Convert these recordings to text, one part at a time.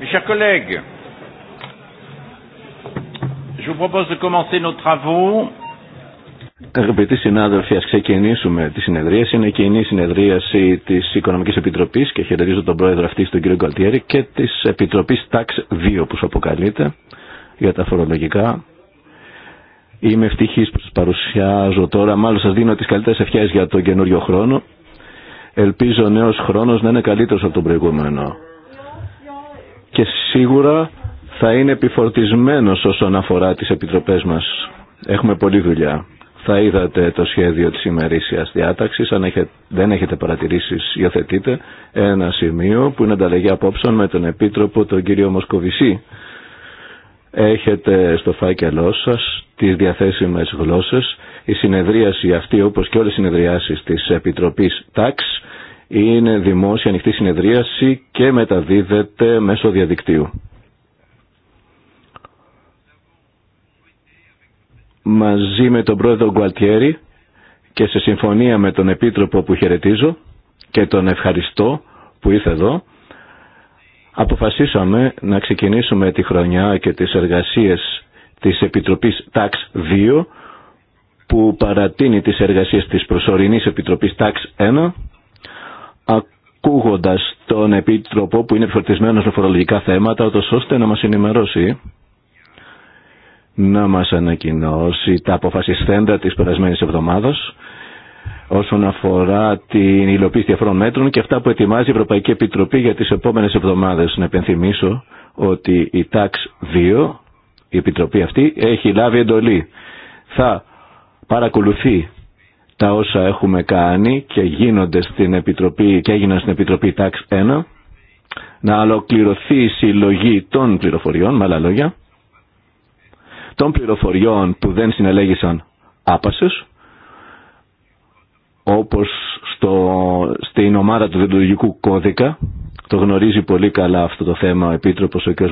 Mes chers collègues, je vous propose de commencer nos travaux. Αγαπητοί συνάδελφοι, ας ξεκινήσουμε τη συνεδρία. Είναι κοινή συνεδρίαση τη οικονομική Επιτροπή και χαιρετίζω τον πρόεδρο αυτή τον κύριο Γκαλτιέρη, και τη Επιτροπή Tax 2 που αποκαλείται για τα φορολογικά. Είμαι ευτυχή που σα παρουσιάζω τώρα. Μάλλον σα δίνω τι καλύτερε ευχές για τον καινούριο χρόνο. Ελπίζω ο νέο χρόνο να είναι καλύτερο από τον προηγούμενο και σίγουρα θα είναι επιφορτισμένος όσον αφορά τις επιτροπές μας. Έχουμε πολλή δουλειά. Θα είδατε το σχέδιο της ημερήσιας διάταξης. Αν έχετε, δεν έχετε παρατηρήσεις, υιοθετείτε ένα σημείο που είναι ανταλλαγή απόψεων με τον Επίτροπο, τον κύριο Μοσκοβισή. Έχετε στο φάκελό σας τις διαθέσιμες γλώσσες. Η συνεδρίαση αυτή, όπως και όλες οι συνεδριάσεις της Επιτροπής ΤΑΞ, είναι δημόσια ανοιχτή συνεδρίαση και μεταδίδεται μέσω διαδικτύου. Μαζί με τον πρόεδρο Γκουαλτιέρη και σε συμφωνία με τον Επίτροπο που χαιρετίζω και τον ευχαριστώ που ήρθε εδώ, αποφασίσαμε να ξεκινήσουμε τη χρονιά και τις εργασίες της Επιτροπής TAX 2 που παρατείνει τις εργασίες της προσωρινής Επιτροπής TAX 1 ακούγοντας τον Επίτροπο που είναι φορτισμένος σε φορολογικά θέματα, ώστε να μας ενημερώσει να μας ανακοινώσει τα αποφασιστέντα της περασμένης εβδομάδας όσον αφορά την υλοποίηση διαφορών μέτρων και αυτά που ετοιμάζει η Ευρωπαϊκή Επιτροπή για τις επόμενες εβδομάδες. Να επενθυμίσω ότι η TAX 2, η Επιτροπή αυτή, έχει λάβει εντολή. Θα παρακολουθεί τα όσα έχουμε κάνει και γίνονται στην Επιτροπή και έγιναν στην Επιτροπή TAX 1 να ολοκληρωθεί η συλλογή των πληροφοριών, με άλλα λόγια, των πληροφοριών που δεν συνελέγησαν άπασες, όπως στο, στην ομάδα του Διευθυντικού κώδικα, το γνωρίζει πολύ καλά αυτό το θέμα ο Επίτροπος ο κ.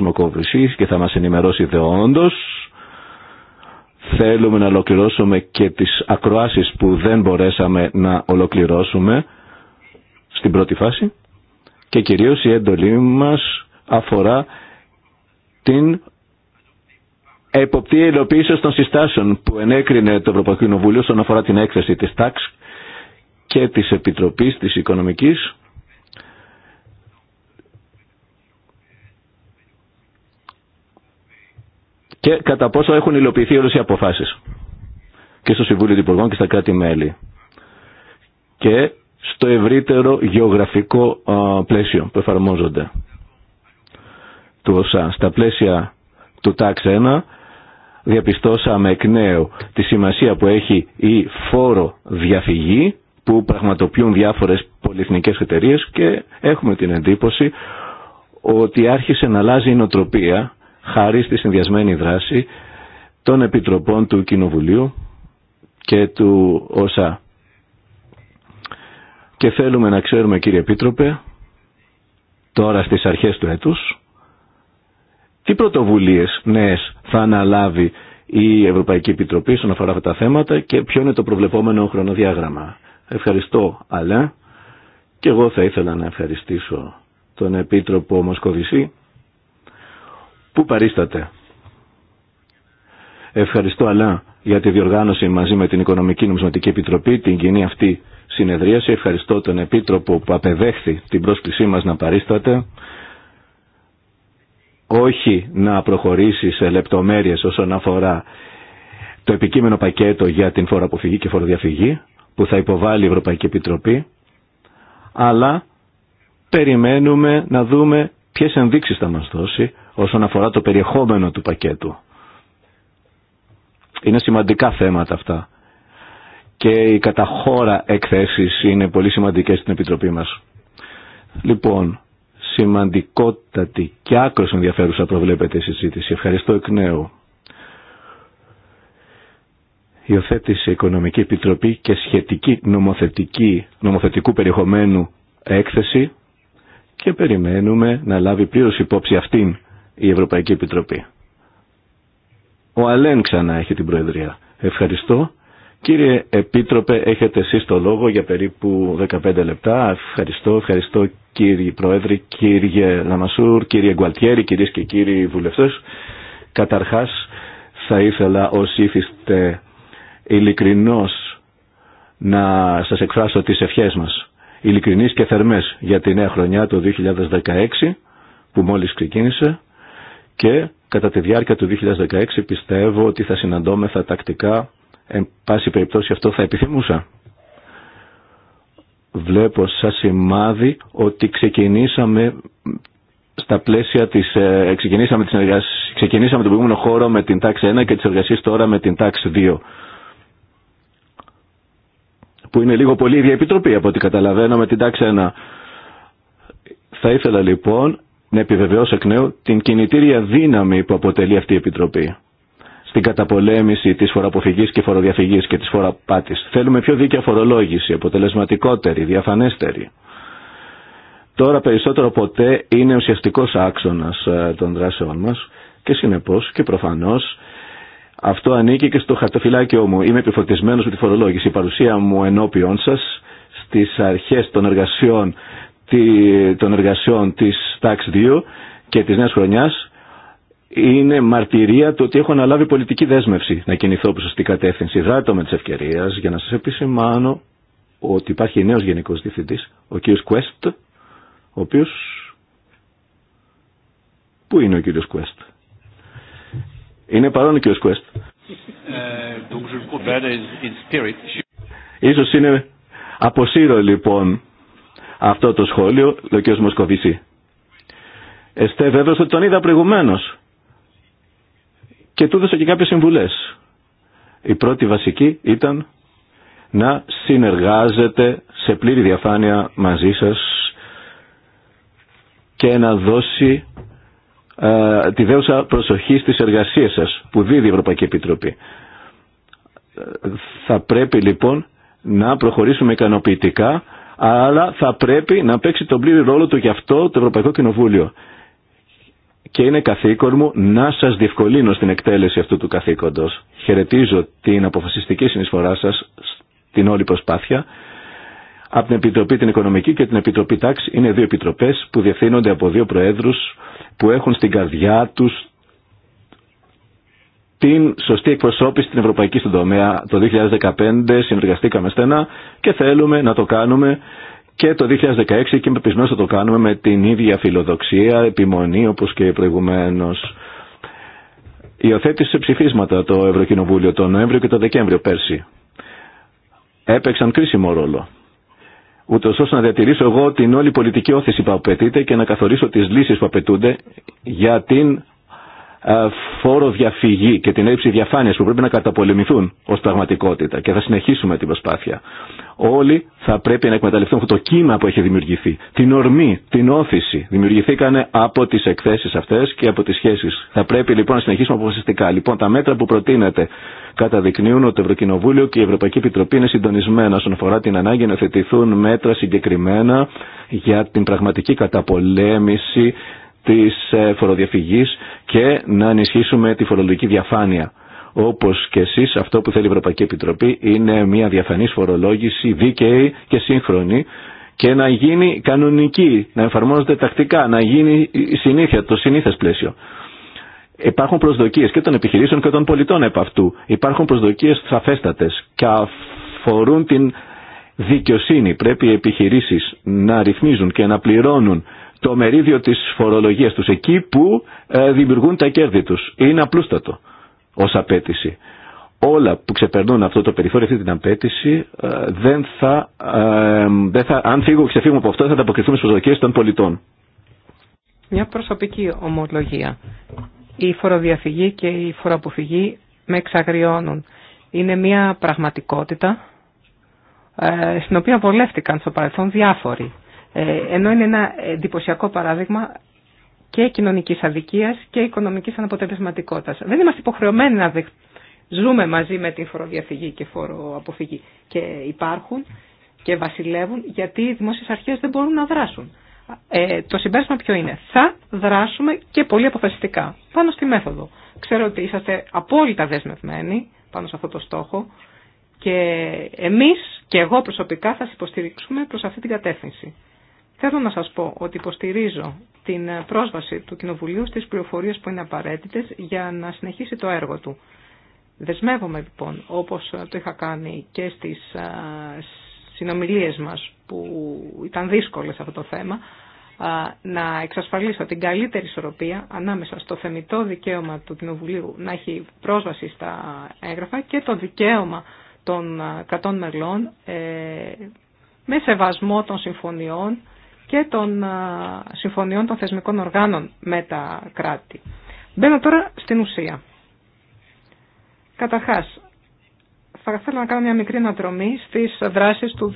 και θα μας ενημερώσει δεόντως Θέλουμε να ολοκληρώσουμε και τις ακροάσεις που δεν μπορέσαμε να ολοκληρώσουμε στην πρώτη φάση και κυρίως η έντολή μας αφορά την εποπτεία υλοποίηση των συστάσεων που ενέκρινε το Ευρωπαϊκό Κοινοβούλιο όσον αφορά την έκθεση της ΤΑΞ και της Επιτροπής της Οικονομικής και κατά πόσο έχουν υλοποιηθεί όλες οι αποφάσεις και στο Συμβούλιο Υπουργών και στα κράτη-μέλη και στο ευρύτερο γεωγραφικό πλαίσιο που εφαρμόζονται του ΩΣΑ. Στα πλαίσια του ΤΑΞ 1 διαπιστώσαμε εκ νέου τη σημασία που έχει η φόρο διαφυγή που πραγματοποιούν διάφορες πολυεθνικές εταιρείες και έχουμε την εντύπωση ότι άρχισε να αλλάζει η νοτροπία χάρη στη συνδυασμένη δράση των Επιτροπών του Κοινοβουλίου και του ΩΣΑ. Και θέλουμε να ξέρουμε κύριε Επίτροπε, τώρα στις αρχές του έτους, τι πρωτοβουλίες νέες θα αναλάβει η Ευρωπαϊκή Επιτροπή σχετικά αφορά αυτά τα θέματα και ποιο είναι το προβλεπόμενο χρονοδιάγραμμα. Ευχαριστώ αλλά και εγώ θα ήθελα να ευχαριστήσω τον Επίτροπο Μοσκοβισή Πού παρίσταται. Ευχαριστώ αλλά για τη διοργάνωση μαζί με την Οικονομική Νομισματική Επιτροπή, την κοινή αυτή συνεδρίαση. Ευχαριστώ τον Επίτροπο που απεδέχθη την πρόσκλησή μας να παρίσταται. Όχι να προχωρήσει σε λεπτομέρειες όσον αφορά το επικείμενο πακέτο για την φοροαποφυγή και φοροδιαφυγή που θα υποβάλει η Ευρωπαϊκή Επιτροπή, αλλά περιμένουμε να δούμε ποιες ενδείξεις θα μας δώσει όσον αφορά το περιεχόμενο του πακέτου. Είναι σημαντικά θέματα αυτά. Και η καταχώρα εκθέσεις είναι πολύ σημαντικές στην Επιτροπή μας. Λοιπόν, σημαντικότατη και άκρος ενδιαφέρουσα προβλέπεται η συζήτηση. Ευχαριστώ εκ νέου. Υιοθέτησε Οικονομική Επιτροπή και σχετική νομοθετική, νομοθετικού περιεχομένου έκθεση και περιμένουμε να λάβει πλήρως υπόψη αυτήν η Ευρωπαϊκή Επιτροπή. Ο Αλέν ξανά έχει την Προεδρία. Ευχαριστώ. Κύριε Επίτροπε, έχετε εσείς το λόγο για περίπου 15 λεπτά. Ευχαριστώ, ευχαριστώ κύριε Πρόεδρε, κύριε Λαμασούρ, κύριε Γκουαλτιέρη, κυρίες και κύριοι βουλευτές. Καταρχάς, θα ήθελα ως ήθιστε ειλικρινώς να σας εκφράσω τις ευχές μας. Ειλικρινείς και θερμές για τη νέα χρονιά το 2016 που μόλις ξεκίνησε και κατά τη διάρκεια του 2016 πιστεύω ότι θα συναντώμεθα τακτικά, εν πάση περιπτώσει αυτό θα επιθυμούσα. Βλέπω σαν σημάδι ότι ξεκινήσαμε στα πλαίσια της, ε, ξεκινήσαμε, τις εργασίες, ξεκινήσαμε τον προηγούμενο χώρο με την τάξη 1 και τις εργασίες τώρα με την τάξη 2 που είναι λίγο πολύ η ίδια επιτροπή από ό,τι καταλαβαίνω με την τάξη 1. Θα ήθελα λοιπόν να επιβεβαιώσω εκ νέου την κινητήρια δύναμη που αποτελεί αυτή η Επιτροπή στην καταπολέμηση της φοροαποφυγής και φοροδιαφυγής και της φοροαπάτης. Θέλουμε πιο δίκαια φορολόγηση, αποτελεσματικότερη, διαφανέστερη. Τώρα περισσότερο ποτέ είναι ουσιαστικός άξονας ε, των δράσεών μας και συνεπώς και προφανώς αυτό ανήκει και στο χαρτοφυλάκιό μου. Είμαι επιφορτισμένος με τη φορολόγηση. Η παρουσία μου ενώπιον σας στις αρχές των εργασιών των εργασιών της TAX 2 και της νέας χρονιάς είναι μαρτυρία το ότι έχω αναλάβει πολιτική δέσμευση να κινηθώ προς αυτή την κατεύθυνση. Δράτω με τις ευκαιρίες για να σας επισημάνω ότι υπάρχει νέος γενικός διευθυντής, ο κύριος Κουέστ, ο οποίος... Πού είναι ο κύριος Κουέστ? Είναι παρόν ο κύριος Κουέστ. Ε, Ίσως είναι... Αποσύρω λοιπόν αυτό το σχόλιο, ο κ. Μοσκοβισή. Εστέ βέβαιος ότι τον είδα προηγουμένω. Και του έδωσα και κάποιες συμβουλές. Η πρώτη βασική ήταν να συνεργάζεται σε πλήρη διαφάνεια μαζί σας και να δώσει ε, τη δέουσα προσοχή στις εργασίες σας που δίδει η Ευρωπαϊκή Επιτροπή. Ε, θα πρέπει λοιπόν να προχωρήσουμε ικανοποιητικά αλλά θα πρέπει να παίξει τον πλήρη ρόλο του γι' αυτό το Ευρωπαϊκό Κοινοβούλιο. Και είναι καθήκον μου να σας διευκολύνω στην εκτέλεση αυτού του καθήκοντος. Χαιρετίζω την αποφασιστική συνεισφορά σας στην όλη προσπάθεια. Από την Επιτροπή την Οικονομική και την Επιτροπή Τάξη είναι δύο επιτροπές που διευθύνονται από δύο προέδρους που έχουν στην καρδιά τους την σωστή εκπροσώπηση στην ευρωπαϊκή στον τομέα. Το 2015 συνεργαστήκαμε στενά και θέλουμε να το κάνουμε και το 2016 και πεπισμένως θα το κάνουμε με την ίδια φιλοδοξία, επιμονή όπως και προηγουμένως. Υιοθέτησε ψηφίσματα το Ευρωκοινοβούλιο το Νοέμβριο και το Δεκέμβριο πέρσι. Έπαιξαν κρίσιμο ρόλο. Ούτω ώστε να διατηρήσω εγώ την όλη πολιτική όθηση που απαιτείται και να καθορίσω τι λύσει που απαιτούνται για την ε, φόρο διαφυγή και την έλλειψη διαφάνεια που πρέπει να καταπολεμηθούν ω πραγματικότητα και θα συνεχίσουμε την προσπάθεια. Όλοι θα πρέπει να εκμεταλλευτούν αυτό το κύμα που έχει δημιουργηθεί, την ορμή, την όθηση. δημιουργηθήκαν από τι εκθέσει αυτέ και από τι σχέσει. Θα πρέπει λοιπόν να συνεχίσουμε αποφασιστικά. Λοιπόν, τα μέτρα που προτείνεται καταδεικνύουν ότι το Ευρωκοινοβούλιο και η Ευρωπαϊκή Επιτροπή είναι συντονισμένα όσον αφορά την ανάγκη να θετηθούν μέτρα συγκεκριμένα για την πραγματική καταπολέμηση της ε, φοροδιαφυγής και να ενισχύσουμε τη φορολογική διαφάνεια. Όπως και εσείς, αυτό που θέλει η Ευρωπαϊκή Επιτροπή είναι μια διαφανής φορολόγηση, δίκαιη και σύγχρονη και να γίνει κανονική, να εφαρμόζεται τακτικά, να γίνει συνήθεια, το συνήθες πλαίσιο. Υπάρχουν προσδοκίες και των επιχειρήσεων και των πολιτών επ' αυτού. Υπάρχουν προσδοκίες σαφέστατες και αφορούν την δικαιοσύνη. Πρέπει οι επιχειρήσεις να ρυθμίζουν και να πληρώνουν το μερίδιο της φορολογίας τους εκεί που ε, δημιουργούν τα κέρδη τους. Είναι απλούστατο ως απέτηση. Όλα που ξεπερνούν αυτό το περιθώριο, αυτή την απέτηση, ε, δεν θα, ε, δεν θα, αν φύγω, ξεφύγουμε από αυτό, θα αποκριθούμε στις προσδοκίες των πολιτών. Μια προσωπική ομολογία. Η φοροδιαφυγή και η φοροαποφυγή με εξαγριώνουν. Είναι μια πραγματικότητα στην οποία βολεύτηκαν στο παρελθόν διάφοροι ε, ενώ είναι ένα εντυπωσιακό παράδειγμα και κοινωνική αδικία και οικονομική αναποτελεσματικότητα. Δεν είμαστε υποχρεωμένοι να ζούμε μαζί με την φοροδιαφυγή και φοροαποφυγή και υπάρχουν και βασιλεύουν γιατί οι δημοσίε αρχέ δεν μπορούν να δράσουν. Ε, το συμπέρασμα ποιο είναι. Θα δράσουμε και πολύ αποφασιστικά πάνω στη μέθοδο. Ξέρω ότι είσαστε απόλυτα δεσμευμένοι πάνω σε αυτό το στόχο και εμείς και εγώ προσωπικά θα σας υποστηρίξουμε προς αυτή την κατεύθυνση. Θέλω να σας πω ότι υποστηρίζω την πρόσβαση του Κοινοβουλίου στις πληροφορίες που είναι απαραίτητες για να συνεχίσει το έργο του. Δεσμεύομαι λοιπόν, όπως το είχα κάνει και στις συνομιλίες μας που ήταν δύσκολες αυτό το θέμα, να εξασφαλίσω την καλύτερη ισορροπία ανάμεσα στο θεμητό δικαίωμα του Κοινοβουλίου να έχει πρόσβαση στα έγγραφα και το δικαίωμα των κρατών μελών ε, με σεβασμό των συμφωνιών και των συμφωνιών των θεσμικών οργάνων με τα κράτη. Μπαίνω τώρα στην ουσία. Καταρχάς, θα θέλω να κάνω μια μικρή ανατρομή στις δράσεις του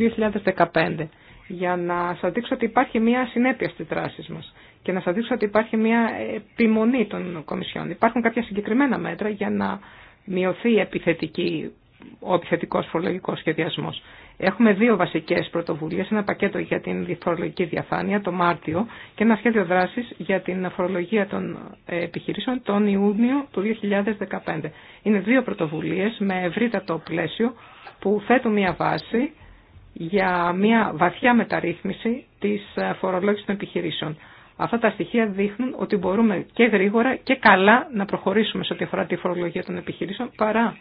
2015 για να σας δείξω ότι υπάρχει μια συνέπεια στις δράσεις μας και να σας δείξω ότι υπάρχει μια επιμονή των Κομισιών. Υπάρχουν κάποια συγκεκριμένα μέτρα για να μειωθεί επιθετική, ο επιθετικός φορολογικός σχεδιασμός. Έχουμε δύο βασικέ πρωτοβουλίε, ένα πακέτο για την φορολογική διαφάνεια το Μάρτιο και ένα σχέδιο δράση για την φορολογία των ε, επιχειρήσεων τον Ιούνιο του 2015. Είναι δύο πρωτοβουλίε με ευρύτατο πλαίσιο που θέτουν μία βάση για μία βαθιά μεταρρύθμιση τη ε, φορολόγηση των επιχειρήσεων. Αυτά τα στοιχεία δείχνουν ότι μπορούμε και γρήγορα και καλά να προχωρήσουμε σε ό,τι αφορά τη φορολογία των επιχειρήσεων παρά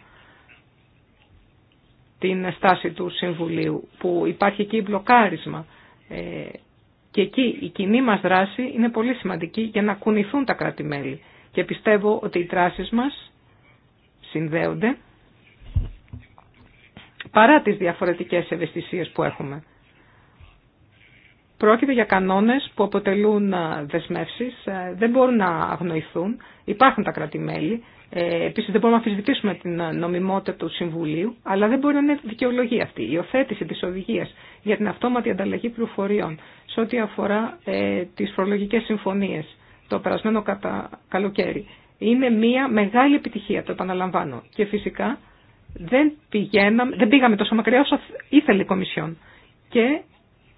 την στάση του Συμβουλίου, που υπάρχει εκεί μπλοκάρισμα. Ε, και εκεί η κοινή μας δράση είναι πολύ σημαντική για να κουνηθούν τα κράτη-μέλη. Και πιστεύω ότι οι τράσεις μας συνδέονται παρά τις διαφορετικές ευαισθησίες που έχουμε. Πρόκειται για κανόνες που αποτελούν δεσμεύσεις, ε, δεν μπορούν να αγνοηθούν, υπάρχουν τα κράτη-μέλη ε, Επίση, δεν μπορούμε να αφισβητήσουμε την νομιμότητα του Συμβουλίου, αλλά δεν μπορεί να είναι δικαιολογία αυτή. Η υιοθέτηση τη οδηγία για την αυτόματη ανταλλαγή πληροφοριών σε ό,τι αφορά ε, τι φορολογικέ συμφωνίε το περασμένο κατα... καλοκαίρι είναι μια μεγάλη επιτυχία, το επαναλαμβάνω. Και φυσικά δεν, δεν πήγαμε τόσο μακριά όσο ήθελε η Κομισιόν και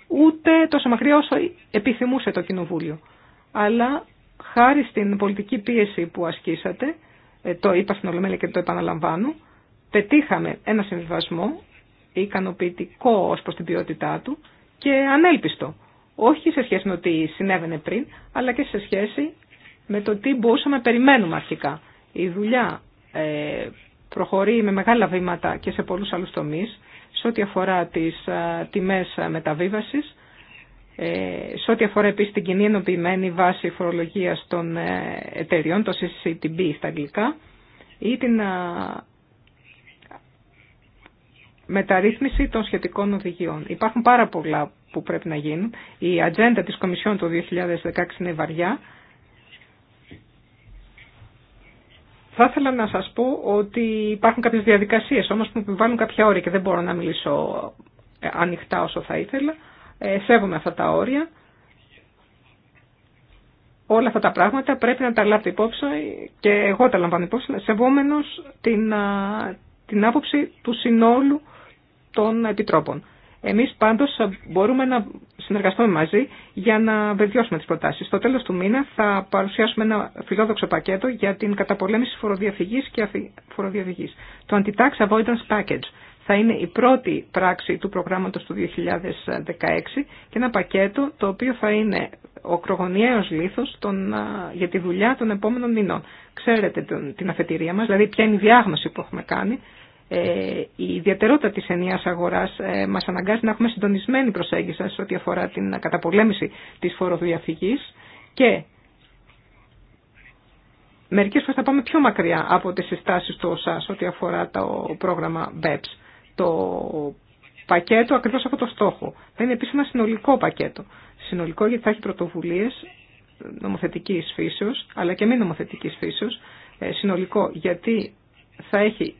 ούτε τόσο μακριά όσο επιθυμούσε το Κοινοβούλιο. Αλλά χάρη στην πολιτική πίεση που ασκήσατε, ε, το είπα στην Ολομέλεια και το επαναλαμβάνω, πετύχαμε ένα συμβιβασμό ικανοποιητικό ως προς την ποιότητά του και ανέλπιστο. Όχι σε σχέση με ό,τι συνέβαινε πριν, αλλά και σε σχέση με το τι μπορούσαμε να περιμένουμε αρχικά. Η δουλειά ε, προχωρεί με μεγάλα βήματα και σε πολλούς άλλους τομείς, σε ό,τι αφορά τις ε, τιμές μεταβίβασης, ε, σε ό,τι αφορά επίσης την κοινή ενοποιημένη βάση φορολογίας των ε, εταιριών, το CCTB στα αγγλικά, ή την μεταρρύθμιση των σχετικών οδηγιών. Υπάρχουν πάρα πολλά που πρέπει να γίνουν. Η ατζέντα της Κομισιόν του 2016 είναι βαριά. Θα ήθελα να σας πω ότι υπάρχουν κάποιες διαδικασίες όμως που επιβάλλουν κάποια όρια και δεν μπορώ να μιλήσω ε, ανοιχτά όσο θα ήθελα. Ε, σέβομαι αυτά τα όρια. Όλα αυτά τα πράγματα πρέπει να τα λάβετε υπόψη και εγώ τα λαμβάνω υπόψη, σεβόμενος την, την άποψη του συνόλου των επιτρόπων. Εμείς πάντως μπορούμε να συνεργαστούμε μαζί για να βελτιώσουμε τις προτάσεις. Στο τέλος του μήνα θα παρουσιάσουμε ένα φιλόδοξο πακέτο για την καταπολέμηση φοροδιαφυγής και φοροδιαφυγής. Το Anti-Tax Avoidance Package θα είναι η πρώτη πράξη του προγράμματος του 2016 και ένα πακέτο το οποίο θα είναι ο κρογωνιαίος λήθος για τη δουλειά των επόμενων μηνών. Ξέρετε τον, την αφετηρία μας, δηλαδή ποια είναι η διάγνωση που έχουμε κάνει. Ε, η ιδιαιτερότητα της ενιαίας αγοράς ε, μας αναγκάζει να έχουμε συντονισμένη προσέγγιση σε ό,τι αφορά την καταπολέμηση της φοροδιαφυγής και Μερικέ φορέ θα πάμε πιο μακριά από τις συστάσεις του ΟΣΑΣ ό,τι αφορά το πρόγραμμα BEPS το πακέτο ακριβώ αυτό το στόχο. Θα είναι επίση ένα συνολικό πακέτο. Συνολικό γιατί θα έχει πρωτοβουλίε νομοθετική φύσεω, αλλά και μη νομοθετικής φύσεως. Ε, συνολικό γιατί θα έχει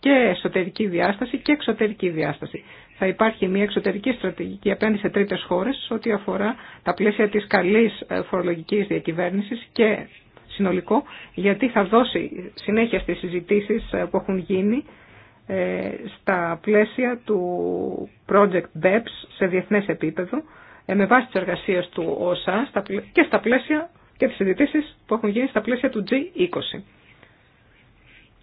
και εσωτερική διάσταση και εξωτερική διάσταση. Θα υπάρχει μια εξωτερική στρατηγική απέναντι σε τρίτε χώρε ό,τι αφορά τα πλαίσια τη καλή ε, φορολογική διακυβέρνηση και συνολικό, γιατί θα δώσει συνέχεια στι συζητήσει ε, που έχουν γίνει ε, στα πλαίσια του Project BEPS σε διεθνές επίπεδο ε, με βάση τις εργασίες του ΩΣΑ και στα πλαίσια και τις συζητήσεις που έχουν γίνει στα πλαίσια του G20.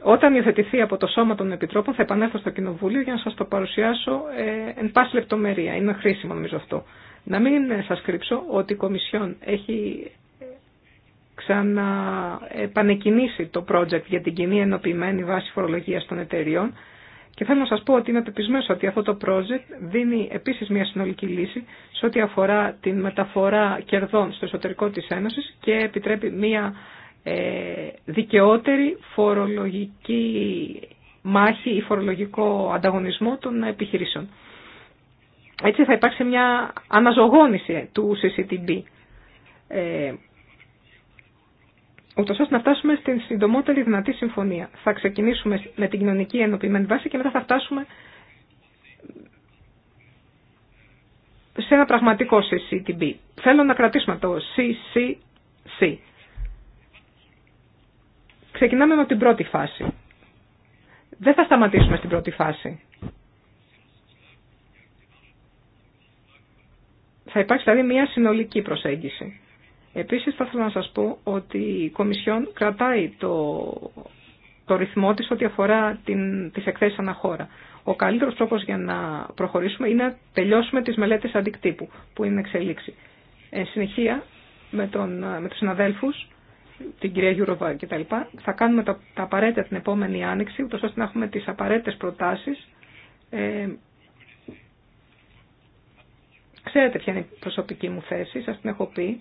Όταν υιοθετηθεί από το Σώμα των Επιτρόπων θα επανέλθω στο Κοινοβούλιο για να σας το παρουσιάσω ε, εν πάση λεπτομερία. Είναι χρήσιμο νομίζω αυτό. Να μην σας κρύψω ότι η Κομισιόν έχει ξαναεπανεκκινήσει το project για την κοινή ενοποιημένη βάση φορολογίας των εταιριών και θέλω να σας πω ότι είμαι πεπισμένος ότι αυτό το project δίνει επίσης μια συνολική λύση σε ό,τι αφορά την μεταφορά κερδών στο εσωτερικό της Ένωσης και επιτρέπει μια ε, δικαιότερη φορολογική μάχη ή φορολογικό ανταγωνισμό των επιχειρήσεων. Έτσι θα υπάρξει μια αναζωγόνηση του CCTB. Ε, ούτω ώστε να φτάσουμε στην συντομότερη δυνατή συμφωνία. Θα ξεκινήσουμε με την κοινωνική ενωπημένη βάση και μετά θα φτάσουμε σε ένα πραγματικό CCTB. Θέλω να κρατήσουμε το CCC. Ξεκινάμε με την πρώτη φάση. Δεν θα σταματήσουμε στην πρώτη φάση. Θα υπάρξει δηλαδή μια συνολική προσέγγιση. Επίσης θα ήθελα να σας πω ότι η Κομισιόν κρατάει το, το ρυθμό της ό,τι αφορά την, τις εκθέσεις αναχώρα. Ο καλύτερος τρόπος για να προχωρήσουμε είναι να τελειώσουμε τις μελέτες αντικτύπου που είναι εξελίξη. Εν συνεχεία με, τον, με τους συναδέλφους, την κυρία Γιούροβα κτλ. Θα κάνουμε τα, τα απαραίτητα την επόμενη άνοιξη, ούτως ώστε να έχουμε τις απαραίτητες προτάσεις. Ε, ξέρετε ποια είναι η προσωπική μου θέση, σας την έχω πει.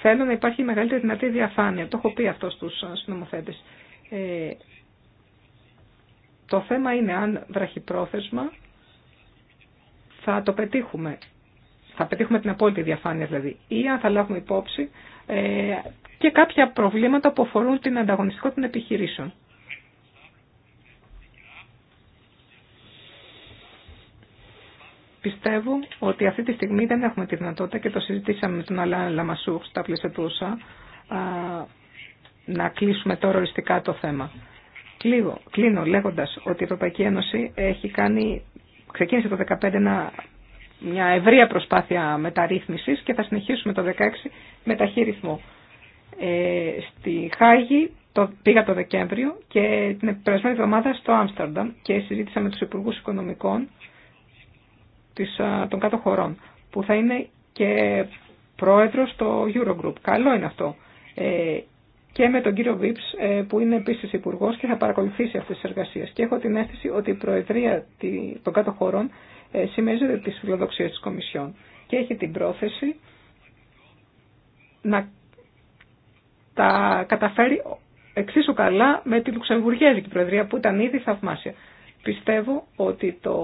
Θέλω να υπάρχει μεγαλύτερη δυνατή διαφάνεια. Το έχω πει αυτό στους ε, νομοθέτε. Ε, το θέμα είναι αν βραχυπρόθεσμα θα το πετύχουμε. Θα πετύχουμε την απόλυτη διαφάνεια δηλαδή. Ή αν θα λάβουμε υπόψη ε, και κάποια προβλήματα που αφορούν την ανταγωνιστικότητα των επιχειρήσεων. Πιστεύω ότι αυτή τη στιγμή δεν έχουμε τη δυνατότητα και το συζητήσαμε με τον Αλάν Λαμασούχ στα πλαίσια να κλείσουμε τώρα οριστικά το θέμα. Κλείνω, κλείνω λέγοντας ότι η Ευρωπαϊκή Ένωση έχει κάνει, ξεκίνησε το 2015 μια ευρεία προσπάθεια μεταρρύθμισης και θα συνεχίσουμε το 2016 με ταχύ Ε, στη Χάγη το, πήγα το Δεκέμβριο και την περασμένη εβδομάδα στο Άμστερνταμ και συζήτησα με τους Υπουργούς Οικονομικών της, των κάτω χωρών, που θα είναι και πρόεδρος στο Eurogroup. Καλό είναι αυτό. Ε, και με τον κύριο Βίπς, ε, που είναι επίσης υπουργός και θα παρακολουθήσει αυτές τις εργασίες. Και έχω την αίσθηση ότι η Προεδρία των κάτω χωρών ε, της τις φιλοδοξίες της Κομισιόν και έχει την πρόθεση να τα καταφέρει εξίσου καλά με τη Λουξεμβουργέζικη Προεδρία που ήταν ήδη θαυμάσια. Πιστεύω ότι το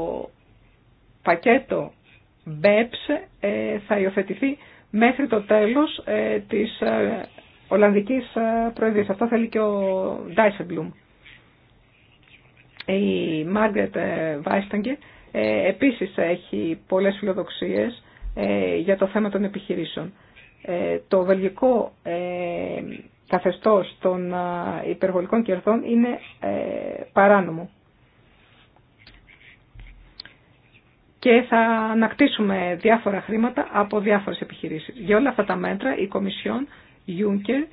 πακέτο BEPS ε, θα υιοθετηθεί μέχρι το τέλος ε, της ε, Ολλανδικής Προεδρίας. Αυτό θέλει και ο Ντάισεμπλουμ. Η Μάργκρετ Βάισταγκε επίσης έχει πολλές φιλοδοξίες για το θέμα των επιχειρήσεων. Το βελγικό καθεστώς των υπερβολικών κερδών είναι παράνομο. και θα ανακτήσουμε διάφορα χρήματα από διάφορες επιχειρήσεις. Για όλα αυτά τα μέτρα η Κομισιόν Juncker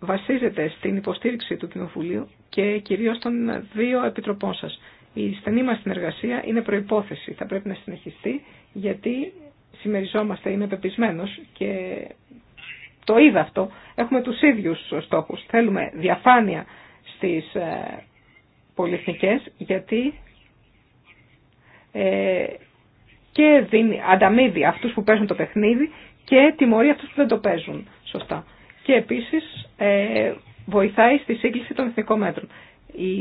βασίζεται στην υποστήριξη του Κοινοβουλίου και κυρίως των δύο επιτροπών σας. Η στενή μας συνεργασία είναι προϋπόθεση, θα πρέπει να συνεχιστεί γιατί συμμεριζόμαστε, είμαι πεπισμένος και το είδα αυτό. Έχουμε τους ίδιους στόχους. Θέλουμε διαφάνεια στις ε, πολυεθνικές γιατί ε, και δίνει, ανταμείβει αυτούς που παίζουν το παιχνίδι και τιμωρεί αυτούς που δεν το παίζουν σωστά. Και επίσης ε, βοηθάει στη σύγκληση των εθνικών μέτρων. Η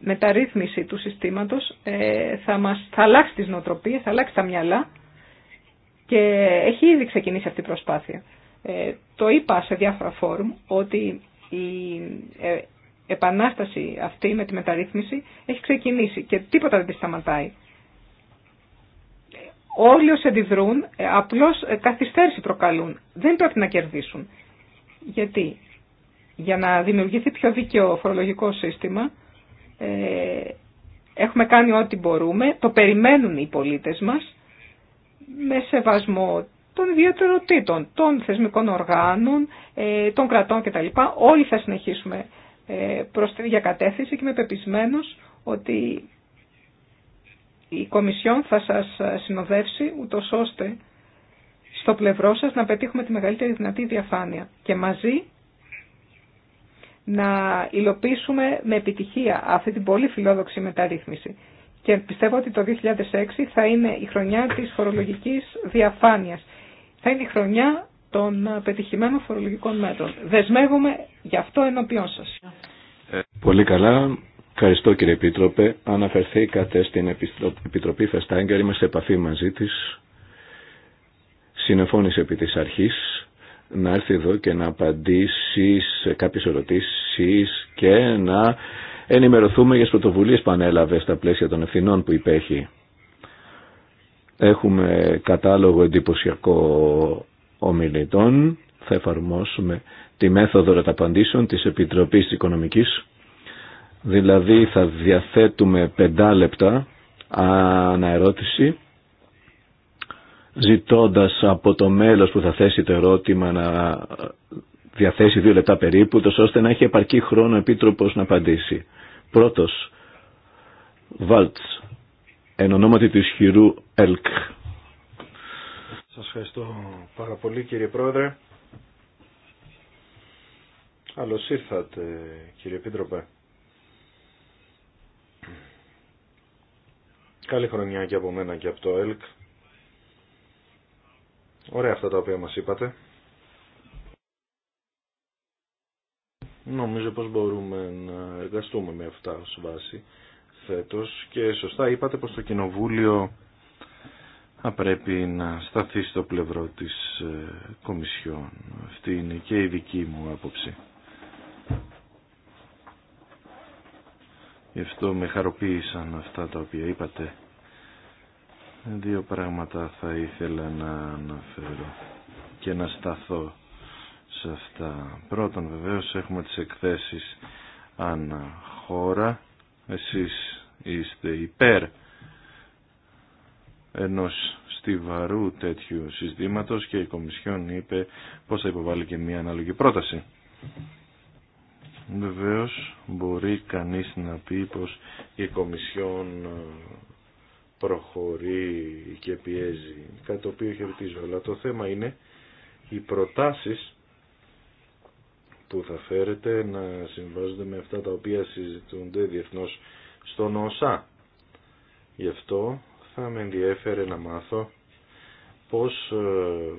μεταρρύθμιση του συστήματος ε, θα, μας, θα αλλάξει τις νοοτροπίες, θα αλλάξει τα μυαλά και έχει ήδη ξεκινήσει αυτή η προσπάθεια. το είπα σε διάφορα φόρουμ ότι η επανάσταση αυτή με τη μεταρρύθμιση έχει ξεκινήσει και τίποτα δεν τη σταματάει. Όλοι όσοι αντιδρούν ε, απλώς ε, καθυστέρηση προκαλούν. Δεν πρέπει να κερδίσουν. Γιατί για να δημιουργηθεί πιο δίκαιο φορολογικό σύστημα ε, έχουμε κάνει ό,τι μπορούμε, το περιμένουν οι πολίτες μας με σεβασμό των ιδιαιτεροτήτων, των θεσμικών οργάνων, των κρατών κτλ. Όλοι θα συνεχίσουμε προς την κατεύθυνση και είμαι πεπισμένος ότι η Κομισιόν θα σας συνοδεύσει ούτω ώστε στο πλευρό σας να πετύχουμε τη μεγαλύτερη δυνατή διαφάνεια και μαζί να υλοποιήσουμε με επιτυχία αυτή την πολύ φιλόδοξη μεταρρύθμιση. Και πιστεύω ότι το 2006 θα είναι η χρονιά της φορολογικής διαφάνειας. Θα είναι η χρονιά των πετυχημένων φορολογικών μέτρων. Δεσμεύομαι γι' αυτό ενώπιόν σας. Ε, πολύ καλά. Ευχαριστώ κύριε Επίτροπε. Αναφερθήκατε στην Επιτροπή Φεστάγκερ, είμαστε σε επαφή μαζί της. Συνεφώνησε επί της αρχής να έρθει εδώ και να απαντήσει σε κάποιες ερωτήσεις και να ενημερωθούμε για τις πρωτοβουλίες που ανέλαβε στα πλαίσια των ευθυνών που υπέχει. Έχουμε κατάλογο εντυπωσιακό ομιλητών. Θα εφαρμόσουμε τη μέθοδο ρεταπαντήσεων της Επιτροπής Οικονομικής Δηλαδή θα διαθέτουμε λεπτά αναερώτηση ζητώντας από το μέλος που θα θέσει το ερώτημα να διαθέσει δύο λεπτά περίπου, τόσο ώστε να έχει επαρκή χρόνο ο Επίτροπος να απαντήσει. Πρώτος, Βάλτς, εν ονόματι του ισχυρού ΕΛΚ. Σας ευχαριστώ πάρα πολύ κύριε Πρόεδρε. Καλώ ήρθατε κύριε Επίτροπε. Καλή χρονιά και από μένα και από το ΕΛΚ. Ωραία αυτά τα οποία μας είπατε. Νομίζω πως μπορούμε να εργαστούμε με αυτά ως βάση φέτος και σωστά είπατε πως το Κοινοβούλιο θα πρέπει να σταθεί στο πλευρό της ε, Κομισιόν. Αυτή είναι και η δική μου άποψη. Γι' αυτό με χαροποίησαν αυτά τα οποία είπατε. Δύο πράγματα θα ήθελα να αναφέρω και να σταθώ σε αυτά. Πρώτον βεβαίως έχουμε τις εκθέσεις αν χώρα. Εσείς είστε υπέρ ενός στιβαρού τέτοιου συστήματος και η Κομισιόν είπε πως θα υποβάλει και μια αναλογική πρόταση. Βεβαίως μπορεί κανείς να πει πως η Κομισιόν ε, προχωρεί και πιέζει, κάτι το οποίο χαιρετίζω. Αλλά το θέμα είναι οι προτάσεις που θα φέρετε να συμβάζονται με αυτά τα οποία συζητούνται διεθνώς στον ΟΣΑ. Γι' αυτό θα με ενδιέφερε να μάθω πώς ε,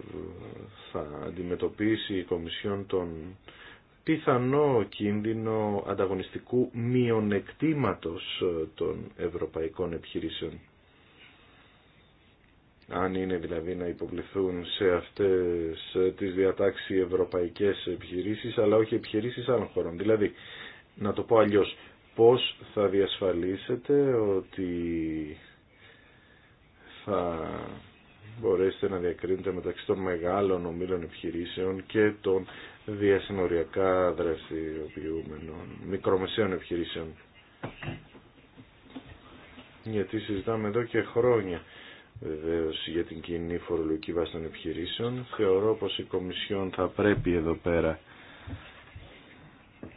θα αντιμετωπίσει η Κομισιόν τον πιθανό κίνδυνο ανταγωνιστικού μειονεκτήματος ε, των ευρωπαϊκών επιχειρήσεων. Αν είναι δηλαδή να υποβληθούν σε αυτές ε, τις διατάξεις ευρωπαϊκές επιχειρήσεις, αλλά όχι επιχειρήσεις άλλων χωρών. Δηλαδή, να το πω αλλιώς, πώς θα διασφαλίσετε ότι θα μπορέσετε να διακρίνετε μεταξύ των μεγάλων ομίλων επιχειρήσεων και των διασυνοριακά δραστηριοποιούμενων μικρομεσαίων επιχειρήσεων. Γιατί συζητάμε εδώ και χρόνια βεβαίω για την κοινή φορολογική βάση των επιχειρήσεων. Θεωρώ πως η Κομισιόν θα πρέπει εδώ πέρα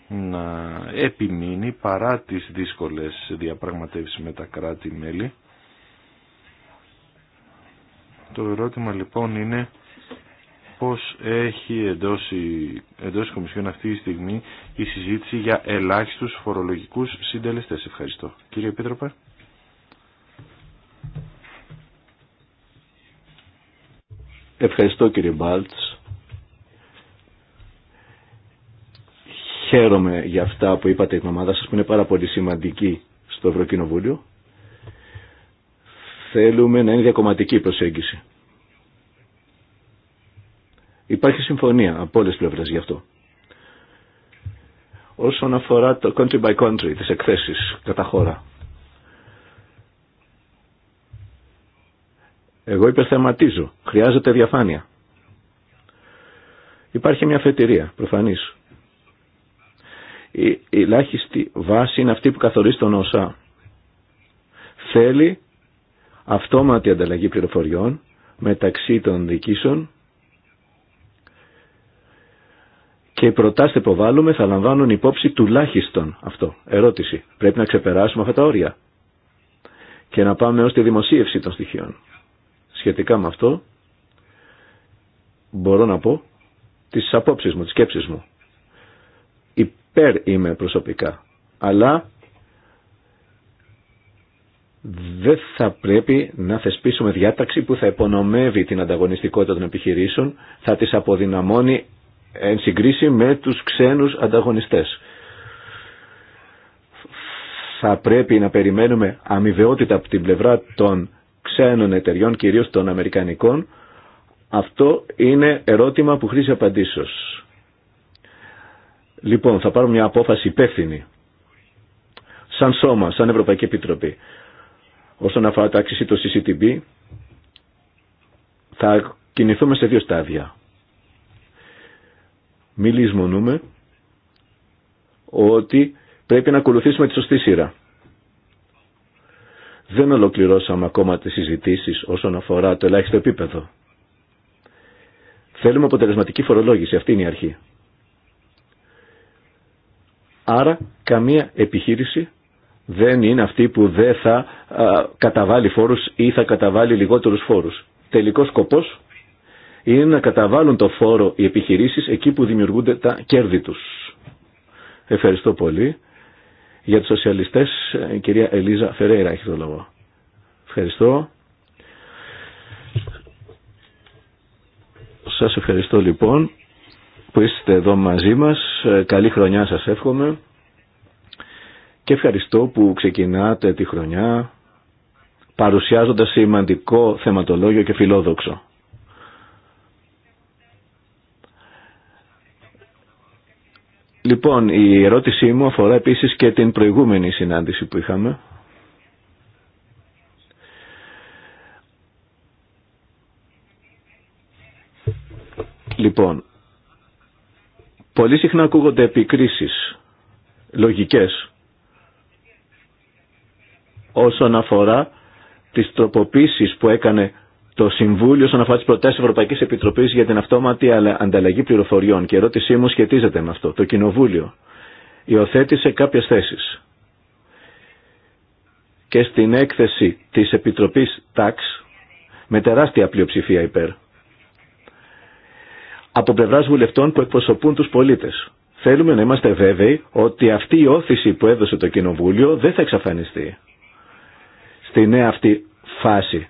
να επιμείνει παρά τις δύσκολες διαπραγματεύσεις με τα κράτη-μέλη. Το ερώτημα λοιπόν είναι πως έχει εντός η, Κομισιόν αυτή τη στιγμή η συζήτηση για ελάχιστους φορολογικούς συντελεστές. Ευχαριστώ. Κύριε Επίτροπε. Ευχαριστώ κύριε Μπάλτς. Χαίρομαι για αυτά που είπατε η ομάδα σας που είναι πάρα πολύ σημαντική στο Ευρωκοινοβούλιο. Θέλουμε να είναι διακομματική προσέγγιση. Υπάρχει συμφωνία από όλες τις πλευρές γι' αυτό. Όσον αφορά το country by country, τις εκθέσεις κατά χώρα. Εγώ υπερθεματίζω. Χρειάζεται διαφάνεια. Υπάρχει μια φετηρία, προφανής. Η ελάχιστη βάση είναι αυτή που καθορίζει τον ΩΣΑ. Θέλει αυτόματη ανταλλαγή πληροφοριών μεταξύ των διοικήσεων και οι προτάσει που βάλουμε θα λαμβάνουν υπόψη τουλάχιστον αυτό. Ερώτηση. Πρέπει να ξεπεράσουμε αυτά τα όρια και να πάμε ω τη δημοσίευση των στοιχείων. Σχετικά με αυτό μπορώ να πω τι απόψει μου, τις σκέψει μου. Υπέρ είμαι προσωπικά, αλλά δεν θα πρέπει να θεσπίσουμε διάταξη που θα υπονομεύει την ανταγωνιστικότητα των επιχειρήσεων, θα τις αποδυναμώνει εν συγκρίση με τους ξένους ανταγωνιστές. Θα πρέπει να περιμένουμε αμοιβαιότητα από την πλευρά των ξένων εταιριών, κυρίως των Αμερικανικών. Αυτό είναι ερώτημα που χρήζει απαντήσεως. Λοιπόν, θα πάρουμε μια απόφαση υπεύθυνη, σαν σώμα, σαν Ευρωπαϊκή Επιτροπή. Όσον αφορά τα αξίση το CCTB, θα κινηθούμε σε δύο στάδια. Μη λησμονούμε ότι πρέπει να ακολουθήσουμε τη σωστή σειρά. Δεν ολοκληρώσαμε ακόμα τις συζητήσεις όσον αφορά το ελάχιστο επίπεδο. Θέλουμε αποτελεσματική φορολόγηση, αυτή είναι η αρχή. Άρα καμία επιχείρηση δεν είναι αυτή που δεν θα καταβάλει φόρους ή θα καταβάλει λιγότερους φόρους. Τελικός σκοπός είναι να καταβάλουν το φόρο οι επιχειρήσεις εκεί που δημιουργούνται τα κέρδη τους. Ευχαριστώ πολύ. Για τους σοσιαλιστές, ε, κυρία Ελίζα Φερέιρα έχει το λόγο. Ευχαριστώ. Σας ευχαριστώ λοιπόν που είστε εδώ μαζί μας. Ε, καλή χρονιά σας εύχομαι. Και ευχαριστώ που ξεκινάτε τη χρονιά παρουσιάζοντας σημαντικό θεματολόγιο και φιλόδοξο. Λοιπόν, η ερώτησή μου αφορά επίσης και την προηγούμενη συνάντηση που είχαμε. Λοιπόν, πολύ συχνά ακούγονται επικρίσεις λογικές όσον αφορά τις τροποποίησεις που έκανε το Συμβούλιο στον αφορά τι προτάσει Ευρωπαϊκή Επιτροπή για την αυτόματη ανταλλαγή πληροφοριών και η ερώτησή μου σχετίζεται με αυτό. Το Κοινοβούλιο υιοθέτησε κάποιε θέσει και στην έκθεση τη επιτροπή ΤΑΞ με τεράστια πλειοψηφία υπέρ. Από πλευρά βουλευτών που εκπροσωπούν του πολίτε. Θέλουμε να είμαστε βέβαιοι ότι αυτή η όθηση που έδωσε το Κοινοβούλιο δεν θα εξαφανιστεί. Στη νέα αυτή φάση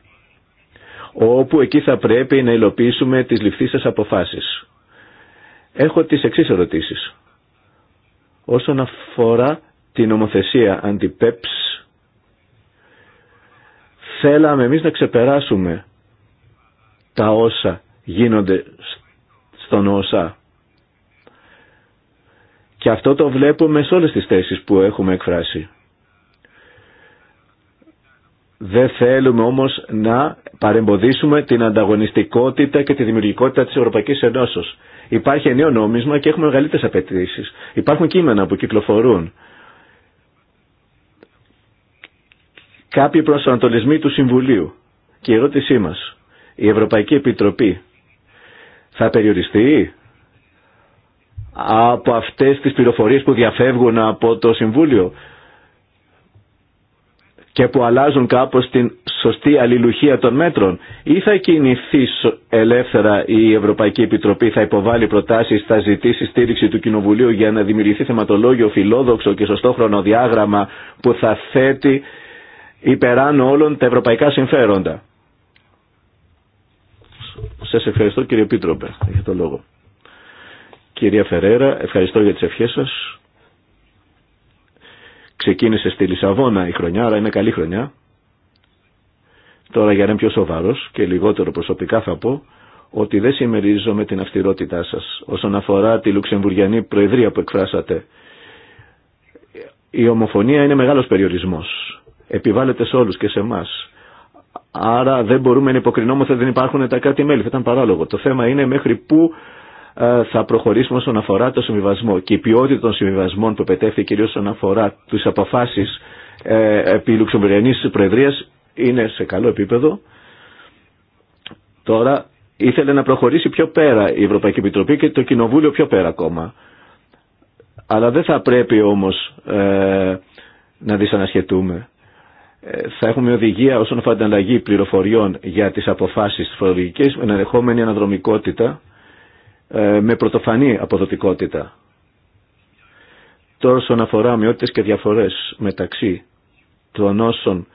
όπου εκεί θα πρέπει να υλοποιήσουμε τις ληφθείς αποφάσεις. Έχω τις εξής ερωτήσεις. Όσον αφορά την νομοθεσία αντιπέψ, e θέλαμε εμείς να ξεπεράσουμε τα όσα γίνονται στον όσα. Και αυτό το βλέπουμε σε όλες τις θέσεις που έχουμε εκφράσει. Δεν θέλουμε όμως να παρεμποδίσουμε την ανταγωνιστικότητα και τη δημιουργικότητα της Ευρωπαϊκής Ενώσεως. Υπάρχει νέο νόμισμα και έχουμε μεγαλύτερε απαιτήσει. Υπάρχουν κείμενα που κυκλοφορούν. Κάποιοι προσανατολισμοί του Συμβουλίου. Και η ερώτησή μας, η Ευρωπαϊκή Επιτροπή θα περιοριστεί από αυτές τις πληροφορίες που διαφεύγουν από το Συμβούλιο και που αλλάζουν κάπως την σωστή αλληλουχία των μέτρων ή θα κινηθεί ελεύθερα η Ευρωπαϊκή Επιτροπή, θα υποβάλει προτάσεις, θα ζητήσει στήριξη του Κοινοβουλίου για να δημιουργηθεί θεματολόγιο φιλόδοξο και σωστό χρονοδιάγραμμα που θα θέτει υπεράνω όλων τα ευρωπαϊκά συμφέροντα. Σας ευχαριστώ κύριε Επίτροπε για το λόγο. Κυρία Φερέρα, ευχαριστώ για τις ευχές σας. Ξεκίνησε στη Λισαβόνα η χρονιά, άρα είναι καλή χρονιά. Τώρα για να είμαι πιο σοβάρο και λιγότερο προσωπικά θα πω ότι δεν συμμερίζομαι την αυστηρότητά σας όσον αφορά τη Λουξεμβουργιανή Προεδρία που εκφράσατε. Η ομοφωνία είναι μεγάλος περιορισμός. Επιβάλλεται σε όλου και σε εμά. Άρα δεν μπορούμε να υποκρινόμαστε δεν υπάρχουν τα κάτι μέλη. Θα ήταν παράλογο. Το θέμα είναι μέχρι πού ε, θα προχωρήσουμε όσον αφορά το συμβιβασμό και η ποιότητα των συμβιβασμών που επετέφθη κυρίως όσον αφορά τις αποφάσεις ε, επί Λουξεμβριανής Προεδρίας είναι σε καλό επίπεδο. Τώρα ήθελε να προχωρήσει πιο πέρα η Ευρωπαϊκή Επιτροπή και το Κοινοβούλιο πιο πέρα ακόμα. Αλλά δεν θα πρέπει όμως ε, να δυσανασχετούμε. Ε, θα έχουμε οδηγία όσον αφορά την αλλαγή πληροφοριών για τις αποφάσεις φορολογικές με ενδεχόμενη αναδρομικότητα ε, με πρωτοφανή αποδοτικότητα. Τώρα όσον αφορά ομοιότητες και διαφορές μεταξύ των όσων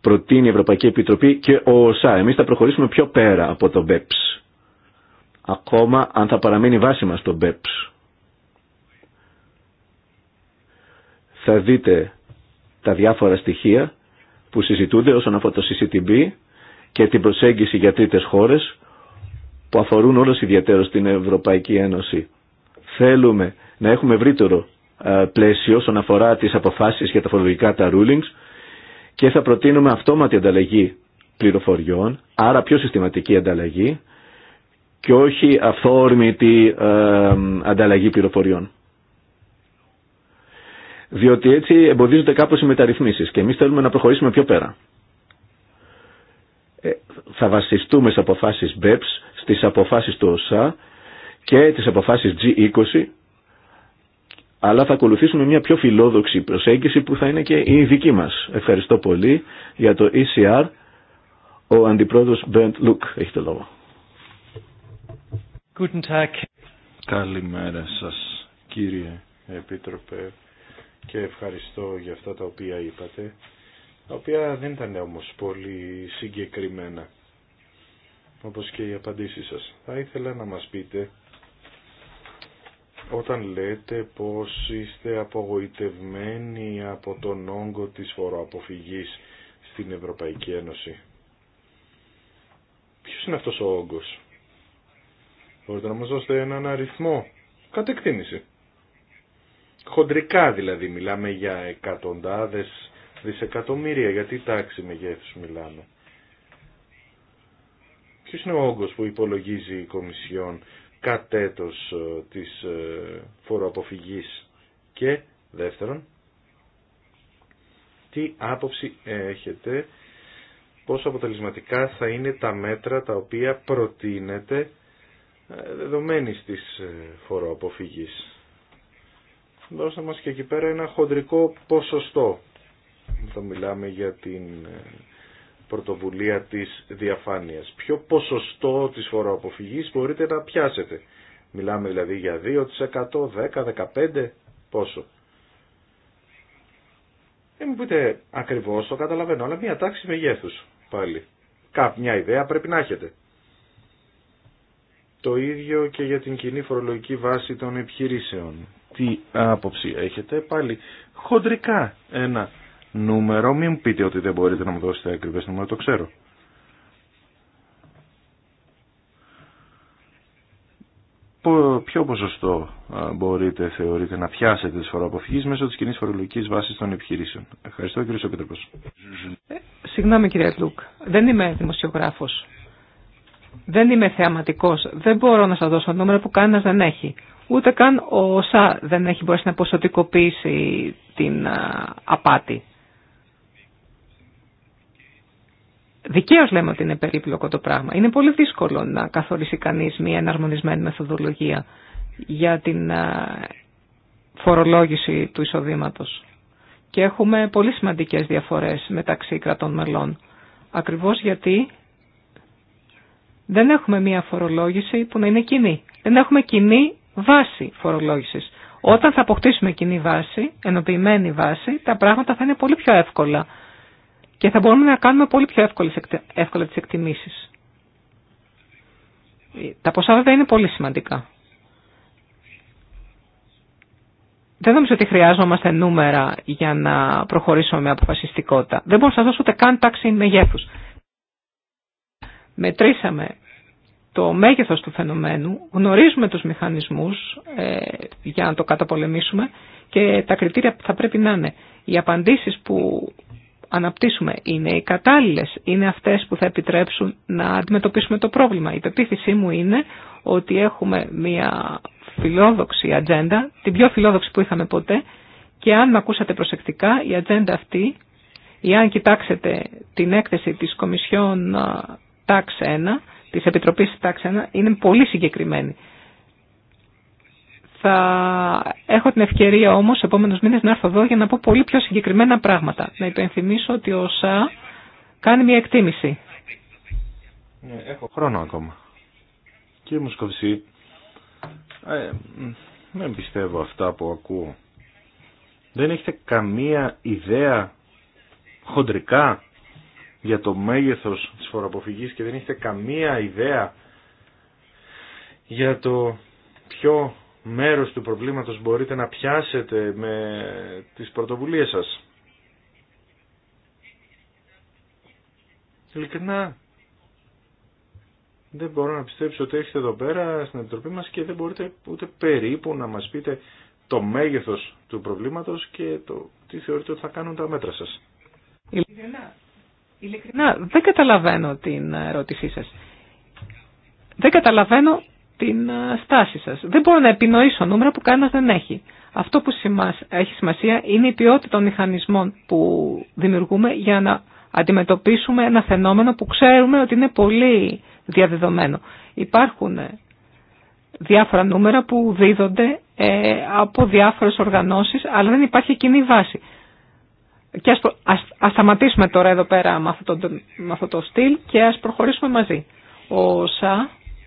προτείνει η Ευρωπαϊκή Επιτροπή και ο ΩΣΑ. Εμείς θα προχωρήσουμε πιο πέρα από το BEPS. Ακόμα αν θα παραμείνει βάση μας το BEPS. Θα δείτε τα διάφορα στοιχεία που συζητούνται όσον αφορά το CCTB και την προσέγγιση για τρίτες χώρες που αφορούν όλος ιδιαίτερο στην Ευρωπαϊκή Ένωση. Θέλουμε να έχουμε ευρύτερο ε, πλαίσιο όσον αφορά τις αποφάσεις για τα φορολογικά τα rulings και θα προτείνουμε αυτόματη ανταλλαγή πληροφοριών, άρα πιο συστηματική ανταλλαγή και όχι αυθόρμητη ε, ανταλλαγή πληροφοριών. Διότι έτσι εμποδίζονται κάπως οι μεταρρυθμίσεις και εμείς θέλουμε να προχωρήσουμε πιο πέρα. Ε, θα βασιστούμε σε αποφάσεις BEPS τις αποφάσεις του ΩΣΑ και τις αποφάσεις G20 αλλά θα ακολουθήσουμε μια πιο φιλόδοξη προσέγγιση που θα είναι και η δική μας. Ευχαριστώ πολύ για το ECR. Ο αντιπρόεδρος Μπέντ Λουκ έχει το λόγο. Καλημέρα σας κύριε Επίτροπε και ευχαριστώ για αυτά τα οποία είπατε τα οποία δεν ήταν όμως πολύ συγκεκριμένα όπως και οι απαντήσεις σας. Θα ήθελα να μας πείτε όταν λέτε πως είστε απογοητευμένοι από τον όγκο της φοροαποφυγής στην Ευρωπαϊκή Ένωση. Ποιος είναι αυτός ο όγκος. Μπορείτε να μας δώσετε έναν αριθμό. Κατ' εκτίμηση. Χοντρικά δηλαδή μιλάμε για εκατοντάδες δισεκατομμύρια. Γιατί τάξη μεγέθους μιλάμε. Ποιος είναι ο όγκος που υπολογίζει η Κομισιόν κατ' έτος ε, της ε, φοροαποφυγής και δεύτερον, τι άποψη έχετε, πόσο αποτελεσματικά θα είναι τα μέτρα τα οποία προτείνεται ε, δεδομένης της φοροαποφυγής. Δώστε μας και εκεί πέρα ένα χοντρικό ποσοστό. Θα μιλάμε για την πρωτοβουλία της διαφάνειας. Ποιο ποσοστό της φοροαποφυγής μπορείτε να πιάσετε. Μιλάμε δηλαδή για 2%, 10%, 15%, πόσο. Δεν μου πείτε ακριβώς, το καταλαβαίνω, αλλά μια τάξη μεγέθους πάλι. Κάποια ιδέα πρέπει να έχετε. Το ίδιο και για την κοινή φορολογική βάση των επιχειρήσεων. Τι άποψη έχετε πάλι. Χοντρικά ένα νούμερο. Μην πείτε ότι δεν μπορείτε να μου δώσετε ακριβές νούμερο, το ξέρω. Ποιο ποσοστό μπορείτε, θεωρείτε, να πιάσετε τη φοροαποφυγή μέσω τη κοινή φορολογική βάση των επιχειρήσεων. Ευχαριστώ, κύριε Σοπίτροπο. Ε, συγγνώμη, κύριε Λουκ. Δεν είμαι δημοσιογράφο. Δεν είμαι θεαματικό. Δεν μπορώ να σα δώσω νούμερο που κανένα δεν έχει. Ούτε καν ο ΣΑ δεν έχει μπορέσει να ποσοτικοποιήσει την απάτη. Δικαίω λέμε ότι είναι περίπλοκο το πράγμα. Είναι πολύ δύσκολο να καθορίσει κανεί μια εναρμονισμένη μεθοδολογία για την φορολόγηση του εισοδήματο. Και έχουμε πολύ σημαντικέ διαφορές μεταξύ κρατών μελών. Ακριβώς γιατί δεν έχουμε μια φορολόγηση που να είναι κοινή. Δεν έχουμε κοινή βάση φορολόγηση. Όταν θα αποκτήσουμε κοινή βάση, ενοποιημένη βάση, τα πράγματα θα είναι πολύ πιο εύκολα και θα μπορούμε να κάνουμε πολύ πιο εύκολα τις εκτιμήσεις. Τα ποσά βέβαια είναι πολύ σημαντικά. Δεν νομίζω ότι χρειάζομαστε νούμερα για να προχωρήσουμε με αποφασιστικότητα. Δεν μπορώ να σας δώσω ούτε καν τάξη μεγέθους. Μετρήσαμε το μέγεθος του φαινομένου, γνωρίζουμε τους μηχανισμούς ε, για να το καταπολεμήσουμε και τα κριτήρια θα πρέπει να είναι οι απαντήσεις που αναπτύσσουμε είναι οι κατάλληλε είναι αυτές που θα επιτρέψουν να αντιμετωπίσουμε το πρόβλημα. Η πεποίθησή μου είναι ότι έχουμε μια φιλόδοξη ατζέντα, την πιο φιλόδοξη που είχαμε ποτέ και αν με ακούσατε προσεκτικά η ατζέντα αυτή ή αν κοιτάξετε την έκθεση της Κομισιόν Τάξ 1, της Επιτροπής Τάξ 1, είναι πολύ συγκεκριμένη. Θα έχω την ευκαιρία όμως σε επόμενους μήνες να έρθω εδώ για να πω πολύ πιο συγκεκριμένα πράγματα. Να υπενθυμίσω ότι ο ΣΑ κάνει μια εκτίμηση. Ναι, έχω χρόνο ακόμα. Κύριε Μουσκοβιση, ε, δεν πιστεύω αυτά που ακούω. Δεν έχετε καμία ιδέα χοντρικά για το μέγεθος της φοροαποφυγής και δεν έχετε καμία ιδέα για το ποιο μέρος του προβλήματος μπορείτε να πιάσετε με τις πρωτοβουλίες σας. Ειλικρινά, δεν μπορώ να πιστέψω ότι έχετε εδώ πέρα στην Επιτροπή μας και δεν μπορείτε ούτε περίπου να μας πείτε το μέγεθος του προβλήματος και το τι θεωρείτε ότι θα κάνουν τα μέτρα σας. Ειλικρινά, ειλικρινά δεν καταλαβαίνω την ερώτησή σας. Δεν καταλαβαίνω την στάση σας. Δεν μπορώ να επινοήσω νούμερα που κανένας δεν έχει. Αυτό που έχει σημασία είναι η ποιότητα των μηχανισμών που δημιουργούμε για να αντιμετωπίσουμε ένα φαινόμενο που ξέρουμε ότι είναι πολύ διαδεδομένο. Υπάρχουν ε, διάφορα νούμερα που δίδονται ε, από διάφορες οργανώσεις, αλλά δεν υπάρχει κοινή βάση. Και ας, σταματήσουμε τώρα εδώ πέρα με αυτό το, αυτό το στυλ και ας προχωρήσουμε μαζί. Ο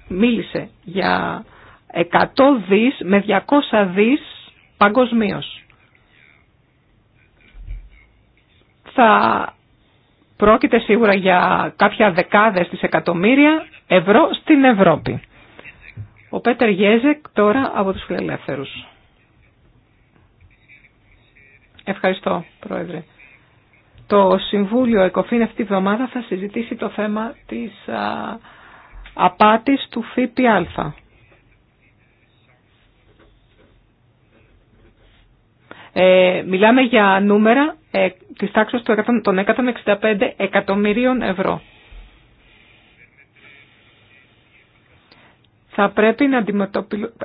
μίλησε για 100 δις με 200 δις παγκοσμίω. Θα πρόκειται σίγουρα για κάποια δεκάδες της εκατομμύρια ευρώ στην Ευρώπη. Ο Πέτερ Γέζεκ τώρα από τους φιλελεύθερους. Ευχαριστώ, Πρόεδρε. Το Συμβούλιο ΕΚΟΦΗΝ αυτή τη βδομάδα θα συζητήσει το θέμα της απάτης του ΦΠΑ. Ε, μιλάμε για νούμερα ε, της τάξης των 165 εκατομμυρίων ευρώ. Θα πρέπει να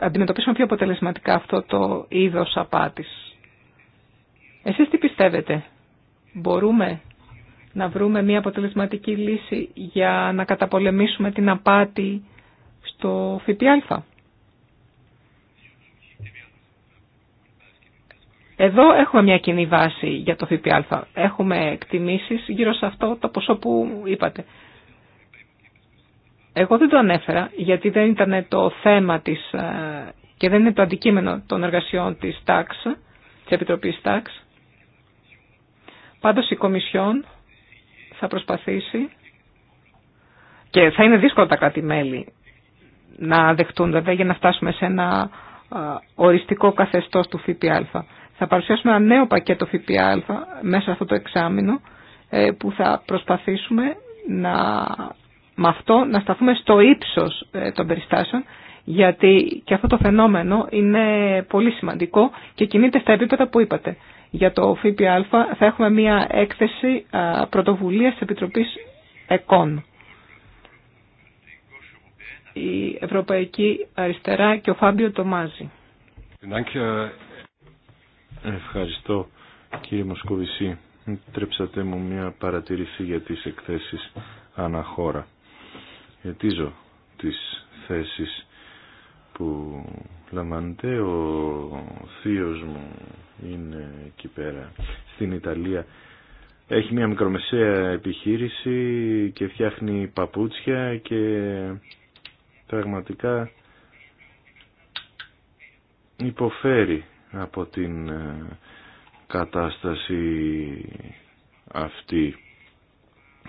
αντιμετωπίσουμε πιο αποτελεσματικά αυτό το είδος απάτης. Εσείς τι πιστεύετε, μπορούμε να βρούμε μια αποτελεσματική λύση για να καταπολεμήσουμε την απάτη στο ΦΠΑ. Εδώ έχουμε μια κοινή βάση για το ΦΠΑ. Έχουμε εκτιμήσεις γύρω σε αυτό το ποσό που είπατε. Εγώ δεν το ανέφερα γιατί δεν ήταν το θέμα της ε, και δεν είναι το αντικείμενο των εργασιών της ΤΑΞ, της Επιτροπής ΤΑΞ. Πάντως η Κομισιόν θα προσπαθήσει και θα είναι δύσκολο τα κράτη-μέλη να δεχτούν βέβαια για να φτάσουμε σε ένα οριστικό καθεστώς του ΦΠΑ. Θα παρουσιάσουμε ένα νέο πακέτο ΦΠΑ μέσα σε αυτό το εξάμεινο ε, που θα προσπαθήσουμε να, με αυτό να σταθούμε στο ύψος ε, των περιστάσεων γιατί και αυτό το φαινόμενο είναι πολύ σημαντικό και κινείται στα επίπεδα που είπατε για το ΦΠΑ θα έχουμε μία έκθεση πρωτοβουλίας της Επιτροπής ΕΚΟΝ. Η Ευρωπαϊκή Αριστερά και ο Φάμπιο Τομάζη. Ευχαριστώ κύριε Μοσκοβισή. Τρέψατε μου μια παρατήρηση για τις εκθέσεις αναχώρα. Ετίζω τις θέσεις που λαμβάνεται, Ο θείος μου είναι εκεί πέρα στην Ιταλία έχει μια μικρομεσαία επιχείρηση και φτιάχνει παπούτσια και πραγματικά υποφέρει από την ε, κατάσταση αυτή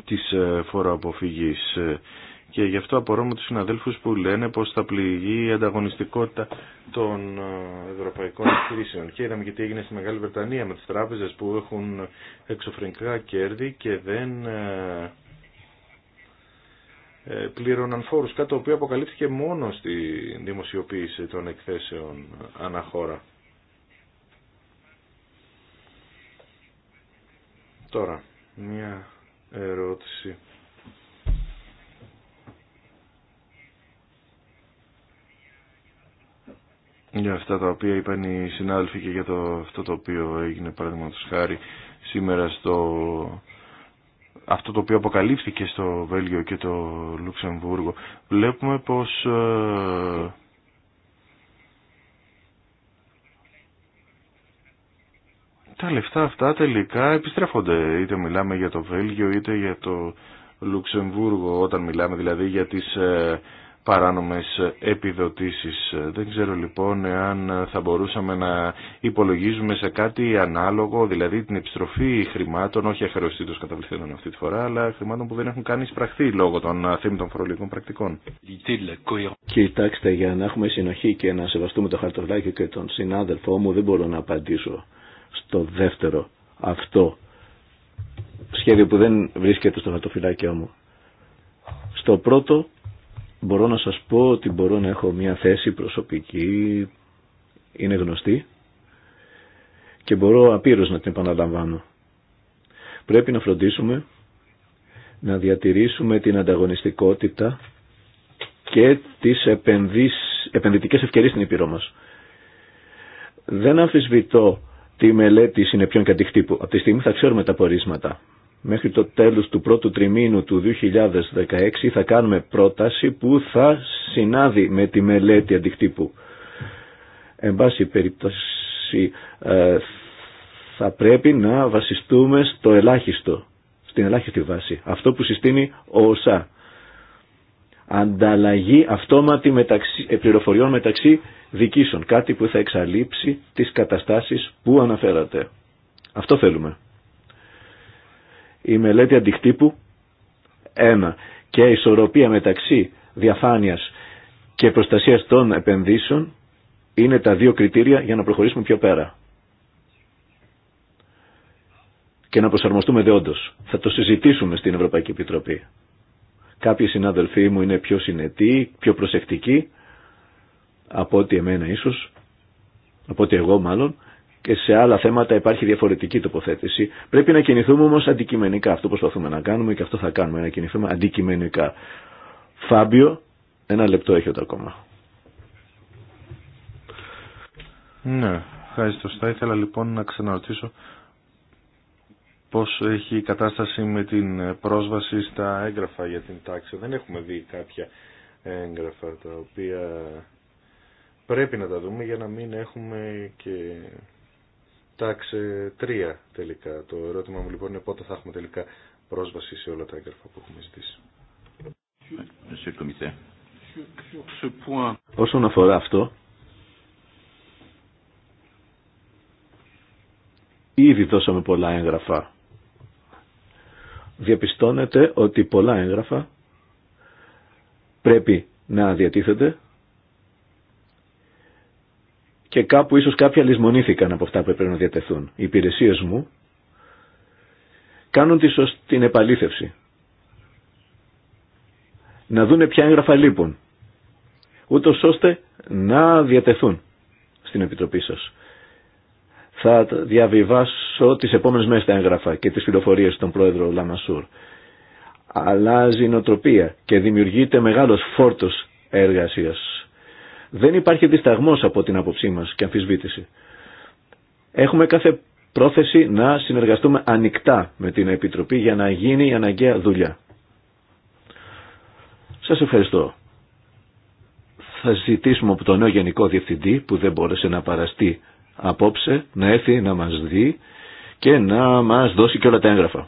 της ε, φοροαποφυγής ε, και γι' αυτό απορώ με τους συναδέλφους που λένε πως θα πληγεί η ανταγωνιστικότητα των ε, ευρωπαϊκών επιχειρήσεων. Και είδαμε γιατί τι έγινε στη Μεγάλη Βρετανία με τις τράπεζες που έχουν εξωφρενικά κέρδη και δεν ε, ε, πλήρωναν φόρους, κάτι το οποίο αποκαλύφθηκε μόνο στη δημοσιοποίηση των εκθέσεων αναχώρα. Τώρα, μια ερώτηση για αυτά τα οποία είπαν οι συνάδελφοι και για το, αυτό το οποίο έγινε παραδείγματος χάρη σήμερα στο αυτό το οποίο αποκαλύφθηκε στο Βέλγιο και το Λουξεμβούργο βλέπουμε πως ε, τα λεφτά αυτά τελικά επιστρέφονται είτε μιλάμε για το Βέλγιο είτε για το Λουξεμβούργο όταν μιλάμε δηλαδή για τις ε, παράνομες επιδοτήσεις. Δεν ξέρω λοιπόν αν θα μπορούσαμε να υπολογίζουμε σε κάτι ανάλογο, δηλαδή την επιστροφή χρημάτων, όχι αχαιρεωστήτως καταβληθέντων αυτή τη φορά, αλλά χρημάτων που δεν έχουν κάνει εισπραχθεί λόγω των θύμητων φορολογικών πρακτικών. Κοιτάξτε, για να έχουμε συνοχή και να σεβαστούμε το χαρτοφυλάκιο και τον συνάδελφό μου, δεν μπορώ να απαντήσω στο δεύτερο αυτό σχέδιο που δεν βρίσκεται στο χαρτοφυλάκιο μου. Στο πρώτο Μπορώ να σας πω ότι μπορώ να έχω μια θέση προσωπική, είναι γνωστή και μπορώ απείρως να την επαναλαμβάνω. Πρέπει να φροντίσουμε να διατηρήσουμε την ανταγωνιστικότητα και τις επενδυτικές ευκαιρίες στην Ήπειρό μας. Δεν αμφισβητώ τη μελέτη συνεπιών και αντικτύπου. Από τη στιγμή θα ξέρουμε τα πορίσματα μέχρι το τέλος του πρώτου τριμήνου του 2016 θα κάνουμε πρόταση που θα συνάδει με τη μελέτη αντικτύπου. Εν πάση περιπτώσει ε, θα πρέπει να βασιστούμε στο ελάχιστο, στην ελάχιστη βάση. Αυτό που συστήνει ο ΩΣΑ. Ανταλλαγή αυτόματη μεταξύ, ε, πληροφοριών μεταξύ δικήσεων. Κάτι που θα εξαλείψει τις καταστάσεις που αναφέρατε. Αυτό θέλουμε η μελέτη αντικτύπου, ένα, και η ισορροπία μεταξύ διαφάνειας και προστασίας των επενδύσεων είναι τα δύο κριτήρια για να προχωρήσουμε πιο πέρα. Και να προσαρμοστούμε δεόντως. Θα το συζητήσουμε στην Ευρωπαϊκή Επιτροπή. Κάποιοι συνάδελφοί μου είναι πιο συνετοί, πιο προσεκτικοί από ό,τι εμένα ίσως, από ό,τι εγώ μάλλον, και σε άλλα θέματα υπάρχει διαφορετική τοποθέτηση. Πρέπει να κινηθούμε όμως αντικειμενικά. Αυτό προσπαθούμε να κάνουμε και αυτό θα κάνουμε, να κινηθούμε αντικειμενικά. Φάμπιο, ένα λεπτό έχετε ακόμα. Ναι, ευχαριστώ. Θα ήθελα λοιπόν να ξαναρωτήσω πώς έχει η κατάσταση με την πρόσβαση στα έγγραφα για την τάξη. Δεν έχουμε δει κάποια έγγραφα τα οποία πρέπει να τα δούμε για να μην έχουμε και τάξε τρία τελικά. Το ερώτημα μου λοιπόν είναι πότε θα έχουμε τελικά πρόσβαση σε όλα τα έγγραφα που έχουμε ζητήσει. Όσον αφορά αυτό, ήδη δώσαμε πολλά έγγραφα. Διαπιστώνεται ότι πολλά έγγραφα πρέπει να διατίθεται και κάπου ίσως κάποια λησμονήθηκαν από αυτά που έπρεπε να διατεθούν. Οι υπηρεσίε μου κάνουν τη σωστή την επαλήθευση. Να δούνε ποια έγγραφα λείπουν. Ούτω ώστε να διατεθούν στην Επιτροπή σας. Θα διαβιβάσω τις επόμενες μέρε τα έγγραφα και τις πληροφορίε των πρόεδρο Λαμασούρ. Αλλάζει η νοοτροπία και δημιουργείται μεγάλο φόρτο εργασίας δεν υπάρχει δισταγμός από την άποψή μας και αμφισβήτηση. Έχουμε κάθε πρόθεση να συνεργαστούμε ανοιχτά με την Επιτροπή για να γίνει η αναγκαία δουλειά. Σας ευχαριστώ. Θα ζητήσουμε από τον νέο Γενικό Διευθυντή που δεν μπόρεσε να παραστεί απόψε να έρθει να μας δει και να μας δώσει και όλα τα έγγραφα.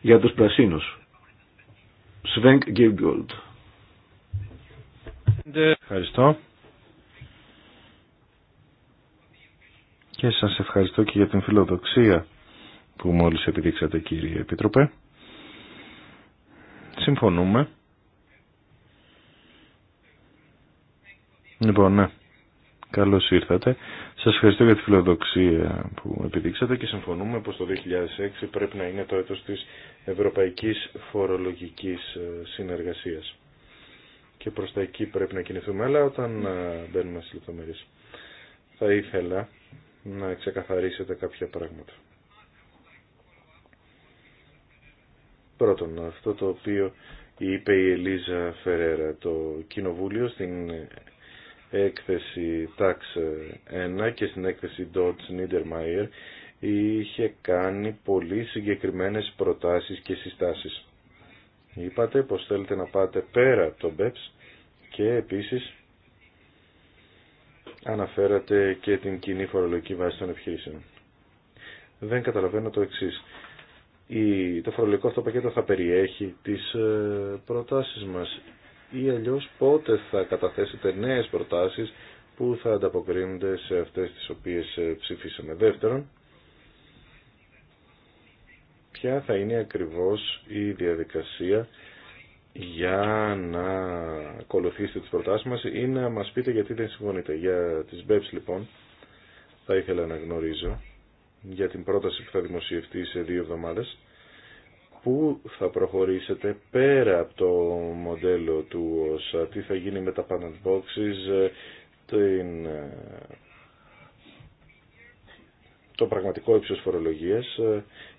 Για τους πρασίνους. Σβέγκ Ευχαριστώ. Και σας ευχαριστώ και για την φιλοδοξία που μόλις επιδείξατε κύριε Επίτροπε. Συμφωνούμε. Λοιπόν, ναι. Καλώς ήρθατε. Σας ευχαριστώ για τη φιλοδοξία που επιδείξατε και συμφωνούμε πως το 2006 πρέπει να είναι το έτος της Ευρωπαϊκής Φορολογικής ε, Συνεργασίας και προς τα εκεί πρέπει να κινηθούμε, αλλά όταν ε, μπαίνουμε στις λεπτομέρειες θα ήθελα να ξεκαθαρίσετε κάποια πράγματα. Πρώτον, αυτό το οποίο είπε η Ελίζα Φερέρα, το Κοινοβούλιο στην έκθεση Tax 1 και στην έκθεση Dodge Niedermayer είχε κάνει πολύ συγκεκριμένες προτάσεις και συστάσεις. Είπατε πως θέλετε να πάτε πέρα από τον BEPS και επίσης αναφέρατε και την κοινή φορολογική βάση των επιχειρήσεων. Δεν καταλαβαίνω το εξής. το φορολογικό αυτό πακέτο θα περιέχει τις ε, προτάσεις μας ή αλλιώς πότε θα καταθέσετε νέες προτάσεις που θα ανταποκρίνονται σε αυτές τις οποίες ε, ψηφίσαμε. Δεύτερον, ποια θα είναι ακριβώς η διαδικασία για να ακολουθήσετε τις προτάσεις μας ή να μας πείτε γιατί δεν συμφωνείτε. Για τις BEPS λοιπόν θα ήθελα να γνωρίζω για την πρόταση που θα δημοσιευτεί σε δύο εβδομάδες πού θα προχωρήσετε πέρα από το μοντέλο του ΩΣΑ, τι θα γίνει με τα panel boxes, την... το πραγματικό ύψος φορολογίας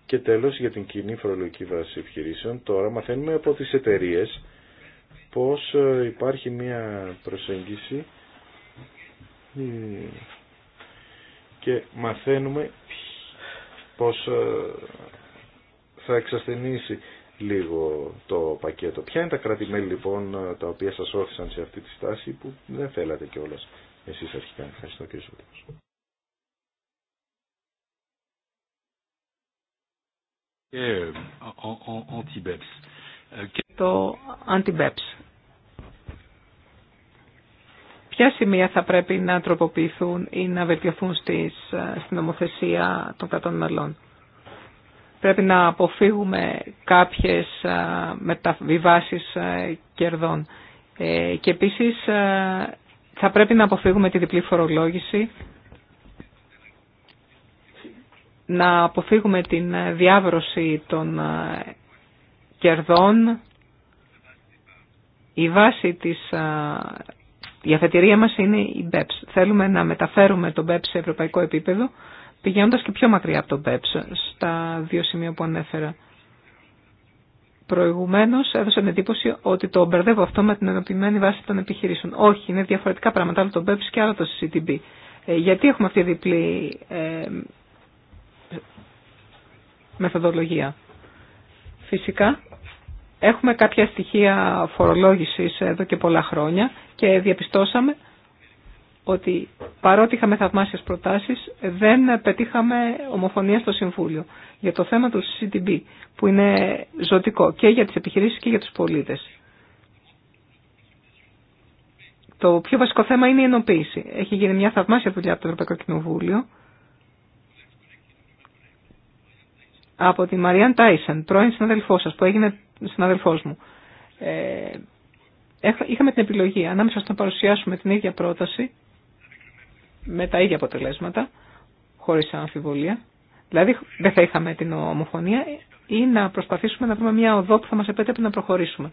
και τέλος για την κοινή φορολογική βάση επιχειρήσεων, τώρα μαθαίνουμε από τις εταιρείε πως ε, υπάρχει μια προσέγγιση ε, και μαθαίνουμε πως ε, θα εξασθενήσει λίγο το πακέτο. Ποια είναι τα κρατη λοιπόν τα οποία σας όθησαν σε αυτή τη στάση που δεν θέλατε κιόλας εσείς αρχικά. Ευχαριστώ κύριε Σωτήρος. και euh, euh, Το αντιμπεψ. Ποια σημεία θα πρέπει να τροποποιηθούν ή να βελτιωθούν στις, ε, στην νομοθεσία των κρατών μελών. Πρέπει να αποφύγουμε κάποιες ε, μεταβιβάσεις ε, κερδών. Και επίσης θα πρέπει να αποφύγουμε τη διπλή φορολόγηση να αποφύγουμε την διάβρωση των ε, κερδών. Η βάση της διαφετηρία ε, μας είναι η BEPS. Θέλουμε να μεταφέρουμε το BEPS σε ευρωπαϊκό επίπεδο, πηγαίνοντας και πιο μακριά από το BEPS, στα δύο σημεία που ανέφερα. Προηγουμένως έδωσε την εντύπωση ότι το μπερδεύω αυτό με την ενοποιημένη βάση των επιχειρήσεων. Όχι, είναι διαφορετικά πράγματα, άλλο το BEPS και άλλο το CCTB. Ε, γιατί έχουμε αυτή τη διπλή μεθοδολογία. Φυσικά, έχουμε κάποια στοιχεία φορολόγησης εδώ και πολλά χρόνια και διαπιστώσαμε ότι παρότι είχαμε θαυμάσιες προτάσεις, δεν πετύχαμε ομοφωνία στο Συμβούλιο για το θέμα του CDB, που είναι ζωτικό και για τις επιχειρήσεις και για τους πολίτες. Το πιο βασικό θέμα είναι η ενοποίηση. Έχει γίνει μια θαυμάσια δουλειά από το Ευρωπαϊκό Κοινοβούλιο από τη Μαριάν Τάισεν, πρώην συναδελφό σα, που έγινε συναδελφό μου. Ε, είχαμε την επιλογή ανάμεσα στο να παρουσιάσουμε την ίδια πρόταση με τα ίδια αποτελέσματα, χωρίς αμφιβολία, δηλαδή δεν θα είχαμε την ομοφωνία, ή να προσπαθήσουμε να βρούμε μια οδό που θα μα επέτρεπε να προχωρήσουμε.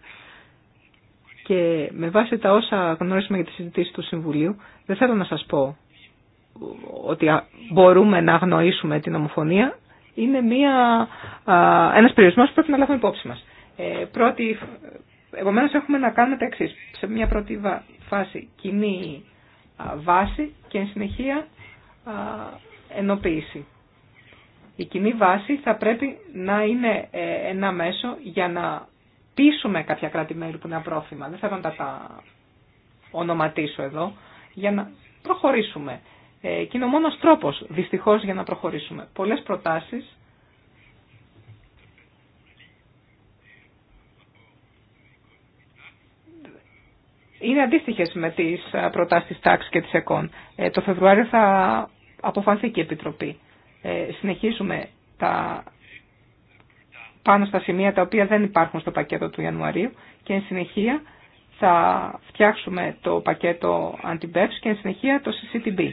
Και με βάση τα όσα γνωρίσαμε για τι συζητήσει του Συμβουλίου, δεν θέλω να σα πω ότι μπορούμε να αγνοήσουμε την ομοφωνία, είναι μια, ένας περιορισμός που πρέπει να λάβουμε υπόψη μας. Ε, πρώτη, επομένως έχουμε να κάνουμε τα εξής. Σε μια πρώτη φάση κοινή βάση και εν συνεχεία ενοποίηση. Η κοινή βάση θα πρέπει να είναι ε, ένα μέσο για να πείσουμε κάποια κράτη-μέλη που είναι απρόθυμα, δεν θέλω να τα, τα ονοματίσω εδώ, για να προχωρήσουμε ε, και είναι ο μόνος τρόπος, δυστυχώς, για να προχωρήσουμε. Πολλές προτάσεις είναι αντίστοιχες με τις ε, προτάσεις τη και τη ΕΚΟΝ. Ε, το Φεβρουάριο θα αποφανθεί και η Επιτροπή. Ε, συνεχίζουμε τα... πάνω στα σημεία τα οποία δεν υπάρχουν στο πακέτο του Ιανουαρίου και εν συνεχεία θα φτιάξουμε το πακέτο αντιμπέψ και εν συνεχεία το CCTB.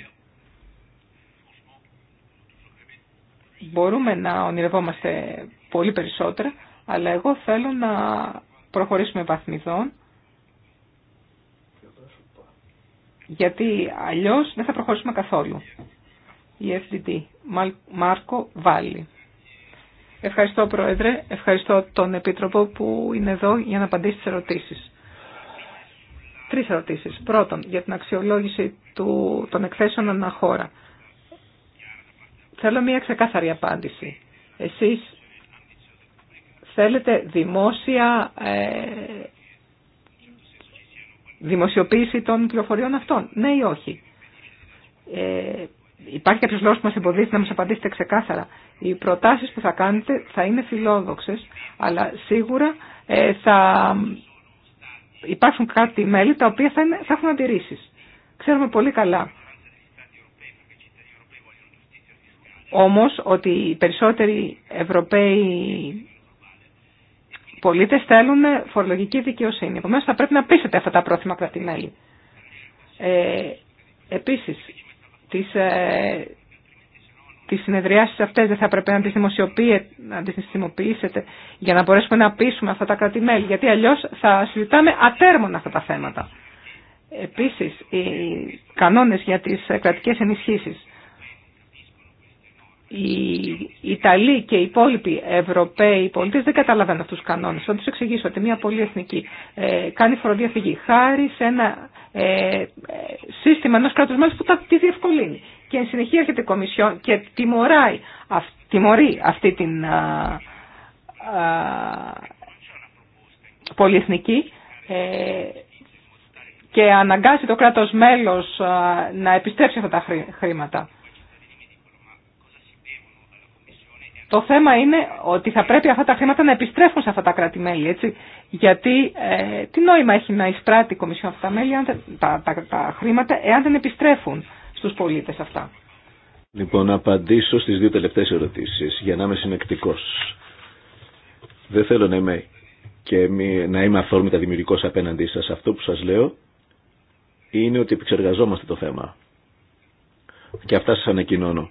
μπορούμε να ονειρευόμαστε πολύ περισσότερα, αλλά εγώ θέλω να προχωρήσουμε βαθμιδών, γιατί αλλιώς δεν θα προχωρήσουμε καθόλου. Η FDD, Μάρκο Βάλλη. Ευχαριστώ Πρόεδρε, ευχαριστώ τον Επίτροπο που είναι εδώ για να απαντήσει τις ερωτήσεις. Τρεις ερωτήσεις. Πρώτον, για την αξιολόγηση του, των εκθέσεων αναχώρα. Θέλω μια ξεκάθαρη απάντηση. Εσείς θέλετε δημόσια ε, δημοσιοποίηση των πληροφοριών αυτών. Ναι ή όχι. Ε, υπάρχει κάποιος λόγος που μας εμποδίζει να μας απαντήσετε ξεκάθαρα. Οι προτάσεις που θα κάνετε θα είναι φιλόδοξες, αλλά σίγουρα ε, θα υπάρχουν κάτι μέλη τα οποία θα, είναι, θα έχουν αντιρρήσεις. Ξέρουμε πολύ καλά όμως ότι οι περισσότεροι Ευρωπαίοι πολίτες θέλουν φορολογική δικαιοσύνη. Επομένως θα πρέπει να πείσετε αυτά τα πρόθυμα κρατημέλη. Ε, επίσης, τις, ε, τις συνεδριάσεις αυτές δεν θα πρέπει να τις, να τις δημοσιοποιήσετε για να μπορέσουμε να πείσουμε αυτά τα κρατημέλη, γιατί αλλιώς θα συζητάμε ατέρμονα αυτά τα θέματα. Επίσης, οι κανόνες για τις κρατικές ενισχύσεις οι Ιταλοί και οι υπόλοιποι Ευρωπαίοι πολίτες δεν καταλαβαίνουν αυτούς τους κανόνες. Θα τους εξηγήσω ότι μια πολυεθνική ε, κάνει φοροδιαφυγή χάρη σε ένα ε, σύστημα ενός κράτους μέσα που τα, τη διευκολύνει. Και εν συνεχεία έρχεται η Κομισιόν και τιμωράει, αυ, τιμωρεί αυτή την α, πολυεθνική ε, και αναγκάζει το κράτος μέλος να επιστρέψει αυτά τα χρήματα. Το θέμα είναι ότι θα πρέπει αυτά τα χρήματα να επιστρέφουν σε αυτά τα κράτη-μέλη, έτσι. Γιατί ε, τι νόημα έχει να εισπράττει η Κομισιόν αυτά τα, μέλη, αν, τα, τα, χρήματα, εάν δεν επιστρέφουν στους πολίτες αυτά. Λοιπόν, να απαντήσω στις δύο τελευταίες ερωτήσεις, για να είμαι συνεκτικός. Δεν θέλω να είμαι, και μη, να είμαι δημιουργικός απέναντί σας. Αυτό που σας λέω είναι ότι επεξεργαζόμαστε το θέμα. Και αυτά σας ανακοινώνω.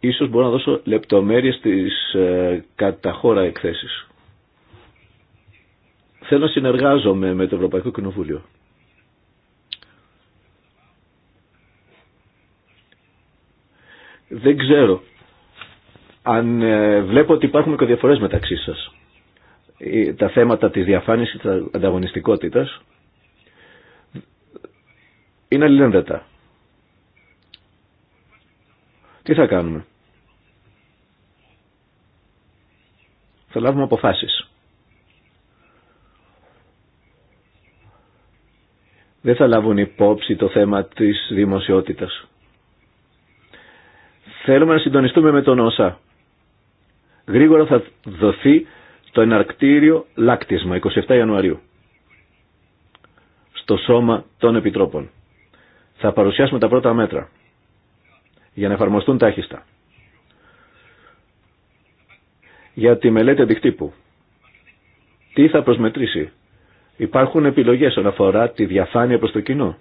Ίσως μπορώ να δώσω λεπτομέρειες της ε, καταχώρα εκθέσεις. Θέλω να συνεργάζομαι με το Ευρωπαϊκό Κοινοβούλιο. Δεν ξέρω αν ε, βλέπω ότι υπάρχουν και διαφορές μεταξύ σας. Ε, τα θέματα της διαφάνειας της ανταγωνιστικότητας είναι αλληλένδετα τι θα κάνουμε. Θα λάβουμε αποφάσεις. Δεν θα λάβουν υπόψη το θέμα της δημοσιότητας. Θέλουμε να συντονιστούμε με τον ΩΣΑ. Γρήγορα θα δοθεί το εναρκτήριο λάκτισμα, 27 Ιανουαρίου, στο Σώμα των Επιτρόπων. Θα παρουσιάσουμε τα πρώτα μέτρα για να εφαρμοστούν τάχιστα. Για τη μελέτη αντικτύπου. Τι θα προσμετρήσει. Υπάρχουν επιλογές όσον αφορά τη διαφάνεια προς το κοινό.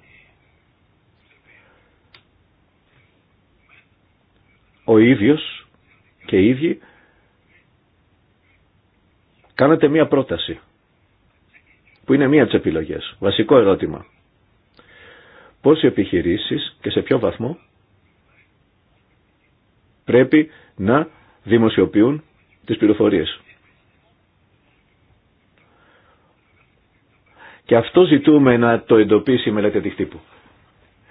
Ο ίδιος και οι ίδιοι κάνατε μία πρόταση που είναι μία από επιλογές. Βασικό ερώτημα. Πώς επιχειρήσεις και σε ποιο βαθμό πρέπει να δημοσιοποιούν τις πληροφορίες. Και αυτό ζητούμε να το εντοπίσει η μελέτη αντικτύπου.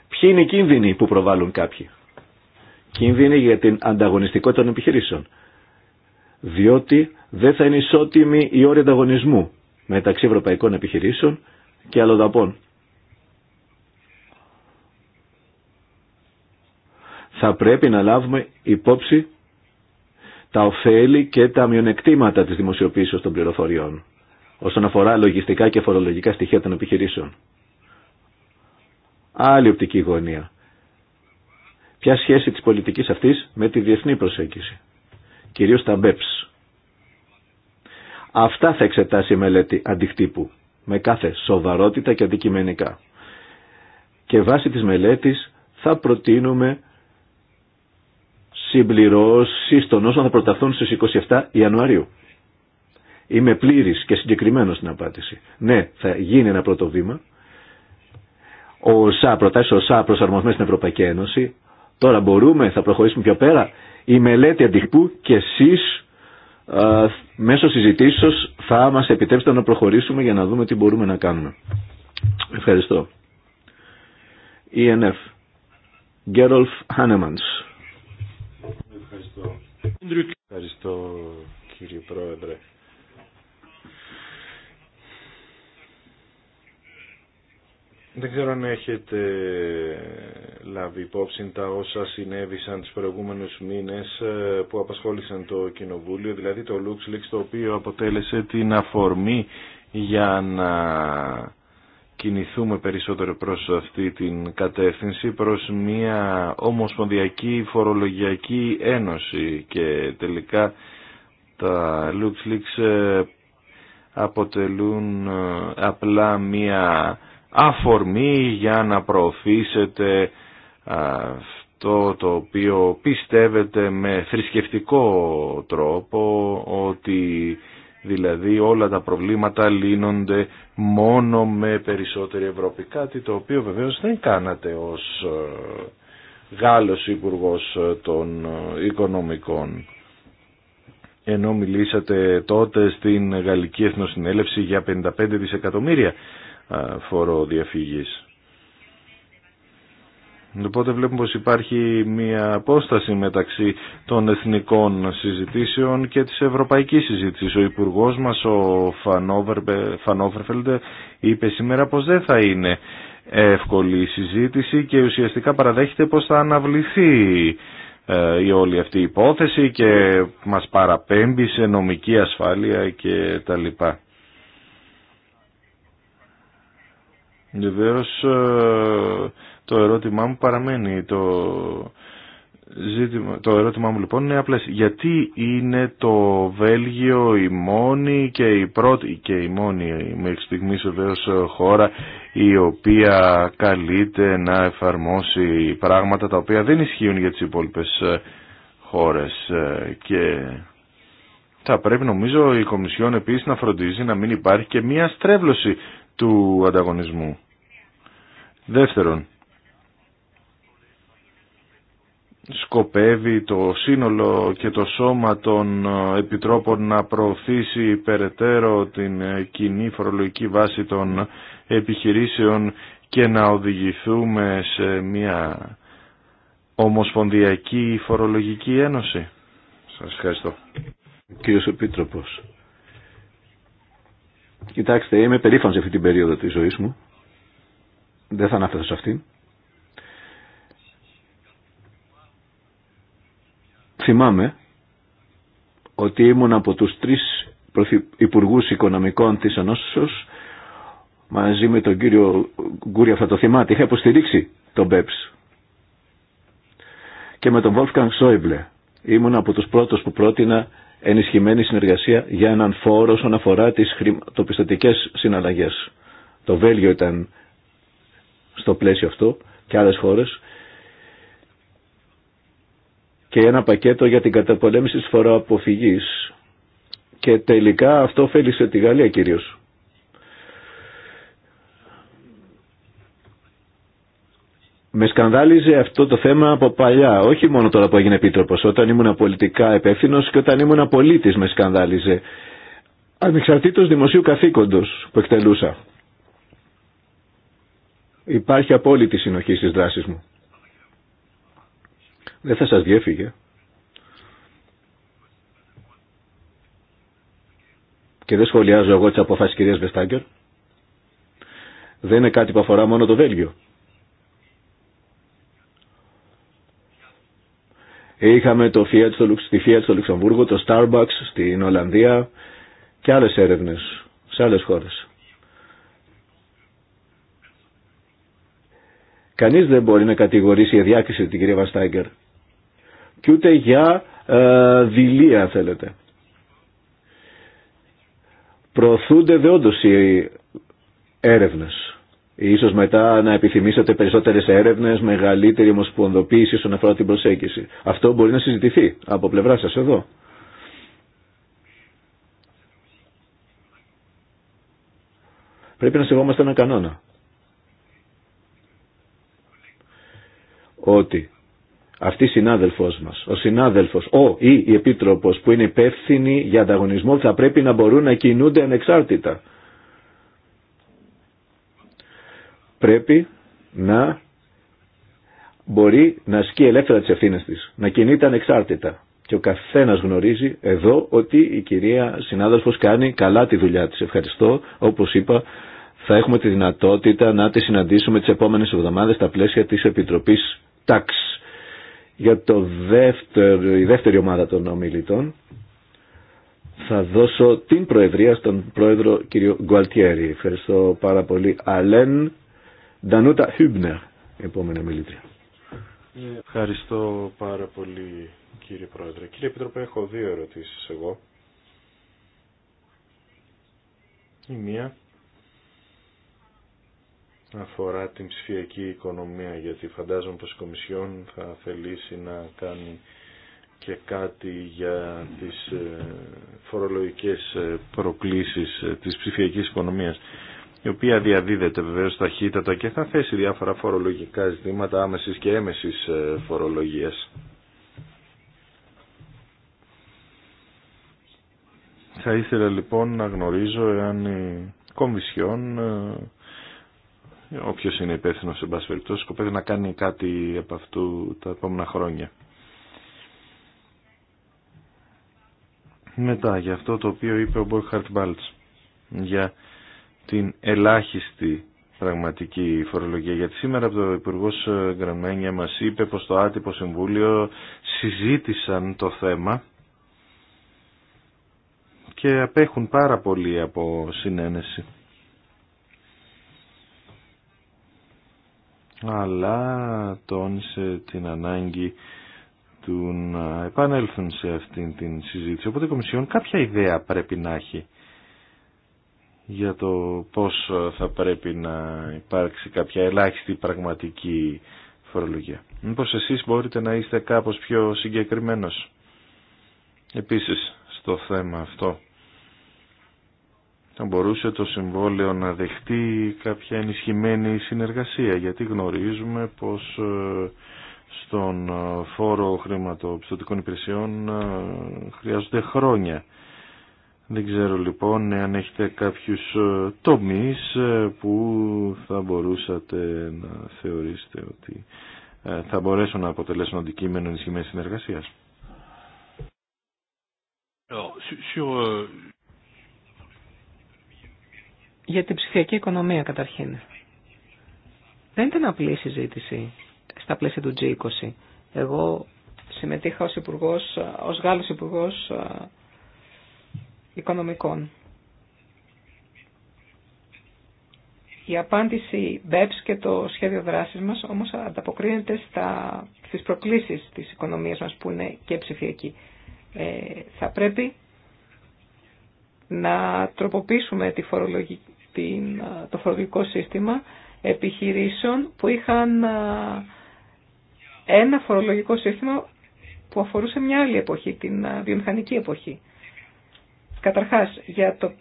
Ποιοι είναι οι κίνδυνοι που προβάλλουν κάποιοι. Κίνδυνοι για την ανταγωνιστικότητα των επιχειρήσεων. Διότι δεν θα είναι ισότιμη η όροι ανταγωνισμού μεταξύ ευρωπαϊκών επιχειρήσεων και αλλοδαπών. θα πρέπει να λάβουμε υπόψη τα ωφέλη και τα μειονεκτήματα της δημοσιοποίησης των πληροφοριών όσον αφορά λογιστικά και φορολογικά στοιχεία των επιχειρήσεων. Άλλη οπτική γωνία. Ποια σχέση της πολιτικής αυτής με τη διεθνή προσέγγιση, κυρίως τα BEPS. Ε Αυτά θα εξετάσει η μελέτη αντιχτύπου με κάθε σοβαρότητα και αντικειμενικά. Και βάσει της μελέτης θα προτείνουμε συμπληρώσει των όσων θα προταθούν στις 27 Ιανουαρίου. Είμαι πλήρης και συγκεκριμένος στην απάντηση. Ναι, θα γίνει ένα πρώτο βήμα. Ο ΣΑ, προτάσεις ο ΣΑ προσαρμοσμένες στην Ευρωπαϊκή Ένωση. Τώρα μπορούμε, θα προχωρήσουμε πιο πέρα. Η μελέτη αντιχπού και εσείς μέσω συζητήσεως θα μας επιτρέψετε να προχωρήσουμε για να δούμε τι μπορούμε να κάνουμε. Ευχαριστώ. ENF. Gerolf Hannemans. Ευχαριστώ κύριε Πρόεδρε. Δεν ξέρω αν έχετε λάβει υπόψη τα όσα συνέβησαν τις προηγούμενους μήνες ε, που απασχόλησαν το Κοινοβούλιο, δηλαδή το LuxLeaks το οποίο αποτέλεσε την αφορμή για να κινηθούμε περισσότερο προς αυτή την κατεύθυνση, προς μια ομοσπονδιακή φορολογιακή ένωση και τελικά τα LuxLeaks ε, αποτελούν ε, απλά μια αφορμή για να προωθήσετε ε, αυτό το οποίο πιστεύετε με θρησκευτικό τρόπο ότι Δηλαδή όλα τα προβλήματα λύνονται μόνο με περισσότερη Ευρώπη. Κάτι το οποίο βεβαίως δεν κάνατε ως ε, Γάλλος υπουργό ε, των ε, Οικονομικών. Ενώ μιλήσατε τότε στην Γαλλική Εθνοσυνέλευση για 55 δισεκατομμύρια φοροδιαφυγής. Οπότε βλέπουμε πως υπάρχει μια απόσταση μεταξύ των εθνικών συζητήσεων και της ευρωπαϊκής συζήτησης. Ο Υπουργός μας, ο ε, Φανόβερφελντ, είπε σήμερα πως δεν θα είναι εύκολη η συζήτηση και ουσιαστικά παραδέχεται πως θα αναβληθεί ε, η όλη αυτή η υπόθεση και μας παραπέμπει σε νομική ασφάλεια και τα λοιπά. Βεβαίως, ε, το ερώτημά μου παραμένει το... Ζήτημα, το ερώτημά μου λοιπόν είναι απλές. Γιατί είναι το Βέλγιο η μόνη και η πρώτη και η μόνη μέχρι στιγμής χώρα η οποία καλείται να εφαρμόσει πράγματα τα οποία δεν ισχύουν για τις υπόλοιπες ε, χώρες ε, και θα πρέπει νομίζω η Κομισιόν επίσης να φροντίζει να μην υπάρχει και μια στρέβλωση του ανταγωνισμού. Δεύτερον, σκοπεύει το σύνολο και το σώμα των ε, επιτρόπων να προωθήσει περαιτέρω την ε, κοινή φορολογική βάση των επιχειρήσεων και να οδηγηθούμε σε μια ομοσπονδιακή φορολογική ένωση. Σας ευχαριστώ. Κύριος Επίτροπος, κοιτάξτε είμαι περήφανος για αυτή την περίοδο της ζωής μου. Δεν θα αναφερθώ σε αυτήν. Θυμάμαι ότι ήμουν από τους τρεις υπουργού οικονομικών της Ενώσεως μαζί με τον κύριο Γκούρια θα το θυμάται, είχα υποστηρίξει τον ΠΕΠΣ και με τον Βόλφκαν Σόιμπλε. ήμουν από τους πρώτους που πρότεινα ενισχυμένη συνεργασία για έναν φόρο όσον αφορά τις χρηματοπιστωτικές συναλλαγές. Το Βέλγιο ήταν στο πλαίσιο αυτό και άλλες χώρες και ένα πακέτο για την καταπολέμηση της φοροαποφυγής. Και τελικά αυτό φέλησε τη Γαλλία κυρίως. Με σκανδάλιζε αυτό το θέμα από παλιά, όχι μόνο τώρα που έγινε επίτροπος, όταν ήμουν πολιτικά υπεύθυνο και όταν ήμουν πολίτης με σκανδάλιζε. Ανεξαρτήτως δημοσίου καθήκοντος που εκτελούσα. Υπάρχει απόλυτη συνοχή στις δράσεις μου. Δεν θα σας διέφυγε. Και δεν σχολιάζω εγώ τις αποφάσεις κυρίας Βεστάγκερ. Δεν είναι κάτι που αφορά μόνο το Βέλγιο. Είχαμε το Fiat στο, τη Fiat στο Λουξεμβούργο, το Starbucks στην Ολλανδία και άλλες έρευνες σε άλλες χώρες. Κανείς δεν μπορεί να κατηγορήσει η διάκριση την κυρία Βαστάγκερ και ούτε για ε, δειλία αν θέλετε. Προωθούνται όντως, οι έρευνες. Ίσως μετά να επιθυμήσετε περισσότερες έρευνες, μεγαλύτερη ομοσπονδοποίηση όσον αφορά την προσέγγιση. Αυτό μπορεί να συζητηθεί από πλευρά σας εδώ. Πρέπει να σεβόμαστε ένα κανόνα. Ότι αυτή η συνάδελφός μας, ο συνάδελφος, ο ή η επίτροπος που είναι υπεύθυνη για ανταγωνισμό θα πρέπει να μπορούν να κινούνται ανεξάρτητα. Πρέπει να μπορεί να ασκεί ελεύθερα τις ευθύνες της, να κινείται ανεξάρτητα. Και ο καθένας γνωρίζει εδώ ότι η κυρία συνάδελφος κάνει καλά τη δουλειά της. Ευχαριστώ, όπως είπα, θα έχουμε τη δυνατότητα να τη συναντήσουμε τις επόμενες εβδομάδες στα πλαίσια της Επιτροπής ΤΑΚΣ. Για το δεύτερο, η δεύτερη ομάδα των ομιλητών θα δώσω την προεδρία στον πρόεδρο κ. Γκουαλτιέρη. Ευχαριστώ πάρα πολύ. Αλέν Ντανούτα Χούμπνερ, επόμενη ομιλήτρια. Ευχαριστώ πάρα πολύ κύριε Πρόεδρε. Κύριε Επιτροπέ, έχω δύο ερωτήσεις εγώ. Η μία αφορά την ψηφιακή οικονομία, γιατί φαντάζομαι πως η Κομισιόν θα θελήσει να κάνει και κάτι για τις ε, φορολογικές ε, προκλήσεις ε, της ψηφιακής οικονομίας, η οποία διαδίδεται βεβαίως ταχύτατα και θα θέσει διάφορα φορολογικά ζητήματα άμεσης και έμεσης φορολογίας. Θα ήθελα λοιπόν να γνωρίζω εάν η Κομισιόν Όποιο είναι υπεύθυνο σε πάση περιπτώσει σκοπεύει να κάνει κάτι από αυτού τα επόμενα χρόνια. Μετά, για αυτό το οποίο είπε ο Μπορχαρτ Μπάλτ, για την ελάχιστη πραγματική φορολογία. Γιατί σήμερα από το Υπουργό Γκραμμένια μας είπε πως το άτυπο συμβούλιο συζήτησαν το θέμα και απέχουν πάρα πολύ από συνένεση. αλλά τόνισε την ανάγκη του να επανέλθουν σε αυτήν την συζήτηση. Οπότε η Κομισιόν κάποια ιδέα πρέπει να έχει για το πώς θα πρέπει να υπάρξει κάποια ελάχιστη πραγματική φορολογία. Μήπως εσείς μπορείτε να είστε κάπως πιο συγκεκριμένος επίσης στο θέμα αυτό θα μπορούσε το Συμβόλαιο να δεχτεί κάποια ενισχυμένη συνεργασία γιατί γνωρίζουμε πως ε, στον ε, φόρο χρηματοπιστωτικών υπηρεσιών ε, χρειάζονται χρόνια. Δεν ξέρω λοιπόν αν έχετε κάποιους τομείς που θα μπορούσατε να θεωρήσετε ότι θα μπορέσουν να αποτελέσουν αντικείμενο ενισχυμένης συνεργασίας. sur, euh, για την ψηφιακή οικονομία καταρχήν. Δεν ήταν απλή η συζήτηση στα πλαίσια του G20. Εγώ συμμετείχα ως, υπουργός, ως Γάλλος Υπουργός ε, Οικονομικών. Η απάντηση BEPS και το σχέδιο δράσης μας όμως ανταποκρίνεται στα, στις προκλήσεις της οικονομίας μας που είναι και ψηφιακή. Ε, θα πρέπει να τροποποιήσουμε τη φορολογική την, το φορολογικό σύστημα επιχειρήσεων που είχαν ένα φορολογικό σύστημα που αφορούσε μια άλλη εποχή, την βιομηχανική εποχή. Καταρχάς, για το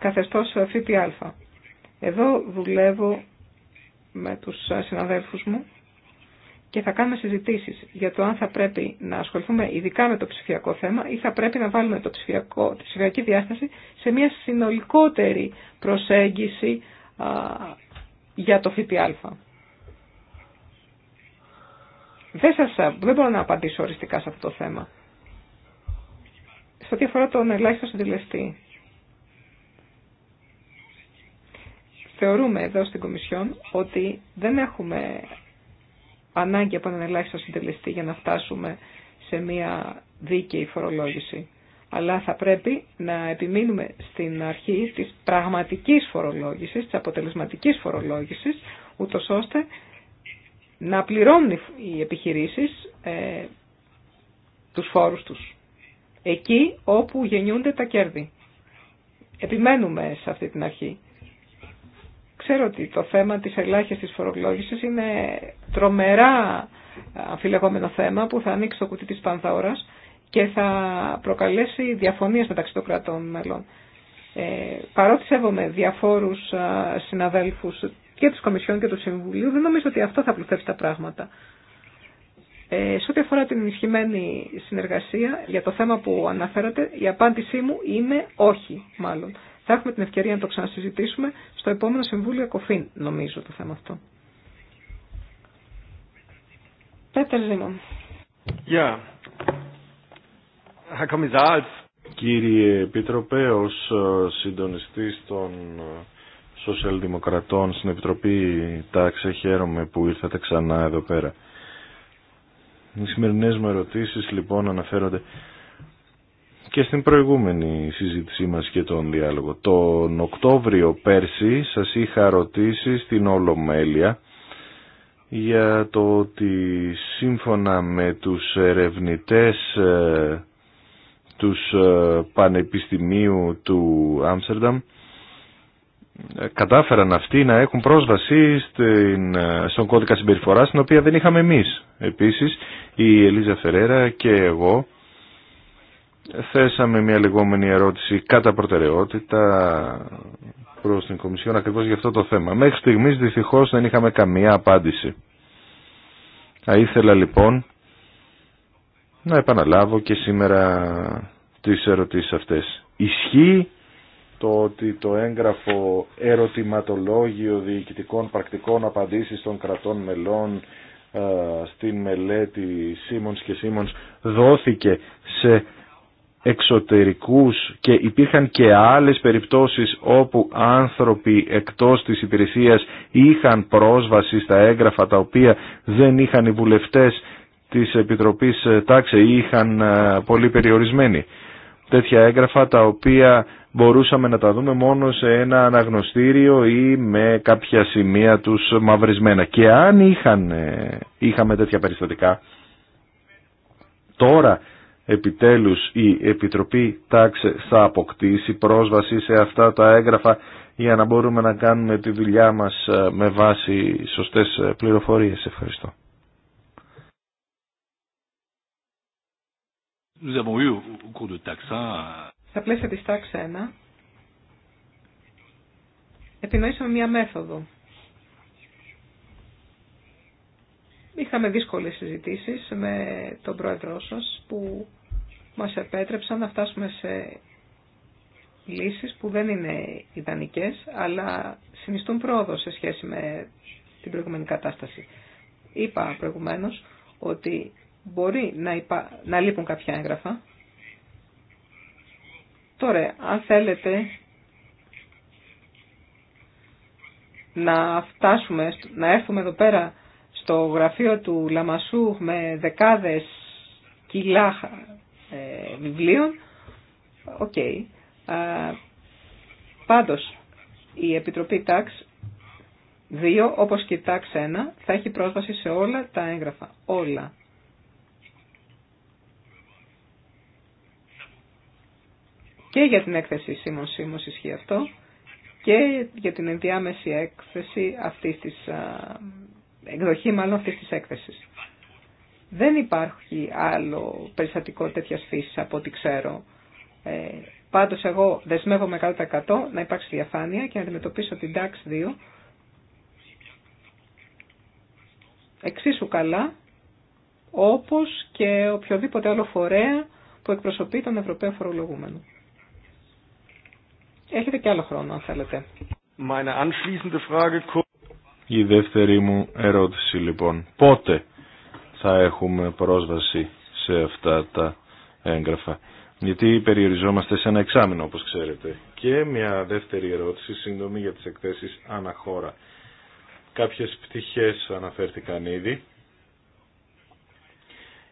καθεστώς ΦΠΑ. Εδώ δουλεύω με τους συναδέλφους μου και θα κάνουμε συζητήσει για το αν θα πρέπει να ασχοληθούμε ειδικά με το ψηφιακό θέμα ή θα πρέπει να βάλουμε το ψηφιακό, τη ψηφιακή διάσταση σε μια συνολικότερη προσέγγιση για το ΦΠΑ. Δεν, σας, δεν μπορώ να απαντήσω οριστικά σε αυτό το θέμα. Σε ό,τι αφορά τον ελάχιστο συντηλεστή. Θεωρούμε εδώ στην Κομισιόν ότι δεν έχουμε ανάγκη από έναν ελάχιστο συντελεστή για να φτάσουμε σε μια δίκαιη φορολόγηση. Αλλά θα πρέπει να επιμείνουμε στην αρχή της πραγματικής φορολόγησης, της αποτελεσματικής φορολόγησης, ούτως ώστε να πληρώνουν οι επιχειρήσεις ε, τους φόρους τους. Εκεί όπου γεννιούνται τα κέρδη. Επιμένουμε σε αυτή την αρχή. Ξέρω ότι το θέμα της ελάχιστης φορολόγησης είναι τρομερά αμφιλεγόμενο θέμα που θα ανοίξει το κουτί της Πανθαόρας και θα προκαλέσει διαφωνίες μεταξύ των κρατών μελών. Ε, παρότι σέβομαι διαφόρους συναδέλφους και της Κομισιόν και του Συμβουλίου, δεν νομίζω ότι αυτό θα πλουθεύσει τα πράγματα. Ε, σε ό,τι αφορά την ενισχυμένη συνεργασία, για το θέμα που αναφέρατε, η απάντησή μου είναι όχι, μάλλον. Θα έχουμε την ευκαιρία να το ξανασυζητήσουμε στο επόμενο Συμβούλιο Κοφίν, νομίζω, το θέμα αυτό. Κύριε Επίτροπε, ω ε, συντονιστής των ε, Σοσιαλδημοκρατών στην Επιτροπή Τάξε, χαίρομαι που ήρθατε ξανά εδώ πέρα. Οι σημερινέ μου ερωτήσεις λοιπόν αναφέρονται και στην προηγούμενη συζήτησή μας και τον διάλογο. Τον Οκτώβριο πέρσι σας είχα ρωτήσει στην Ολομέλεια για το ότι σύμφωνα με τους ερευνητές ε, τους ε, Πανεπιστημίου του Άμστερνταμ ε, κατάφεραν αυτοί να έχουν πρόσβαση στην, στον κώδικα συμπεριφοράς την οποία δεν είχαμε εμείς. Επίσης η Ελίζα Φερέρα και εγώ θέσαμε μια λεγόμενη ερώτηση κατά προτεραιότητα προ την Κομισιόν ακριβώ για αυτό το θέμα. Μέχρι στιγμή δυστυχώ δεν είχαμε καμία απάντηση. Θα ήθελα λοιπόν να επαναλάβω και σήμερα τι ερωτήσει αυτές. Ισχύει το ότι το έγγραφο ερωτηματολόγιο διοικητικών πρακτικών απαντήσεις των κρατών μελών ε, στην μελέτη Σίμονς και Σίμονς δόθηκε σε εξωτερικούς και υπήρχαν και άλλες περιπτώσεις όπου άνθρωποι εκτός της υπηρεσίας είχαν πρόσβαση στα έγγραφα τα οποία δεν είχαν οι βουλευτές της Επιτροπής ε, Τάξε ή είχαν ε, πολύ περιορισμένοι. Τέτοια έγγραφα τα οποία μπορούσαμε να τα δούμε μόνο σε ένα αναγνωστήριο ή με κάποια σημεία τους μαυρισμένα. Και αν είχαν, ε, είχαμε τέτοια περιστατικά, τώρα Επιτέλους η Επιτροπή Τάξε θα αποκτήσει πρόσβαση σε αυτά τα έγγραφα για να μπορούμε να κάνουμε τη δουλειά μας ε, με βάση σωστές ε, πληροφορίες. Ευχαριστώ. Euh, Στα πλαίσια της τάξη 1 επινοήσαμε μία μέθοδο. Είχαμε δύσκολες συζητήσεις με τον πρόεδρό σας που μας επέτρεψαν να φτάσουμε σε λύσεις που δεν είναι ιδανικές, αλλά συνιστούν πρόοδο σε σχέση με την προηγούμενη κατάσταση. Είπα προηγουμένως ότι μπορεί να, υπα... να λείπουν κάποια έγγραφα. Τώρα, αν θέλετε να φτάσουμε, να έρθουμε εδώ πέρα στο γραφείο του Λαμασού με δεκάδες κιλά ε, βιβλίων. Οκ. Okay. Ε, πάντως, η Επιτροπή Τάξ 2, όπως και η Τάξ 1, θα έχει πρόσβαση σε όλα τα έγγραφα. Όλα. Και για την έκθεση Σίμων Σίμος ισχύει αυτό και για την ενδιάμεση έκθεση αυτής της, εκδοχή μάλλον αυτής της έκθεσης. Δεν υπάρχει άλλο περιστατικό τέτοια φύση από ό,τι ξέρω. Ε, Πάντω, εγώ δεσμεύομαι 100% να υπάρξει διαφάνεια και να αντιμετωπίσω την DAX 2 εξίσου καλά όπως και οποιοδήποτε άλλο φορέα που εκπροσωπεί τον Ευρωπαίο Φορολογούμενο. Έχετε και άλλο χρόνο, αν θέλετε. Η δεύτερη μου ερώτηση, λοιπόν. Πότε θα έχουμε πρόσβαση σε αυτά τα έγγραφα. Γιατί περιοριζόμαστε σε ένα εξάμεινο όπως ξέρετε. Και μια δεύτερη ερώτηση, σύντομη για τις εκθέσεις αναχώρα. Κάποιες πτυχές αναφέρθηκαν ήδη.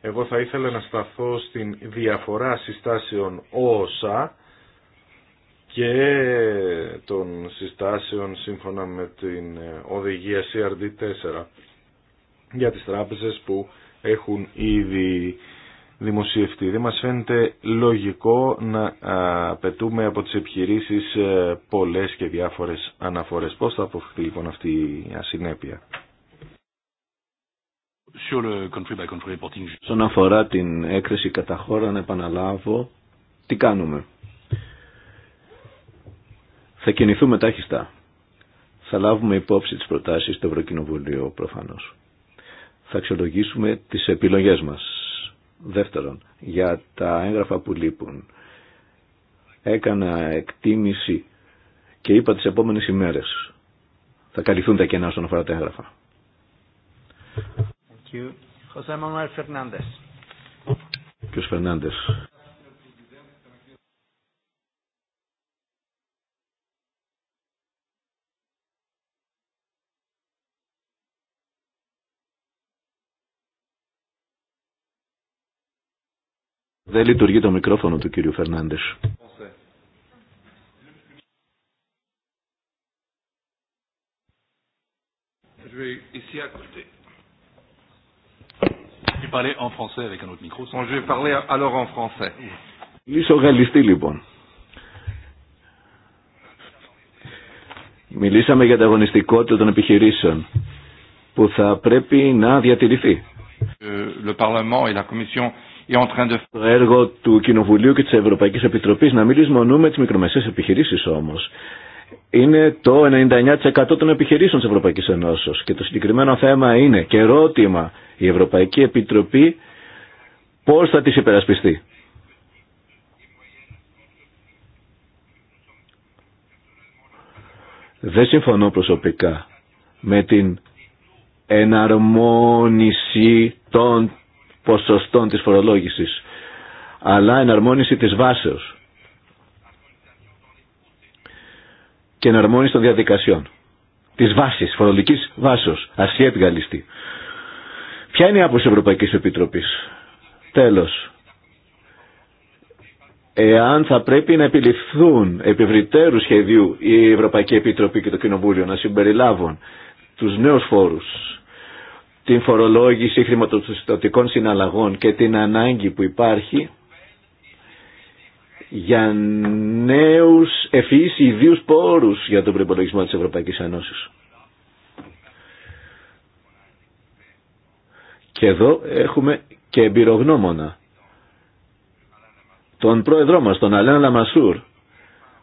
Εγώ θα ήθελα να σταθώ στην διαφορά συστάσεων όσα και των συστάσεων σύμφωνα με την οδηγία CRD4 για τις τράπεζες που έχουν ήδη δημοσιευτεί. Δεν μας φαίνεται λογικό να απαιτούμε από τις επιχειρήσεις ε, πολλές και διάφορες αναφορές. Πώς θα αποφευθεί λοιπόν αυτή η ασυνέπεια. Στον αφορά την έκθεση κατά χώρα, να επαναλάβω τι κάνουμε. Θα κινηθούμε τάχιστα. Θα λάβουμε υπόψη τις προτάσεις του Ευρωκοινοβουλίου προφανώς θα αξιολογήσουμε τις επιλογές μας. Δεύτερον, για τα έγγραφα που λείπουν. Έκανα εκτίμηση και είπα τις επόμενες ημέρες. Θα καλυφθούν τα κενά όσον αφορά τα έγγραφα. Thank you. Δεν λειτουργεί το μικρόφωνο του κύριου Φερνάντε. Μιλήσω γαλλιστή λοιπόν. Μιλήσαμε για τα αγωνιστικότητα των επιχειρήσεων που θα πρέπει να διατηρηθεί. Ε, le Parlement et la Commission το έργο του Κοινοβουλίου και της Ευρωπαϊκής Επιτροπής να μην με τις μικρομεσαίες επιχειρήσεις όμως. Είναι το 99% των επιχειρήσεων της Ευρωπαϊκής Ενώσεως και το συγκεκριμένο θέμα είναι και ερώτημα η Ευρωπαϊκή Επιτροπή πώς θα τις υπερασπιστεί. Δεν συμφωνώ προσωπικά με την εναρμόνιση των ποσοστών της φορολόγησης, αλλά εναρμόνιση της βάσεως και εναρμόνιση των διαδικασιών, της βάσης, φορολογικής βάσεως, ασχέτη γαλλιστή. Ποια είναι η άποψη Ευρωπαϊκής Επιτροπής. Τέλος, εάν θα πρέπει να επιληφθούν επιβριτέρου σχεδίου η Ευρωπαϊκή Επιτροπή και το Κοινοβούλιο να συμπεριλάβουν τους νέους φόρους την φορολόγηση χρηματοστατικών συναλλαγών και την ανάγκη που υπάρχει για νέους ευφυείς ιδίους πόρους για τον προϋπολογισμό της Ευρωπαϊκής Ένωσης. Και εδώ έχουμε και εμπειρογνώμονα. Τον πρόεδρό μας, τον Αλένα Λαμασούρ,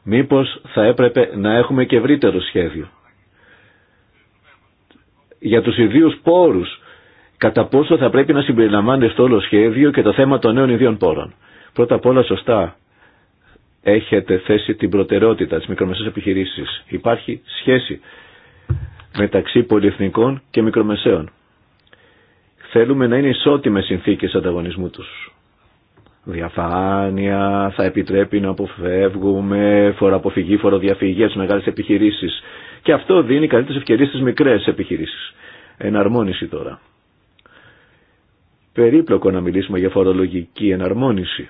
μήπως θα έπρεπε να έχουμε και ευρύτερο σχέδιο για τους ιδίους πόρους κατά πόσο θα πρέπει να συμπεριλαμβάνεται στο όλο σχέδιο και το θέμα των νέων ιδίων πόρων. Πρώτα απ' όλα σωστά έχετε θέσει την προτεραιότητα της μικρομεσαίας επιχειρήσης. Υπάρχει σχέση μεταξύ πολυεθνικών και μικρομεσαίων. Θέλουμε να είναι ισότιμες συνθήκες ανταγωνισμού τους. Διαφάνεια θα επιτρέπει να αποφεύγουμε φοροαποφυγή, φοροδιαφυγή από τις μεγάλες επιχειρήσεις και αυτό δίνει καλύτερε ευκαιρίες στι μικρέ επιχειρήσει. Εναρμόνιση τώρα. Περίπλοκο να μιλήσουμε για φορολογική εναρμόνιση.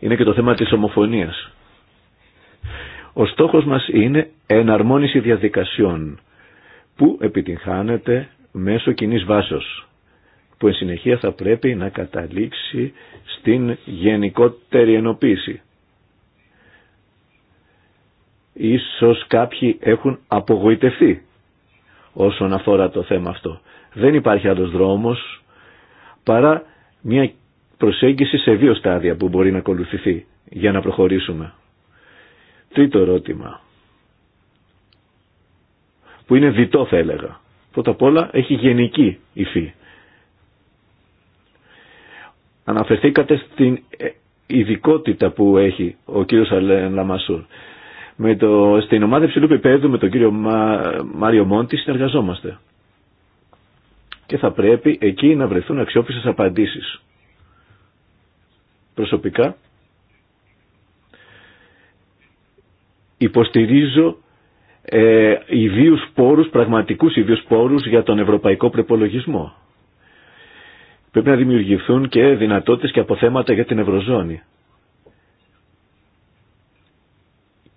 Είναι και το θέμα της ομοφωνίας. Ο στόχος μας είναι εναρμόνιση διαδικασιών που επιτυγχάνεται μέσω κοινή βάσεως που εν συνεχεία θα πρέπει να καταλήξει στην γενικότερη ενοποίηση. Ίσως κάποιοι έχουν απογοητευτεί όσον αφορά το θέμα αυτό. Δεν υπάρχει άλλος δρόμος παρά μια προσέγγιση σε δύο στάδια που μπορεί να ακολουθηθεί για να προχωρήσουμε. Τρίτο ερώτημα, που είναι διτό θα έλεγα. Πρώτα απ' όλα έχει γενική υφή. Αναφερθήκατε στην ε, ειδικότητα που έχει ο κύριος Αλέν Λαμασούρ. Με το, στην ομάδα υψηλού επίπεδου με τον κύριο Μάριο Μόντι συνεργαζόμαστε. Και θα πρέπει εκεί να βρεθούν αξιόπιστες απαντήσεις. Προσωπικά υποστηρίζω ε, ιδίους πόρους, πραγματικούς ιδίους πόρους για τον ευρωπαϊκό προπολογισμό. Πρέπει να δημιουργηθούν και δυνατότητες και αποθέματα για την Ευρωζώνη.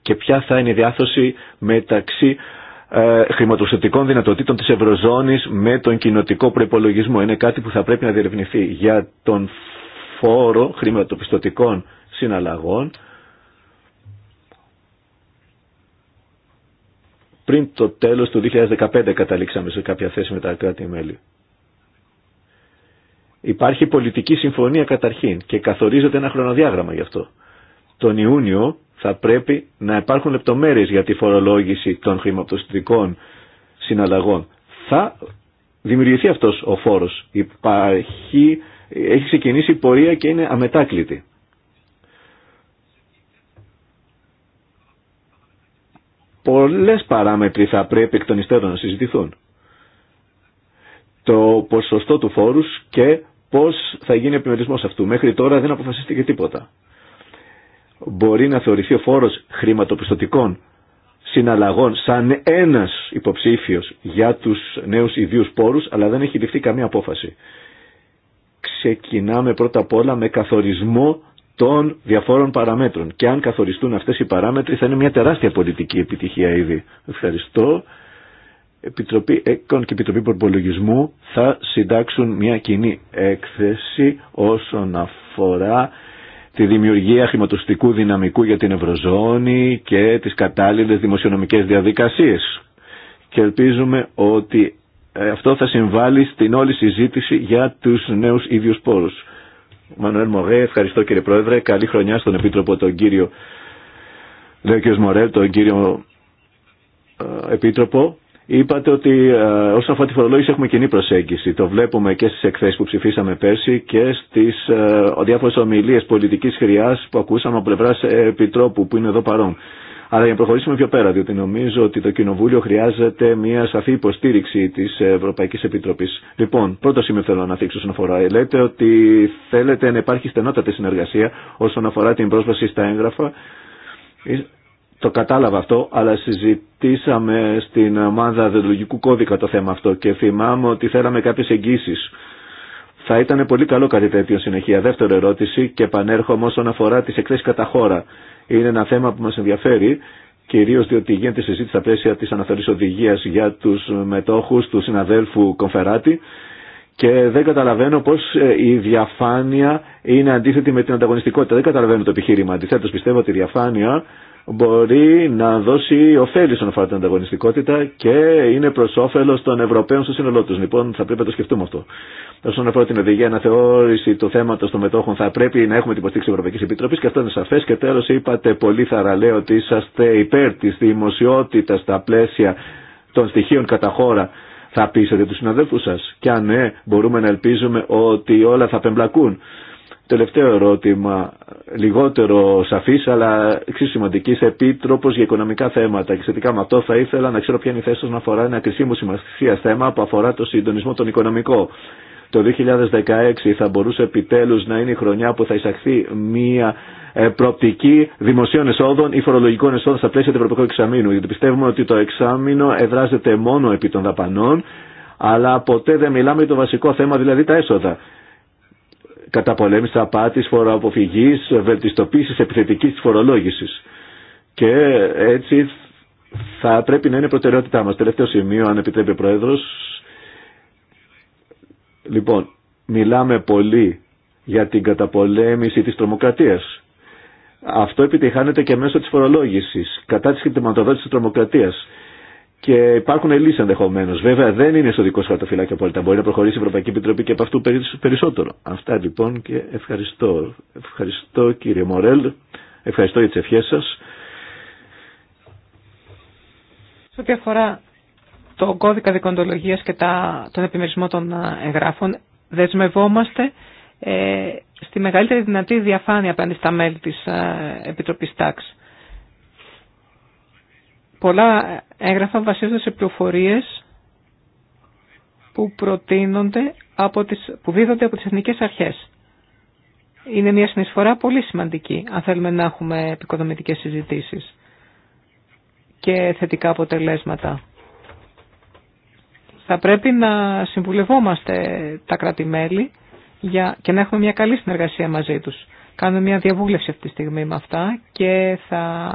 και ποια θα είναι η διάθεση μεταξύ ε, χρηματοπιστωτικών δυνατοτήτων της Ευρωζώνης με τον κοινοτικό προπολογισμό. Είναι κάτι που θα πρέπει να διερευνηθεί για τον φόρο χρηματοπιστωτικών συναλλαγών. Πριν το τέλος του 2015 καταλήξαμε σε κάποια θέση με τα κράτη-μέλη. Υπάρχει πολιτική συμφωνία καταρχήν και καθορίζεται ένα χρονοδιάγραμμα γι' αυτό. Τον Ιούνιο θα πρέπει να υπάρχουν λεπτομέρειες για τη φορολόγηση των χρηματοσυντητικών συναλλαγών. Θα δημιουργηθεί αυτός ο φόρος. Υπάρχει, έχει ξεκινήσει η πορεία και είναι αμετάκλητη. Πολλές παράμετροι θα πρέπει εκ των υστέρων να συζητηθούν. Το ποσοστό του φόρους και πώς θα γίνει ο επιμερισμός αυτού. Μέχρι τώρα δεν αποφασίστηκε τίποτα μπορεί να θεωρηθεί ο φόρος χρηματοπιστωτικών συναλλαγών σαν ένας υποψήφιος για τους νέους ιδίους πόρους, αλλά δεν έχει ληφθεί καμία απόφαση. Ξεκινάμε πρώτα απ' όλα με καθορισμό των διαφόρων παραμέτρων. Και αν καθοριστούν αυτές οι παράμετροι θα είναι μια τεράστια πολιτική επιτυχία ήδη. Ευχαριστώ. Επιτροπή ΕΚΟΝ και Επιτροπή Προπολογισμού θα συντάξουν μια κοινή έκθεση όσον αφορά τη δημιουργία χρηματοστικού δυναμικού για την Ευρωζώνη και τις κατάλληλες δημοσιονομικές διαδικασίες. Και ελπίζουμε ότι ε, αυτό θα συμβάλλει στην όλη συζήτηση για τους νέους ίδιους πόρους. Μανουέλ Μορέ, ευχαριστώ κύριε Πρόεδρε. Καλή χρονιά στον Επίτροπο τον κύριο Λέκιος τον κύριο ε, Επίτροπο. Είπατε ότι ε, όσον αφορά τη φορολόγηση έχουμε κοινή προσέγγιση. Το βλέπουμε και στις εκθέσεις που ψηφίσαμε πέρσι και στις ε, διάφορες ομιλίες πολιτικής χρειάς που ακούσαμε από πλευράς Επιτρόπου που είναι εδώ παρόν. Αλλά για να προχωρήσουμε πιο πέρα, διότι νομίζω ότι το Κοινοβούλιο χρειάζεται μια σαφή υποστήριξη τη Ευρωπαϊκή Επιτροπή. Λοιπόν, πρώτο σημείο θέλω να θίξω όσον αφορά. Λέτε ότι θέλετε να υπάρχει στενότατη συνεργασία όσον αφορά την πρόσβαση στα έγγραφα το κατάλαβα αυτό, αλλά συζητήσαμε στην ομάδα δεδολογικού κώδικα το θέμα αυτό και θυμάμαι ότι θέλαμε κάποιες εγγύσεις. Θα ήταν πολύ καλό κάτι τέτοιο συνεχεία. Δεύτερη ερώτηση και επανέρχομαι όσον αφορά τις εκθέσεις κατά χώρα. Είναι ένα θέμα που μας ενδιαφέρει κυρίως διότι γίνεται συζήτηση στα πλαίσια τη αναθεωρή οδηγία για τους μετόχους του συναδέλφου Κομφεράτη και δεν καταλαβαίνω πώς ε, η διαφάνεια είναι αντίθετη με την ανταγωνιστικότητα. Δεν καταλαβαίνω το επιχείρημα. Αντιθέτω, πιστεύω ότι η διαφάνεια μπορεί να δώσει ωφέλη στον αφορά την ανταγωνιστικότητα και είναι προ όφελο των Ευρωπαίων στο σύνολό του. Λοιπόν, θα πρέπει να το σκεφτούμε αυτό. Όσον αφορά την οδηγία αναθεώρηση του θέματο των μετόχων, θα πρέπει να έχουμε την υποστήριξη τη Ευρωπαϊκή Επιτροπή και αυτό είναι σαφέ. Και τέλο, είπατε πολύ θαραλέω ότι είσαστε υπέρ τη δημοσιότητα στα πλαίσια των στοιχείων κατά χώρα. Θα πείσετε του συναδέλφου σα. Και αν ναι, μπορούμε να ελπίζουμε ότι όλα θα πεμπλακούν Τελευταίο ερώτημα, λιγότερο σαφής αλλά εξίσου σημαντική, επίτροπος για οικονομικά θέματα. Και σχετικά με αυτό θα ήθελα να ξέρω ποια είναι η θέση να αφορά ένα κρισίμου σημασία θέμα που αφορά το συντονισμό των οικονομικών. Το 2016 θα μπορούσε επιτέλους να είναι η χρονιά που θα εισαχθεί μία ε, προοπτική δημοσίων εσόδων ή φορολογικών εσόδων στα πλαίσια του Ευρωπαϊκού Εξαμήνου. Γιατί πιστεύουμε ότι το εξάμεινο εδράζεται μόνο επί των δαπανών, αλλά ποτέ δεν μιλάμε για το βασικό θέμα, δηλαδή τα έσοδα καταπολέμηση απάτης, φοροαποφυγής, βελτιστοποίηση επιθετικής τη φορολόγησης. Και έτσι θα πρέπει να είναι προτεραιότητά μας. Τελευταίο σημείο, αν επιτρέπει ο Πρόεδρος. Λοιπόν, μιλάμε πολύ για την καταπολέμηση της τρομοκρατίας. Αυτό επιτυχάνεται και μέσω τη φορολόγηση, κατά τη χρηματοδότηση τη τρομοκρατίας και υπάρχουν λύσει ενδεχομένω. Βέβαια δεν είναι στο δικό σα απόλυτα. Μπορεί να προχωρήσει η Ευρωπαϊκή Επιτροπή και από αυτού περισσότερο. Αυτά λοιπόν και ευχαριστώ. Ευχαριστώ κύριε Μορέλ. Ευχαριστώ για τι ευχέ σα. Σε ό,τι αφορά το κώδικα δικοντολογία και τα, τον επιμερισμό των ε, εγγράφων, δεσμευόμαστε ε, στη μεγαλύτερη δυνατή διαφάνεια απέναντι στα μέλη τη ε, Επιτροπή Τάξη. Πολλά έγγραφα βασίζονται σε πληροφορίε που προτείνονται από τις, που δίδονται από τις εθνικές αρχές. Είναι μια συνεισφορά πολύ σημαντική, αν θέλουμε να έχουμε επικοδομητικές συζητήσεις και θετικά αποτελέσματα. Θα πρέπει να συμβουλευόμαστε τα κράτη-μέλη και να έχουμε μια καλή συνεργασία μαζί τους. Κάνουμε μια διαβούλευση αυτή τη στιγμή με αυτά και θα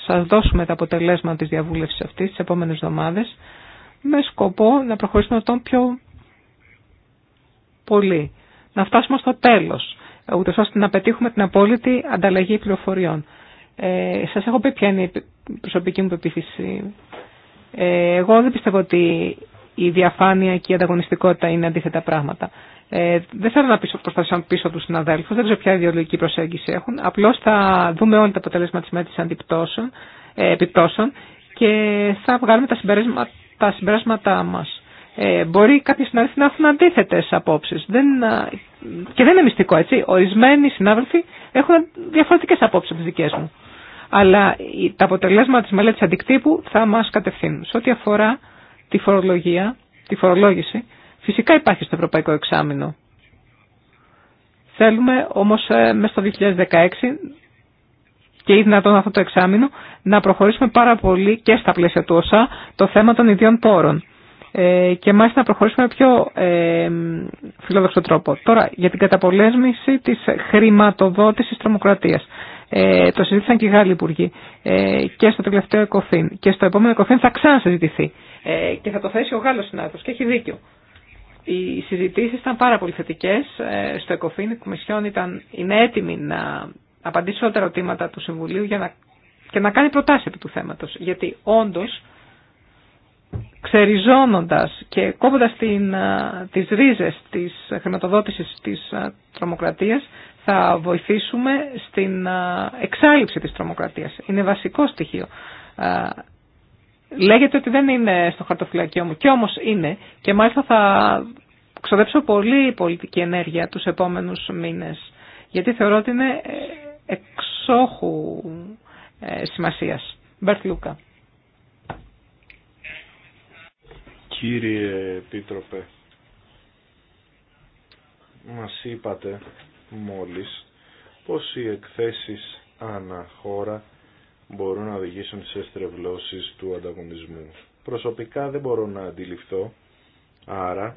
σας δώσουμε τα αποτελέσματα της διαβούλευσης αυτής τις επόμενες εβδομάδες με σκοπό να προχωρήσουμε τον πιο πολύ. Να φτάσουμε στο τέλος, ούτε ώστε να πετύχουμε την απόλυτη ανταλλαγή πληροφοριών. Ε, σας έχω πει ποια είναι η προσωπική μου πεποίθηση. Ε, εγώ δεν πιστεύω ότι η διαφάνεια και η ανταγωνιστικότητα είναι αντίθετα πράγματα. Ε, δεν θέλω να προσπαθήσω πίσω του συναδέλφου, δεν ξέρω ποια ιδεολογική προσέγγιση έχουν. Απλώ θα δούμε όλα τα αποτελέσματα τη μέτρηση αντιπτώσεων ε, επιπτώσεων και θα βγάλουμε τα συμπεράσματα, τα συμπεράσματά μα. Ε, μπορεί κάποιοι συνάδελφοι να έχουν αντίθετε απόψει. Ε, και δεν είναι μυστικό, έτσι. Ορισμένοι συνάδελφοι έχουν διαφορετικέ απόψει από τι δικέ μου. Αλλά τα αποτελέσματα τη μελέτη αντικτύπου θα μα κατευθύνουν. Σε ό,τι αφορά τη φορολογία, τη φορολόγηση, Φυσικά υπάρχει στο Ευρωπαϊκό Εξάμεινο. Θέλουμε όμως ε, μέσα στο 2016 και ή δυνατόν αυτό το εξάμεινο να προχωρήσουμε πάρα πολύ και στα πλαίσια του ΩΣΑ το θέμα των ιδιών πόρων ε, και μάλιστα να προχωρήσουμε με πιο ε, φιλόδοξο τρόπο. Τώρα, για την καταπολέμηση της χρηματοδότησης τρομοκρατίας. Ε, το συζήτησαν και οι Γάλλοι Υπουργοί ε, και στο τελευταίο ΕΚΟΦΗΝ και στο επόμενο ΕΚΟΦΗΝ θα ξανασυζητηθεί ε, και θα το θέσει ο Γάλλος συνάδελφος και έχει δίκιο. Οι συζητήσεις ήταν πάρα πολύ θετικές ε, στο ΕΚΟΦΗΝ. Η Κομισιόν ήταν, είναι έτοιμη να απαντήσει όλα τα ερωτήματα του Συμβουλίου να, και να κάνει προτάσεις επί του θέματος. Γιατί όντως, ξεριζώνοντας και κόβοντας την, τις ρίζες της χρηματοδότησης της τρομοκρατίας, θα βοηθήσουμε στην εξάλληψη της τρομοκρατίας. Είναι βασικό στοιχείο Λέγεται ότι δεν είναι στο χαρτοφυλακείο μου και όμως είναι και μάλιστα θα ξοδέψω πολύ πολιτική ενέργεια τους επόμενους μήνες γιατί θεωρώ ότι είναι ε, εξόχου ε, σημασίας. Μπερτ Λούκα. Κύριε Επίτροπε, μας είπατε μόλις πως οι εκθέσεις αναχώρα μπορούν να οδηγήσουν σε στρεβλώσεις του ανταγωνισμού. Προσωπικά δεν μπορώ να αντιληφθώ, άρα,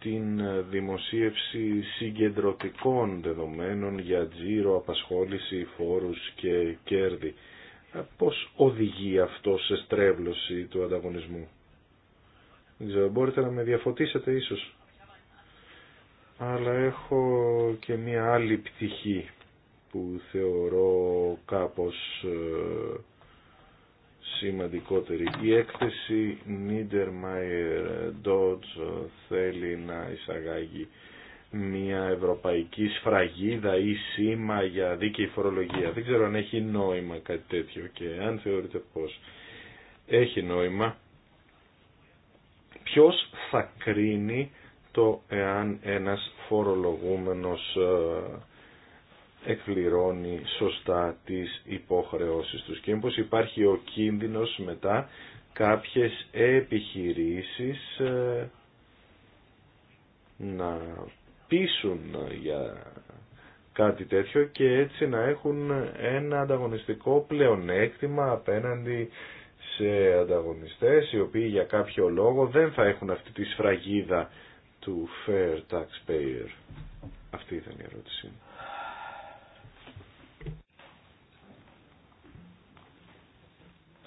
την δημοσίευση συγκεντρωτικών δεδομένων για τζίρο, απασχόληση, φόρους και κέρδη. Πώς οδηγεί αυτό σε στρέβλωση του ανταγωνισμού. Δεν ξέρω, μπορείτε να με διαφωτίσετε ίσως. Αλλά έχω και μία άλλη πτυχή που θεωρώ κάπως ε, σημαντικότερη. Η έκθεση Niedermayer Dodge ε, θέλει να εισαγάγει μια ευρωπαϊκή σφραγίδα ή σήμα για δίκαιη φορολογία. Δεν ξέρω αν έχει νόημα κάτι τέτοιο και αν θεωρείτε πως έχει νόημα ποιος θα κρίνει το εάν ένας φορολογούμενος ε, εκπληρώνει σωστά τις υποχρεώσεις τους και μήπως υπάρχει ο κίνδυνος μετά κάποιες επιχειρήσεις ε, να πείσουν για κάτι τέτοιο και έτσι να έχουν ένα ανταγωνιστικό πλεονέκτημα απέναντι σε ανταγωνιστές οι οποίοι για κάποιο λόγο δεν θα έχουν αυτή τη σφραγίδα του fair taxpayer. Αυτή ήταν η ερώτησή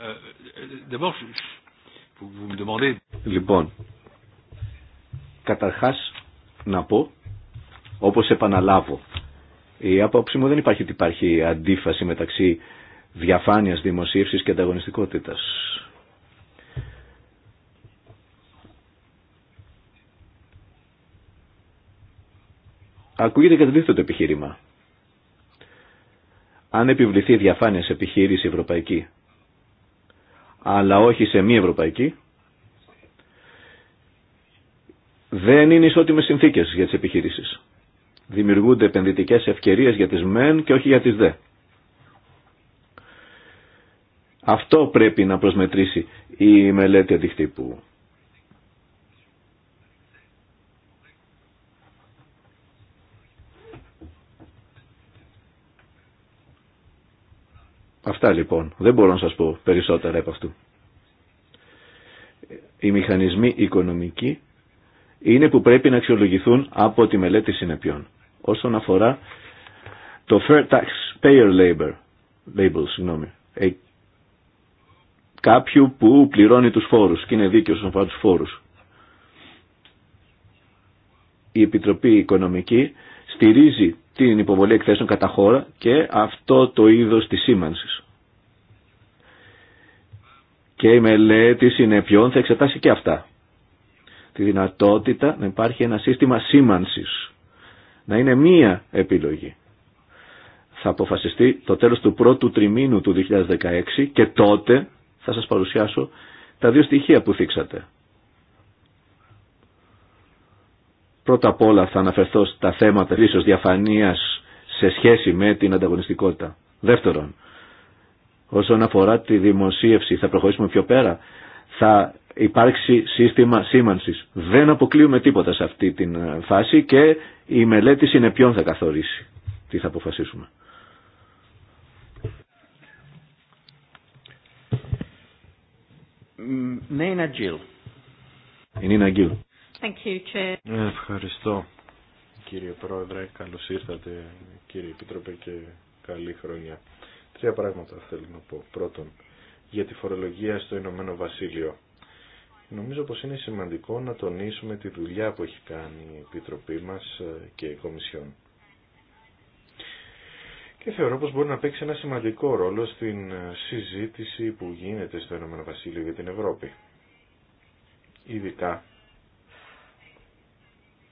Euh, λοιπόν, καταρχάς να πω, όπως επαναλάβω, η άποψή μου δεν υπάρχει ότι υπάρχει αντίφαση μεταξύ διαφάνειας δημοσίευσης και ανταγωνιστικότητας. Ακούγεται και το το επιχείρημα. Αν επιβληθεί διαφάνεια σε επιχείρηση ευρωπαϊκή αλλά όχι σε μη ευρωπαϊκή, δεν είναι ισότιμες συνθήκες για τις επιχειρήσεις. Δημιουργούνται επενδυτικές ευκαιρίες για τις μεν και όχι για τις δε. Αυτό πρέπει να προσμετρήσει η μελέτη αντιχτύπου. Αυτά λοιπόν. Δεν μπορώ να σας πω περισσότερα από αυτού. Οι μηχανισμοί οικονομικοί είναι που πρέπει να αξιολογηθούν από τη μελέτη συνεπιών. Όσον αφορά το Fair Tax Payer Labor, label, συγγνώμη, ε, κάποιου που πληρώνει τους φόρους και είναι δίκαιος όσον αφορά τους φόρους. Η Επιτροπή Οικονομική στηρίζει την υποβολή εκθέσεων κατά χώρα και αυτό το είδος της σήμανσης. Και η μελέτη συνεπιών θα εξετάσει και αυτά. Τη δυνατότητα να υπάρχει ένα σύστημα σήμανσης. Να είναι μία επιλογή. Θα αποφασιστεί το τέλος του πρώτου τριμήνου του 2016 και τότε θα σας παρουσιάσω τα δύο στοιχεία που θίξατε. Πρώτα απ' όλα θα αναφερθώ στα θέματα ίσως διαφανείας σε σχέση με την ανταγωνιστικότητα. Δεύτερον, όσον αφορά τη δημοσίευση, θα προχωρήσουμε πιο πέρα, θα υπάρξει σύστημα σήμανσης. Δεν αποκλείουμε τίποτα σε αυτή την ε, φάση και η μελέτη συνεπιών θα καθορίσει τι θα αποφασίσουμε. Νέινα Η Νίνα Thank you, Ευχαριστώ κύριε Πρόεδρε, καλώς ήρθατε κύριε Επίτροπε και καλή χρονιά. Τρία πράγματα θέλω να πω. Πρώτον, για τη φορολογία στο Ηνωμένο Βασίλειο. Νομίζω πως είναι σημαντικό να τονίσουμε τη δουλειά που έχει κάνει η Επιτροπή μας ε, και η Κομισιόν. Και θεωρώ πως μπορεί να παίξει ένα σημαντικό ρόλο στην ε, συζήτηση που γίνεται στο Ηνωμένο Βασίλειο για την Ευρώπη. Ειδικά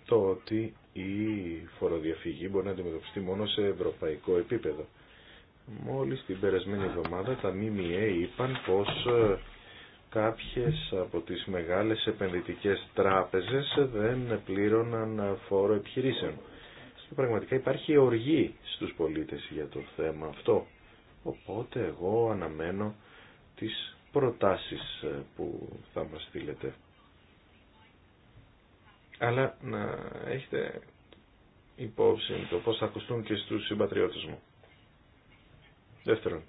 το ότι η φοροδιαφυγή μπορεί να αντιμετωπιστεί μόνο σε ευρωπαϊκό επίπεδο. Μόλις την περασμένη εβδομάδα τα ΜΜΕ είπαν πως ε, κάποιες από τις μεγάλες επενδυτικές τράπεζες δεν πλήρωναν φόρο επιχειρήσεων. Πραγματικά υπάρχει οργή στους πολίτες για το θέμα αυτό. Οπότε εγώ αναμένω τις προτάσεις ε, που θα μας στείλετε αλλά να έχετε υπόψη το πώς θα ακουστούν και στους συμπατριώτες μου. Δεύτερον,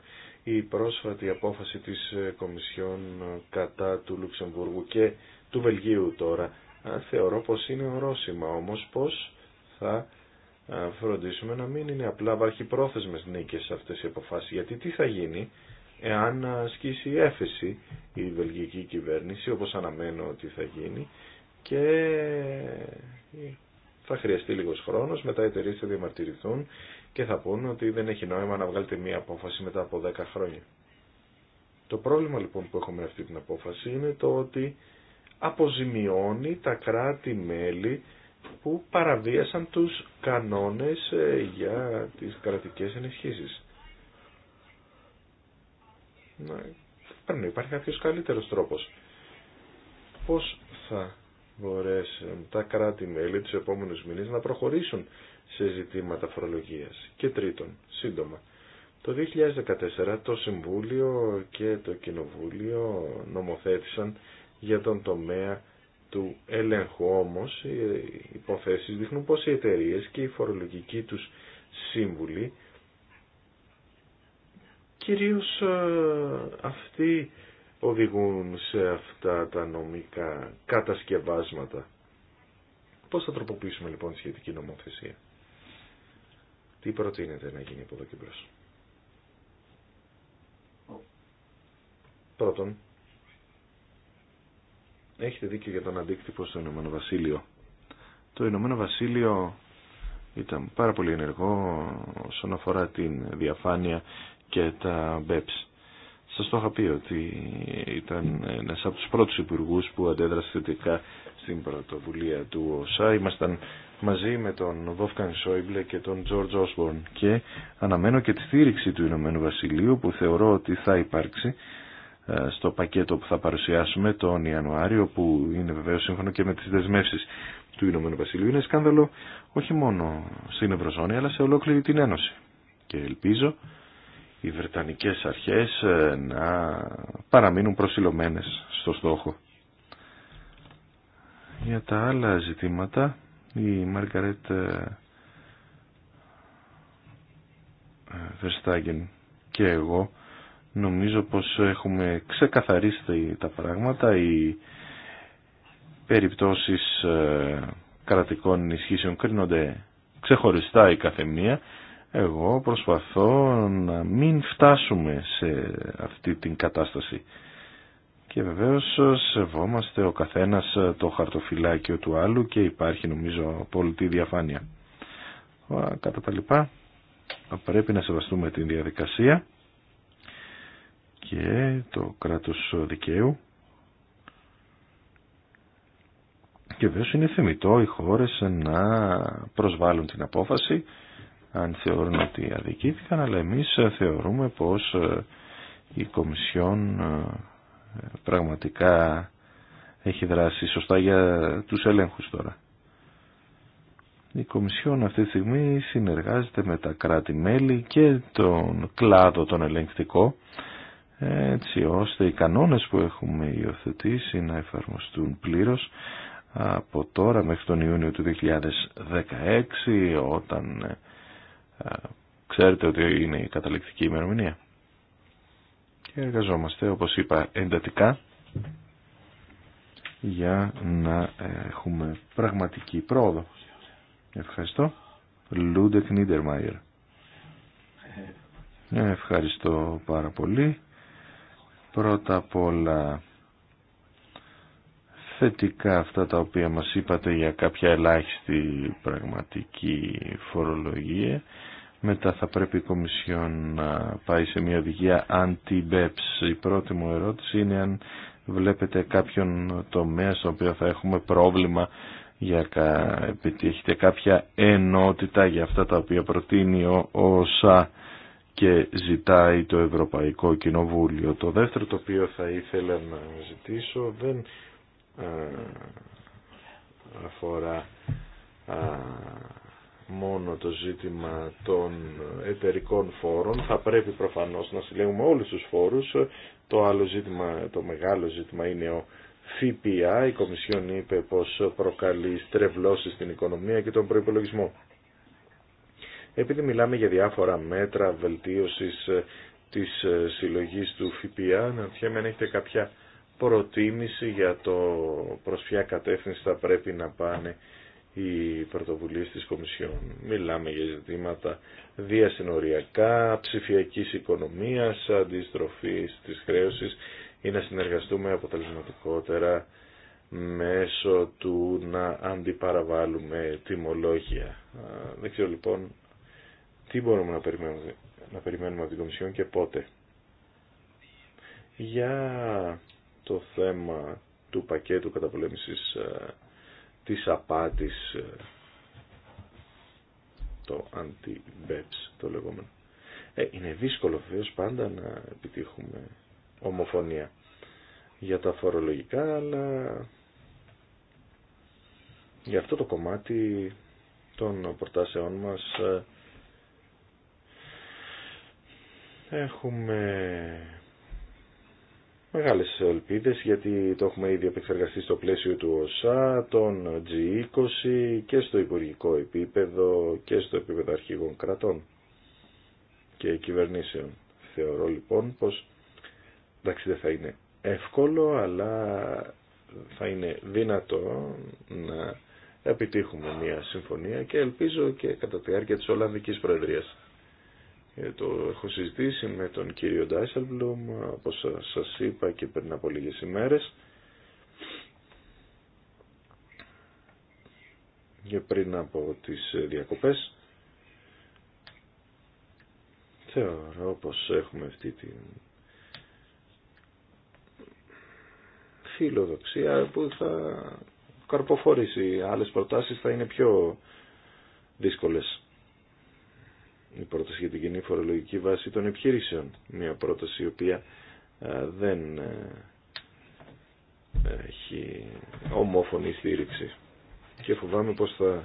η πρόσφατη απόφαση της ε, Κομισιόν ε, κατά του Λουξεμβούργου και του Βελγίου τώρα ε, θεωρώ πως είναι ορόσημα όμως πως θα φροντίσουμε να μην είναι απλά βαρχιπρόθεσμες νίκες αυτές οι αποφάσεις γιατί τι θα γίνει εάν ασκήσει έφεση η βελγική κυβέρνηση όπως αναμένω ότι θα γίνει και θα χρειαστεί λίγος χρόνος, μετά οι εταιρείε θα διαμαρτυρηθούν και θα πούν ότι δεν έχει νόημα να βγάλετε μία απόφαση μετά από 10 χρόνια. Το πρόβλημα λοιπόν που έχουμε αυτή την απόφαση είναι το ότι αποζημιώνει τα κράτη-μέλη που παραβίασαν τους κανόνες ε, για τις κρατικές ενισχύσεις. Ναι, πρέπει να υπάρχει κάποιος καλύτερος τρόπος. Πώς θα μπορέσουν ε, τα κράτη-μέλη τους επόμενους μήνες να προχωρήσουν σε ζητήματα φορολογίας. Και τρίτον, σύντομα, το 2014 το Συμβούλιο και το Κοινοβούλιο νομοθέτησαν για τον τομέα του ελέγχου όμως οι υποθέσεις δείχνουν πως οι εταιρείες και οι φορολογικοί τους σύμβουλοι κυρίως ε, αυτοί οδηγούν σε αυτά τα νομικά κατασκευάσματα. Πώς θα τροποποιήσουμε λοιπόν τη σχετική νομοθεσία. Τι προτείνεται να γίνει από εδώ και μπρος. Πρώτον, έχετε δίκιο για τον αντίκτυπο στο Ηνωμένο Βασίλειο. Το Ηνωμένο Βασίλειο ήταν πάρα πολύ ενεργό όσον αφορά την διαφάνεια και τα BEPS. Σα το είχα πει ότι ήταν ένα από του πρώτου υπουργού που αντέδρασε θετικά στην πρωτοβουλία του ΟΣΑ. Ήμασταν μαζί με τον Βόφκαν Σόιμπλε και τον Τζόρτζ Όσμπορν και αναμένω και τη στήριξη του Ηνωμένου Βασιλείου που θεωρώ ότι θα υπάρξει ε, στο πακέτο που θα παρουσιάσουμε τον Ιανουάριο που είναι βεβαίως σύμφωνο και με τις δεσμεύσεις του Ηνωμένου Βασιλείου είναι σκάνδαλο όχι μόνο στην Ευρωζώνη αλλά σε ολόκληρη την Ένωση και ελπίζω οι Βρετανικές αρχές ε, να παραμείνουν προσιλωμένες στο στόχο. Για τα άλλα ζητήματα, η Μαργαρέτ ε, ε, Verstagen και εγώ νομίζω πως έχουμε ξεκαθαρίσει τα πράγματα οι περιπτώσεις κρατικών ισχύσεων κρίνονται ξεχωριστά η καθεμία εγώ προσπαθώ να μην φτάσουμε σε αυτή την κατάσταση. Και βεβαίως σεβόμαστε ο καθένας το χαρτοφυλάκιο του άλλου και υπάρχει νομίζω απόλυτη διαφάνεια. Κατά τα λοιπά πρέπει να σεβαστούμε την διαδικασία και το κράτος δικαίου. Και βέβαια είναι θεμητό οι χώρες να προσβάλλουν την απόφαση αν θεωρούν ότι αδικήθηκαν, αλλά εμείς θεωρούμε πως ε, η Κομισιόν ε, πραγματικά έχει δράσει σωστά για τους ελέγχους τώρα. Η Κομισιόν αυτή τη στιγμή συνεργάζεται με τα κράτη-μέλη και τον κλάδο τον ελεγκτικό έτσι ώστε οι κανόνες που έχουμε υιοθετήσει να εφαρμοστούν πλήρως από τώρα μέχρι τον Ιούνιο του 2016 όταν ε, ε, ξέρετε ότι είναι η καταληκτική ημερομηνία. Και εργαζόμαστε, όπως είπα, εντατικά για να έχουμε πραγματική πρόοδο. Ευχαριστώ. Λούντε Κνίντερμαϊερ. Ε, ευχαριστώ πάρα πολύ. Πρώτα απ' όλα θετικά αυτά τα οποία μας είπατε για κάποια ελάχιστη πραγματική φορολογία μετά θα πρέπει η Κομισιόν να πάει σε μια οδηγία anti-BEPS. Η πρώτη μου ερώτηση είναι αν βλέπετε κάποιον τομέα στο οποίο θα έχουμε πρόβλημα για κα... επειδή έχετε κάποια ενότητα για αυτά τα οποία προτείνει ο ΩΣΑ και ζητάει το Ευρωπαϊκό Κοινοβούλιο. Το δεύτερο το οποίο θα ήθελα να ζητήσω δεν ε, αφορά μόνο το ζήτημα των εταιρικών φόρων. Θα πρέπει προφανώς να συλλέγουμε όλους τους φόρους. Το άλλο ζήτημα, το μεγάλο ζήτημα είναι ο ΦΠΑ. Η Κομισιόν είπε πως προκαλεί στρεβλώσεις στην οικονομία και τον προϋπολογισμό. Επειδή μιλάμε για διάφορα μέτρα βελτίωσης της συλλογής του ΦΠΑ, να αν έχετε κάποια προτίμηση για το προς ποια κατεύθυνση θα πρέπει να πάνε οι πρωτοβουλίες της Κομισιόν. Μιλάμε για ζητήματα διασυνοριακά, ψηφιακής οικονομίας, αντιστροφής της χρέωσης ή να συνεργαστούμε αποτελεσματικότερα μέσω του να αντιπαραβάλλουμε τιμολόγια. Δεν ξέρω λοιπόν τι μπορούμε να περιμένουμε, να περιμένουμε από την Κομισιόν και πότε. Για το θέμα του πακέτου καταπολέμησης της απάτης ε, το anti-BEPS το λεγόμενο. Ε, είναι δύσκολο βεβαίω πάντα να επιτύχουμε ομοφωνία για τα φορολογικά, αλλά για αυτό το κομμάτι των προτάσεών μας ε, έχουμε μεγάλες ελπίδες γιατί το έχουμε ήδη επεξεργαστεί στο πλαίσιο του ΟΣΑ, των G20 και στο υπουργικό επίπεδο και στο επίπεδο αρχηγών κρατών και κυβερνήσεων. Θεωρώ λοιπόν πως εντάξει δεν θα είναι εύκολο αλλά θα είναι δυνατό να επιτύχουμε μια συμφωνία και ελπίζω και κατά τη διάρκεια της Ολλανδικής Προεδρίας. Ε, το έχω συζητήσει με τον κύριο Ντάισελμπλουμ, όπως σας είπα και πριν από λίγες ημέρες. Και πριν από τις διακοπές. Θεωρώ πως έχουμε αυτή τη φιλοδοξία που θα καρποφορήσει. Άλλες προτάσεις θα είναι πιο δύσκολες η πρόταση για την κοινή φορολογική βάση των επιχειρήσεων. Μια πρόταση η οποία δεν έχει ομόφωνη στήριξη. Και φοβάμαι πως θα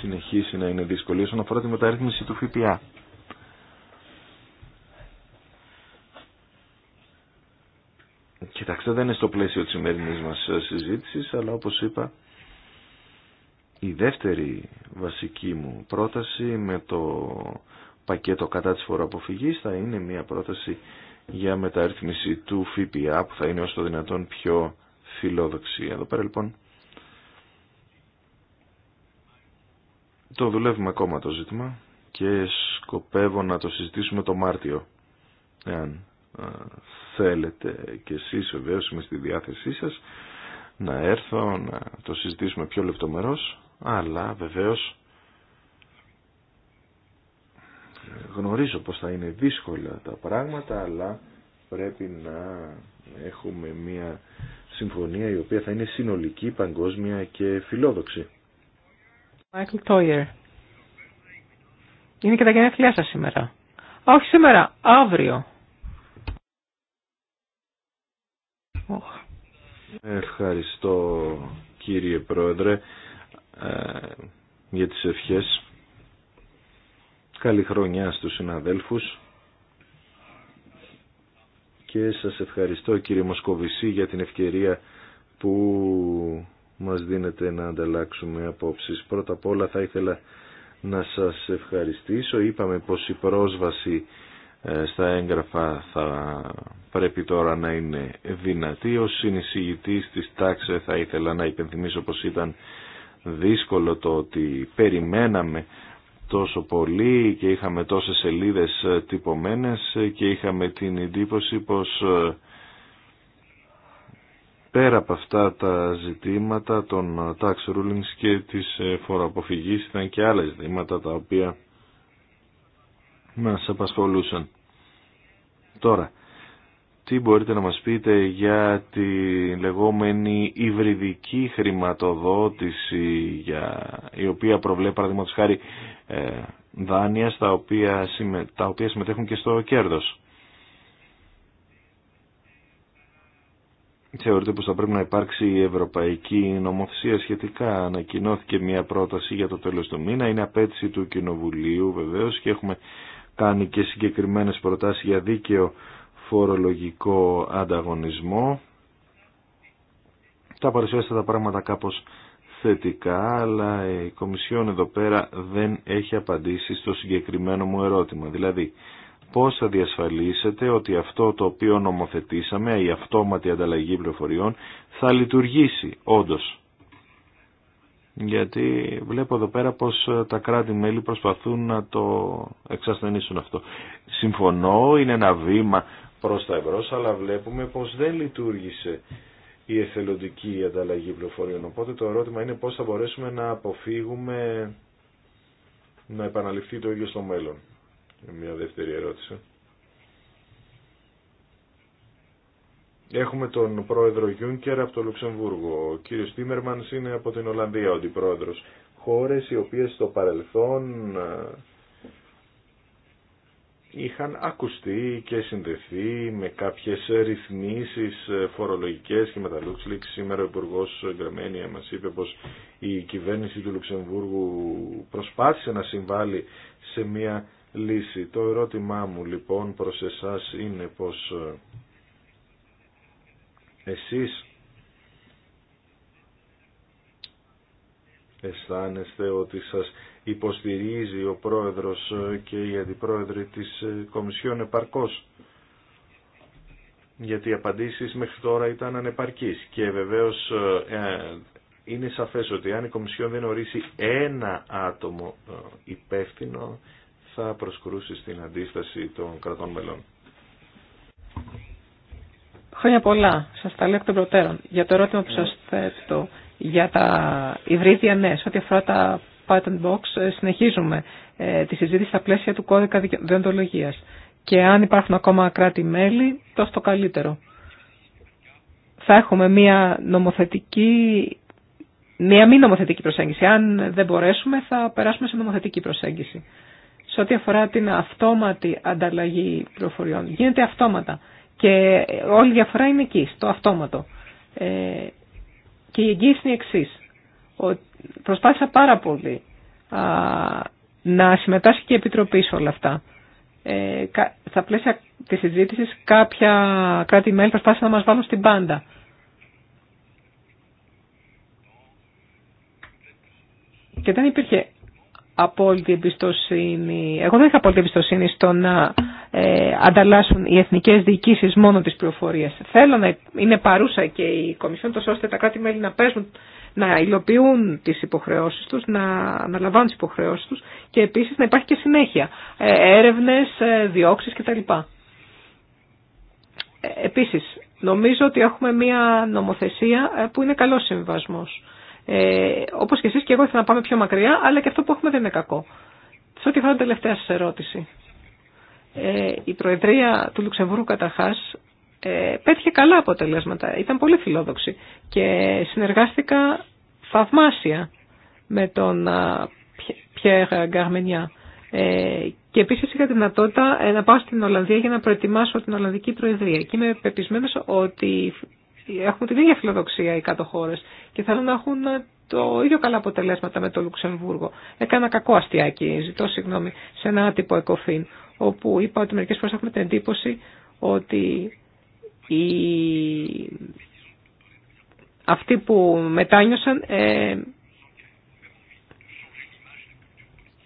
συνεχίσει να είναι δύσκολη όσον αφορά τη μεταρρύθμιση του ΦΠΑ. Κοιτάξτε, δεν είναι στο πλαίσιο της σημερινής μας συζήτησης, αλλά όπως είπα, η δεύτερη βασική μου πρόταση με το πακέτο κατά της φοροαποφυγής θα είναι μια πρόταση για μεταρρύθμιση του ΦΠΑ που θα είναι ως το δυνατόν πιο φιλόδοξη. Εδώ πέρα λοιπόν το δουλεύουμε ακόμα το ζήτημα και σκοπεύω να το συζητήσουμε το Μάρτιο. Εάν θέλετε και εσείς βεβαίω είμαι στη διάθεσή σας να έρθω να το συζητήσουμε πιο λεπτομερώς αλλά βεβαίως γνωρίζω πως θα είναι δύσκολα τα πράγματα, αλλά πρέπει να έχουμε μια συμφωνία η οποία θα είναι συνολική, παγκόσμια και φιλόδοξη. Μάικλ Τόιερ. Είναι και τα γενέθλιά σας σήμερα. Όχι σήμερα, αύριο. Ευχαριστώ κύριε Πρόεδρε ε, για τις ευχές. Καλή χρονιά στους συναδέλφους και σας ευχαριστώ κύριε Μοσκοβησί για την ευκαιρία που μας δίνετε να ανταλλάξουμε απόψεις. Πρώτα απ' όλα θα ήθελα να σας ευχαριστήσω. Είπαμε πως η πρόσβαση ε, στα έγγραφα θα πρέπει τώρα να είναι δυνατή. Ως συνεισηγητής της τάξε θα ήθελα να υπενθυμίσω πως ήταν δύσκολο το ότι περιμέναμε τόσο πολύ και είχαμε τόσες σελίδες ε, τυπωμένες ε, και είχαμε την εντύπωση πως ε, πέρα από αυτά τα ζητήματα των tax rulings και της φοροαποφυγής ήταν και άλλα ζητήματα τα οποία μας απασχολούσαν. Τώρα, τι μπορείτε να μας πείτε για τη λεγόμενη υβριδική χρηματοδότηση για, η οποία προβλέπει παραδείγματο χάρη ε, δάνεια στα οποία, τα οποία συμμετέχουν και στο κέρδος. Θεωρείτε πως θα πρέπει να υπάρξει η ευρωπαϊκή νομοθεσία σχετικά. Ανακοινώθηκε μια πρόταση για το τέλος του μήνα. Είναι απέτηση του Κοινοβουλίου βεβαίως και έχουμε κάνει και συγκεκριμένες προτάσεις για δίκαιο φορολογικό ανταγωνισμό. Τα παρουσιάσατε τα πράγματα κάπως θετικά, αλλά η Κομισιόν εδώ πέρα δεν έχει απαντήσει στο συγκεκριμένο μου ερώτημα. Δηλαδή, πώς θα διασφαλίσετε ότι αυτό το οποίο νομοθετήσαμε, η αυτόματη ανταλλαγή πληροφοριών, θα λειτουργήσει όντως. Γιατί βλέπω εδώ πέρα πως ε, τα κράτη-μέλη προσπαθούν να το εξασθενήσουν αυτό. Συμφωνώ, είναι ένα βήμα προς τα εμπρός, αλλά βλέπουμε πως δεν λειτουργήσε η εθελοντική ανταλλαγή πληροφοριών. Οπότε το ερώτημα είναι πώς θα μπορέσουμε να αποφύγουμε να επαναληφθεί το ίδιο στο μέλλον. Μια δεύτερη ερώτηση. Έχουμε τον πρόεδρο Γιούνκερ από το Λουξεμβούργο. Ο κύριος Τίμερμανς είναι από την Ολλανδία ο αντιπρόεδρος. Χώρες οι οποίες στο παρελθόν ε, είχαν ακουστεί και συνδεθεί με κάποιες ρυθμίσεις φορολογικές και με Σήμερα ο υπουργό Γκρεμένια μας είπε πως η κυβέρνηση του Λουξεμβούργου προσπάθησε να συμβάλλει σε μια λύση. Το ερώτημά μου λοιπόν προς εσάς είναι πως εσείς αισθάνεστε ότι σας υποστηρίζει ο πρόεδρος και οι αντιπρόεδροι της Κομισιόν επαρκώς γιατί οι απαντήσεις μέχρι τώρα ήταν ανεπαρκείς και βεβαίως ε, είναι σαφές ότι αν η Κομισιόν δεν ορίσει ένα άτομο ε, υπεύθυνο θα προσκρούσει στην αντίσταση των κρατών μελών. Χρόνια πολλά. Σας τα λέω εκ των προτέρων. Για το ερώτημα που ναι. σας θέτω για τα υβρίδια, ναι, σε ό,τι αφορά τα Patent Box ε, συνεχίζουμε ε, τη συζήτηση στα πλαίσια του κώδικα διοντολογίας. Και αν υπάρχουν ακόμα κράτη-μέλη, τόσο το καλύτερο. Θα έχουμε μία νομοθετική, μία μη νομοθετική προσέγγιση. Αν δεν μπορέσουμε θα περάσουμε σε νομοθετική προσέγγιση. Σε ό,τι αφορά την αυτόματη ανταλλαγή πληροφοριών, γίνεται αυτόματα. Και όλη η διαφορά είναι εκεί, στο αυτόματο. Ε, και η εγγύηση είναι εξή προσπάθησα πάρα πολύ να συμμετάσχει και η Επιτροπή σε όλα αυτά. Ε, στα πλαίσια της συζήτησης κάποια κράτη-μέλη προσπάθησαν να μας βάλουν στην πάντα. Και δεν υπήρχε απόλυτη εμπιστοσύνη. Εγώ δεν είχα απόλυτη εμπιστοσύνη στο να ε, ανταλλάσσουν οι εθνικέ διοικήσει μόνο τις πληροφορίε. Θέλω να είναι παρούσα και η Κομισιόν, τόσο ώστε τα κράτη-μέλη να παίζουν, να υλοποιούν τις υποχρεώσεις τους, να αναλαμβάνουν τις υποχρεώσεις τους και επίσης να υπάρχει και συνέχεια. Ε, Έρευνε, διώξει κτλ. Ε, επίσης, νομίζω ότι έχουμε μία νομοθεσία ε, που είναι καλός συμβασμός. Ε, όπως και εσείς και εγώ ήθελα να πάμε πιο μακριά, αλλά και αυτό που έχουμε δεν είναι κακό. Σε ό,τι αφορά την τελευταία σας ερώτηση. Ε, η Προεδρία του Λουξεμβούργου καταρχάς ε, πέτυχε καλά αποτελέσματα. Ήταν πολύ φιλόδοξη και συνεργάστηκα θαυμάσια με τον Πιέρ Γκαρμενιά. Ε, και επίσης είχα τη δυνατότητα ε, να πάω στην Ολλανδία για να προετοιμάσω την Ολλανδική Προεδρία. Και είμαι πεπισμένο ότι έχουν την ίδια φιλοδοξία οι κάτω χώρες και θέλουν να έχουν ε, το ίδιο καλά αποτελέσματα με το Λουξεμβούργο. Έκανα κακό αστιακή, ζητώ συγγνώμη, σε ένα άτυπο εκοφήν, όπου είπα ότι μερικές φορές έχουμε την εντύπωση ότι οι... αυτοί που μετάνιωσαν ε...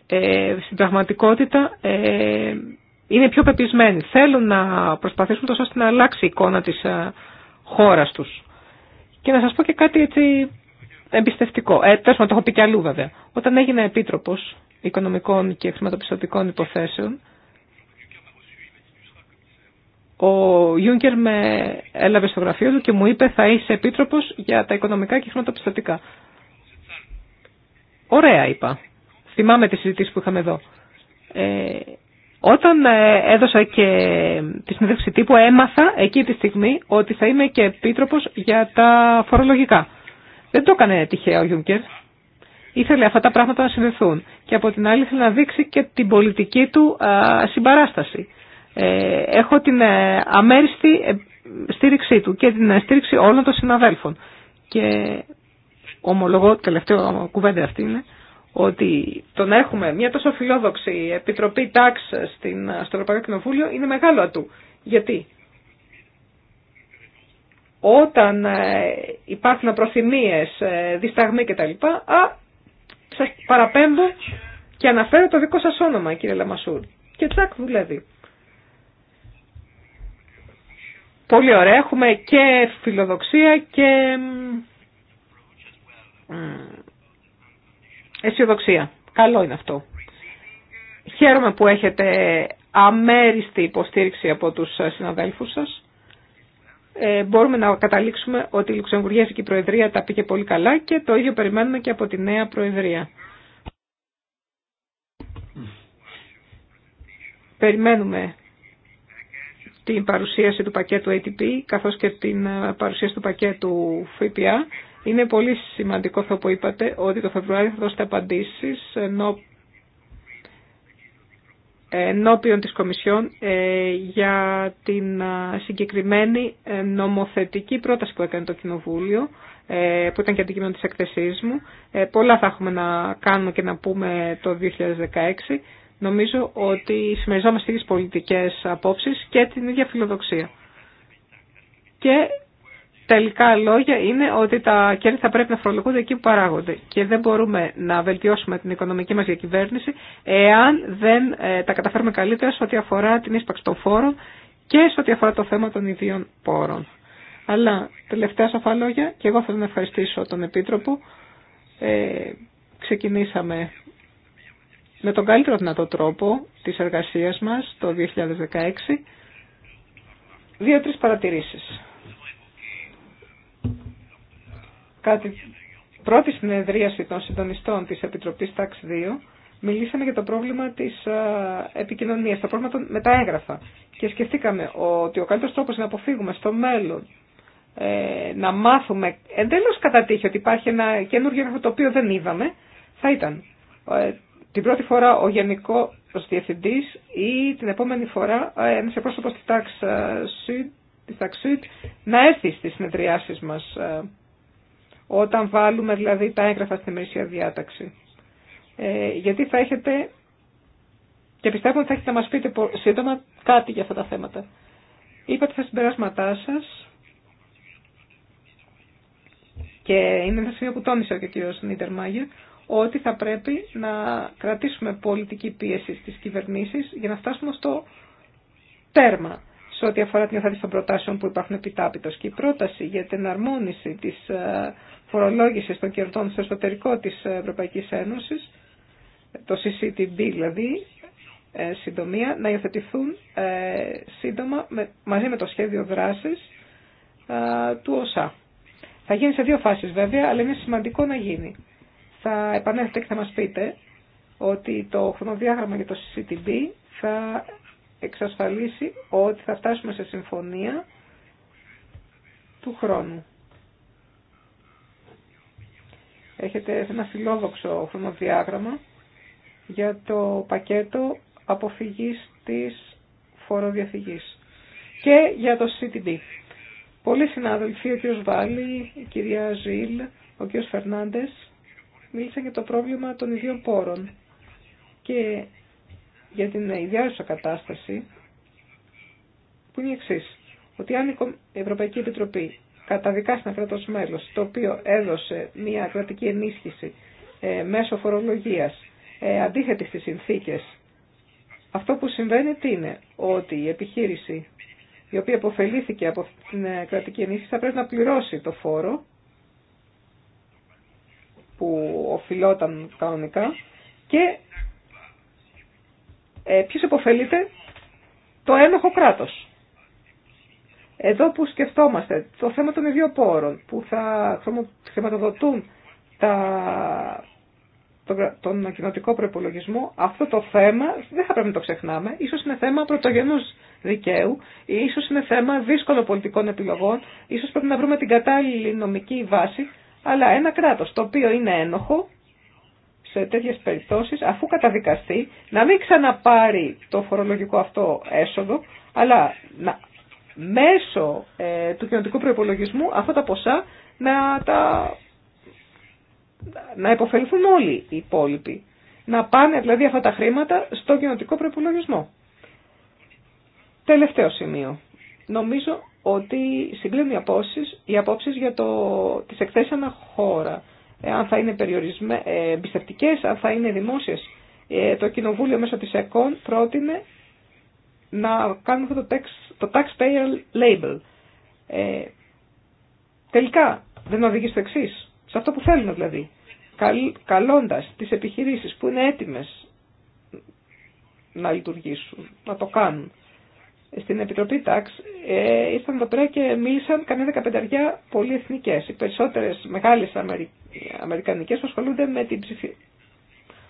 ε στην πραγματικότητα ε... είναι πιο πεπισμένοι. Θέλουν να προσπαθήσουν τόσο ώστε να αλλάξει η εικόνα της ε, Χώρα του. Και να σα πω και κάτι έτσι εμπιστευτικό. Ε, τέσμα, το έχω πει και αλλού βέβαια. Όταν έγινε επίτροπο οικονομικών και χρηματοπιστωτικών υποθέσεων, ο Γιούγκερ με έλαβε στο γραφείο του και μου είπε θα είσαι επίτροπος για τα οικονομικά και χρηματοπιστωτικά. Ωραία είπα. Θυμάμαι τις συζητήσεις που είχαμε εδώ. Ε, όταν ε, έδωσα και τη συνέντευξη τύπου έμαθα εκεί τη στιγμή ότι θα είμαι και επίτροπος για τα φορολογικά. Δεν το έκανε τυχαία ο Γιούγκερ. Ήθελε αυτά τα πράγματα να συνδεθούν. Και από την άλλη ήθελε να δείξει και την πολιτική του συμπαράσταση. Ε, έχω την ε, αμέριστη στήριξή του και την στήριξη όλων των συναδέλφων. Και ομολογώ, τελευταίο κουβέντα αυτή είναι, ότι το να έχουμε μια τόσο φιλόδοξη επιτροπή τάξη στο Ευρωπαϊκό Κοινοβούλιο είναι μεγάλο ατού. Γιατί όταν ε, υπάρχουν προθυμίες, ε, δισταγμοί κτλ. Α, σας παραπέμπω και αναφέρω το δικό σας όνομα κύριε Λαμασούρ. Και τσακ δουλεύει. Πολύ ωραία. Έχουμε και φιλοδοξία και αισιοδοξία. Καλό είναι αυτό. Χαίρομαι που έχετε αμέριστη υποστήριξη από τους συναδέλφους σας. Ε, μπορούμε να καταλήξουμε ότι η Λουξεμβουργιασική Προεδρία τα πήγε πολύ καλά και το ίδιο περιμένουμε και από τη νέα Προεδρία. Περιμένουμε την παρουσίαση του πακέτου ATP καθώς και την ε, παρουσίαση του πακέτου ΦΠΑ είναι πολύ σημαντικό αυτό που είπατε, ότι το Φεβρουάριο θα δώσετε απαντήσεις ενώ ενώπιον της Κομισιόν ε, για την συγκεκριμένη ε, νομοθετική πρόταση που έκανε το Κοινοβούλιο, ε, που ήταν και αντικείμενο της εκθεσής μου. πολλά θα έχουμε να κάνουμε και να πούμε το 2016. Νομίζω ότι συμμεριζόμαστε τις πολιτικές απόψεις και την ίδια φιλοδοξία. Και τελικά λόγια είναι ότι τα κέρδη θα πρέπει να φορολογούνται εκεί που παράγονται και δεν μπορούμε να βελτιώσουμε την οικονομική μα διακυβέρνηση εάν δεν ε, τα καταφέρουμε καλύτερα σε ό,τι αφορά την ίσπαξη των φόρων και σε ό,τι αφορά το θέμα των ιδίων πόρων. Αλλά τελευταία σαφά λόγια και εγώ θέλω να ευχαριστήσω τον Επίτροπο. Ε, ξεκινήσαμε με τον καλύτερο δυνατό τρόπο της εργασίας μας το 2016. Δύο-τρεις παρατηρήσεις. Κάτι πρώτη συνεδρίαση των συντονιστών της Επιτροπής Τάξη 2 μιλήσαμε για το πρόβλημα της ε, επικοινωνίας, το πρόβλημα με τα έγγραφα και σκεφτήκαμε ότι ο καλύτερος τρόπος να αποφύγουμε στο μέλλον ε, να μάθουμε εντελώς κατά τύχη ότι υπάρχει ένα καινούργιο έγγραφο το οποίο δεν είδαμε θα ήταν ε, την πρώτη φορά ο Γενικό Διευθυντής ή την επόμενη φορά ένας εκπρόσωπος της Tax να έρθει στις συνεδριάσεις μας όταν βάλουμε δηλαδή τα έγγραφα στην ημερήσια διάταξη. Ε, γιατί θα έχετε, και πιστεύω ότι θα έχετε να μας πείτε σύντομα κάτι για αυτά τα θέματα. Είπατε στα συμπεράσματά σας και είναι ένα σημείο που τόνισε ο κ. Νίτερ Μάγερ, ότι θα πρέπει να κρατήσουμε πολιτική πίεση στις κυβερνήσεις για να φτάσουμε στο τέρμα σε ό,τι αφορά την υιοθέτηση των προτάσεων που υπάρχουν επιτάπητος. Και η πρόταση για την αρμόνιση της ε, φορολόγησης των κερδών στο εσωτερικό της Ευρωπαϊκής Ένωσης, το CCTB δηλαδή, ε, συντομία, να υιοθετηθούν ε, σύντομα μαζί με το σχέδιο δράσης ε, του ΟΣΑ. Θα γίνει σε δύο φάσεις βέβαια, αλλά είναι σημαντικό να γίνει. Θα επανέλθετε και θα μας πείτε ότι το χρονοδιάγραμμα για το CCTB θα εξασφαλίσει ότι θα φτάσουμε σε συμφωνία του χρόνου έχετε ένα φιλόδοξο χρονοδιάγραμμα για το πακέτο αποφυγής της φοροδιαφυγής και για το CTB. Πολλοί συνάδελφοι, ο κ. Βάλλη, η κυρία Ζήλ, ο κ. Φερνάντες, μίλησαν για το πρόβλημα των ιδίων πόρων και για την ιδιάζουσα κατάσταση που είναι η εξή. Ότι αν η Ευρωπαϊκή Επιτροπή καταδικάσει ένα κράτος το οποίο έδωσε μια κρατική ενίσχυση ε, μέσω φορολογίας ε, αντίθετη στις συνθήκες. Αυτό που συμβαίνει τι είναι, ότι η επιχείρηση η οποία αποφελήθηκε από την ε, κρατική ενίσχυση θα πρέπει να πληρώσει το φόρο που οφειλόταν κανονικά και ε, ποιος υποφελείται το ένοχο κράτος. Εδώ που σκεφτόμαστε το θέμα των ιδιοπόρων που θα χρηματοδοτούν τα, τον κοινοτικό προπολογισμό, αυτό το θέμα δεν θα πρέπει να το ξεχνάμε. Ίσως είναι θέμα πρωτογενούς δικαίου, ίσως είναι θέμα δύσκολων πολιτικών επιλογών, ίσως πρέπει να βρούμε την κατάλληλη νομική βάση, αλλά ένα κράτος το οποίο είναι ένοχο σε τέτοιες περιπτώσεις, αφού καταδικαστεί, να μην ξαναπάρει το φορολογικό αυτό έσοδο, αλλά να μέσω ε, του κοινωνικού προϋπολογισμού αυτά τα ποσά να τα να όλοι οι υπόλοιποι. Να πάνε δηλαδή αυτά τα χρήματα στο κοινοτικό προπολογισμό. Τελευταίο σημείο. Νομίζω ότι συγκλίνουν οι απόψεις, οι απόψεις για το, τις εκθέσεις ανά χώρα. Ε, αν θα είναι περιορισμέ, ε, αν θα είναι δημόσιες. Ε, το Κοινοβούλιο μέσω της ΕΚΟΝ πρότεινε να κάνουν αυτό το tax, το taxpayer label. Ε, τελικά δεν οδηγεί στο εξή, σε αυτό που θέλουν δηλαδή. Καλ, καλώντας τις επιχειρήσεις που είναι έτοιμες να λειτουργήσουν, να το κάνουν. Στην Επιτροπή Τάξ ε, ήρθαν εδώ πέρα και μίλησαν κανένα δεκαπενταριά πολυεθνικές. Οι περισσότερες μεγάλες αμερικανικές ασχολούνται με την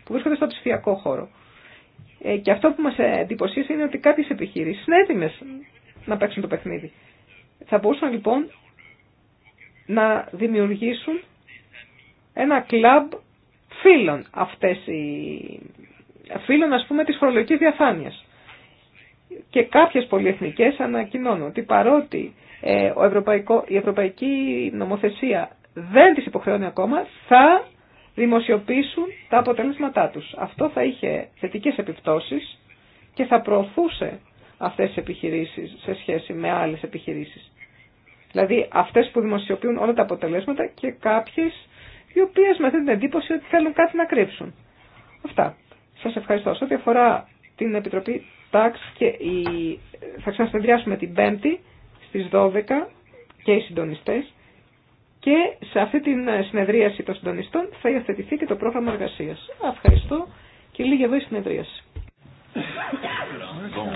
που βρίσκονται στο ψηφιακό χώρο. Ε, και αυτό που μας εντυπωσίασε είναι ότι κάποιες επιχειρήσεις είναι έτοιμες να παίξουν το παιχνίδι. Θα μπορούσαν λοιπόν να δημιουργήσουν ένα κλαμπ φίλων αυτές οι... φίλων ας πούμε της φορολογικής διαφάνειας. Και κάποιες πολυεθνικές ανακοινώνουν ότι παρότι ε, ο η ευρωπαϊκή νομοθεσία δεν τις υποχρεώνει ακόμα, θα δημοσιοποιήσουν τα αποτελέσματά τους. Αυτό θα είχε θετικές επιπτώσεις και θα προωθούσε αυτές τις επιχειρήσεις σε σχέση με άλλες επιχειρήσεις. Δηλαδή αυτές που δημοσιοποιούν όλα τα αποτελέσματα και κάποιες οι οποίες με την εντύπωση ότι θέλουν κάτι να κρύψουν. Αυτά. Σας ευχαριστώ. Σε ό,τι αφορά την Επιτροπή ΤΑΚΣ και η... θα ξανασυνδυάσουμε την Πέμπτη στις 12 και οι συντονιστές και σε αυτή την συνεδρίαση των συντονιστών θα υιοθετηθεί και το πρόγραμμα εργασίας. Ευχαριστώ και λίγη εδώ η συνεδρίαση.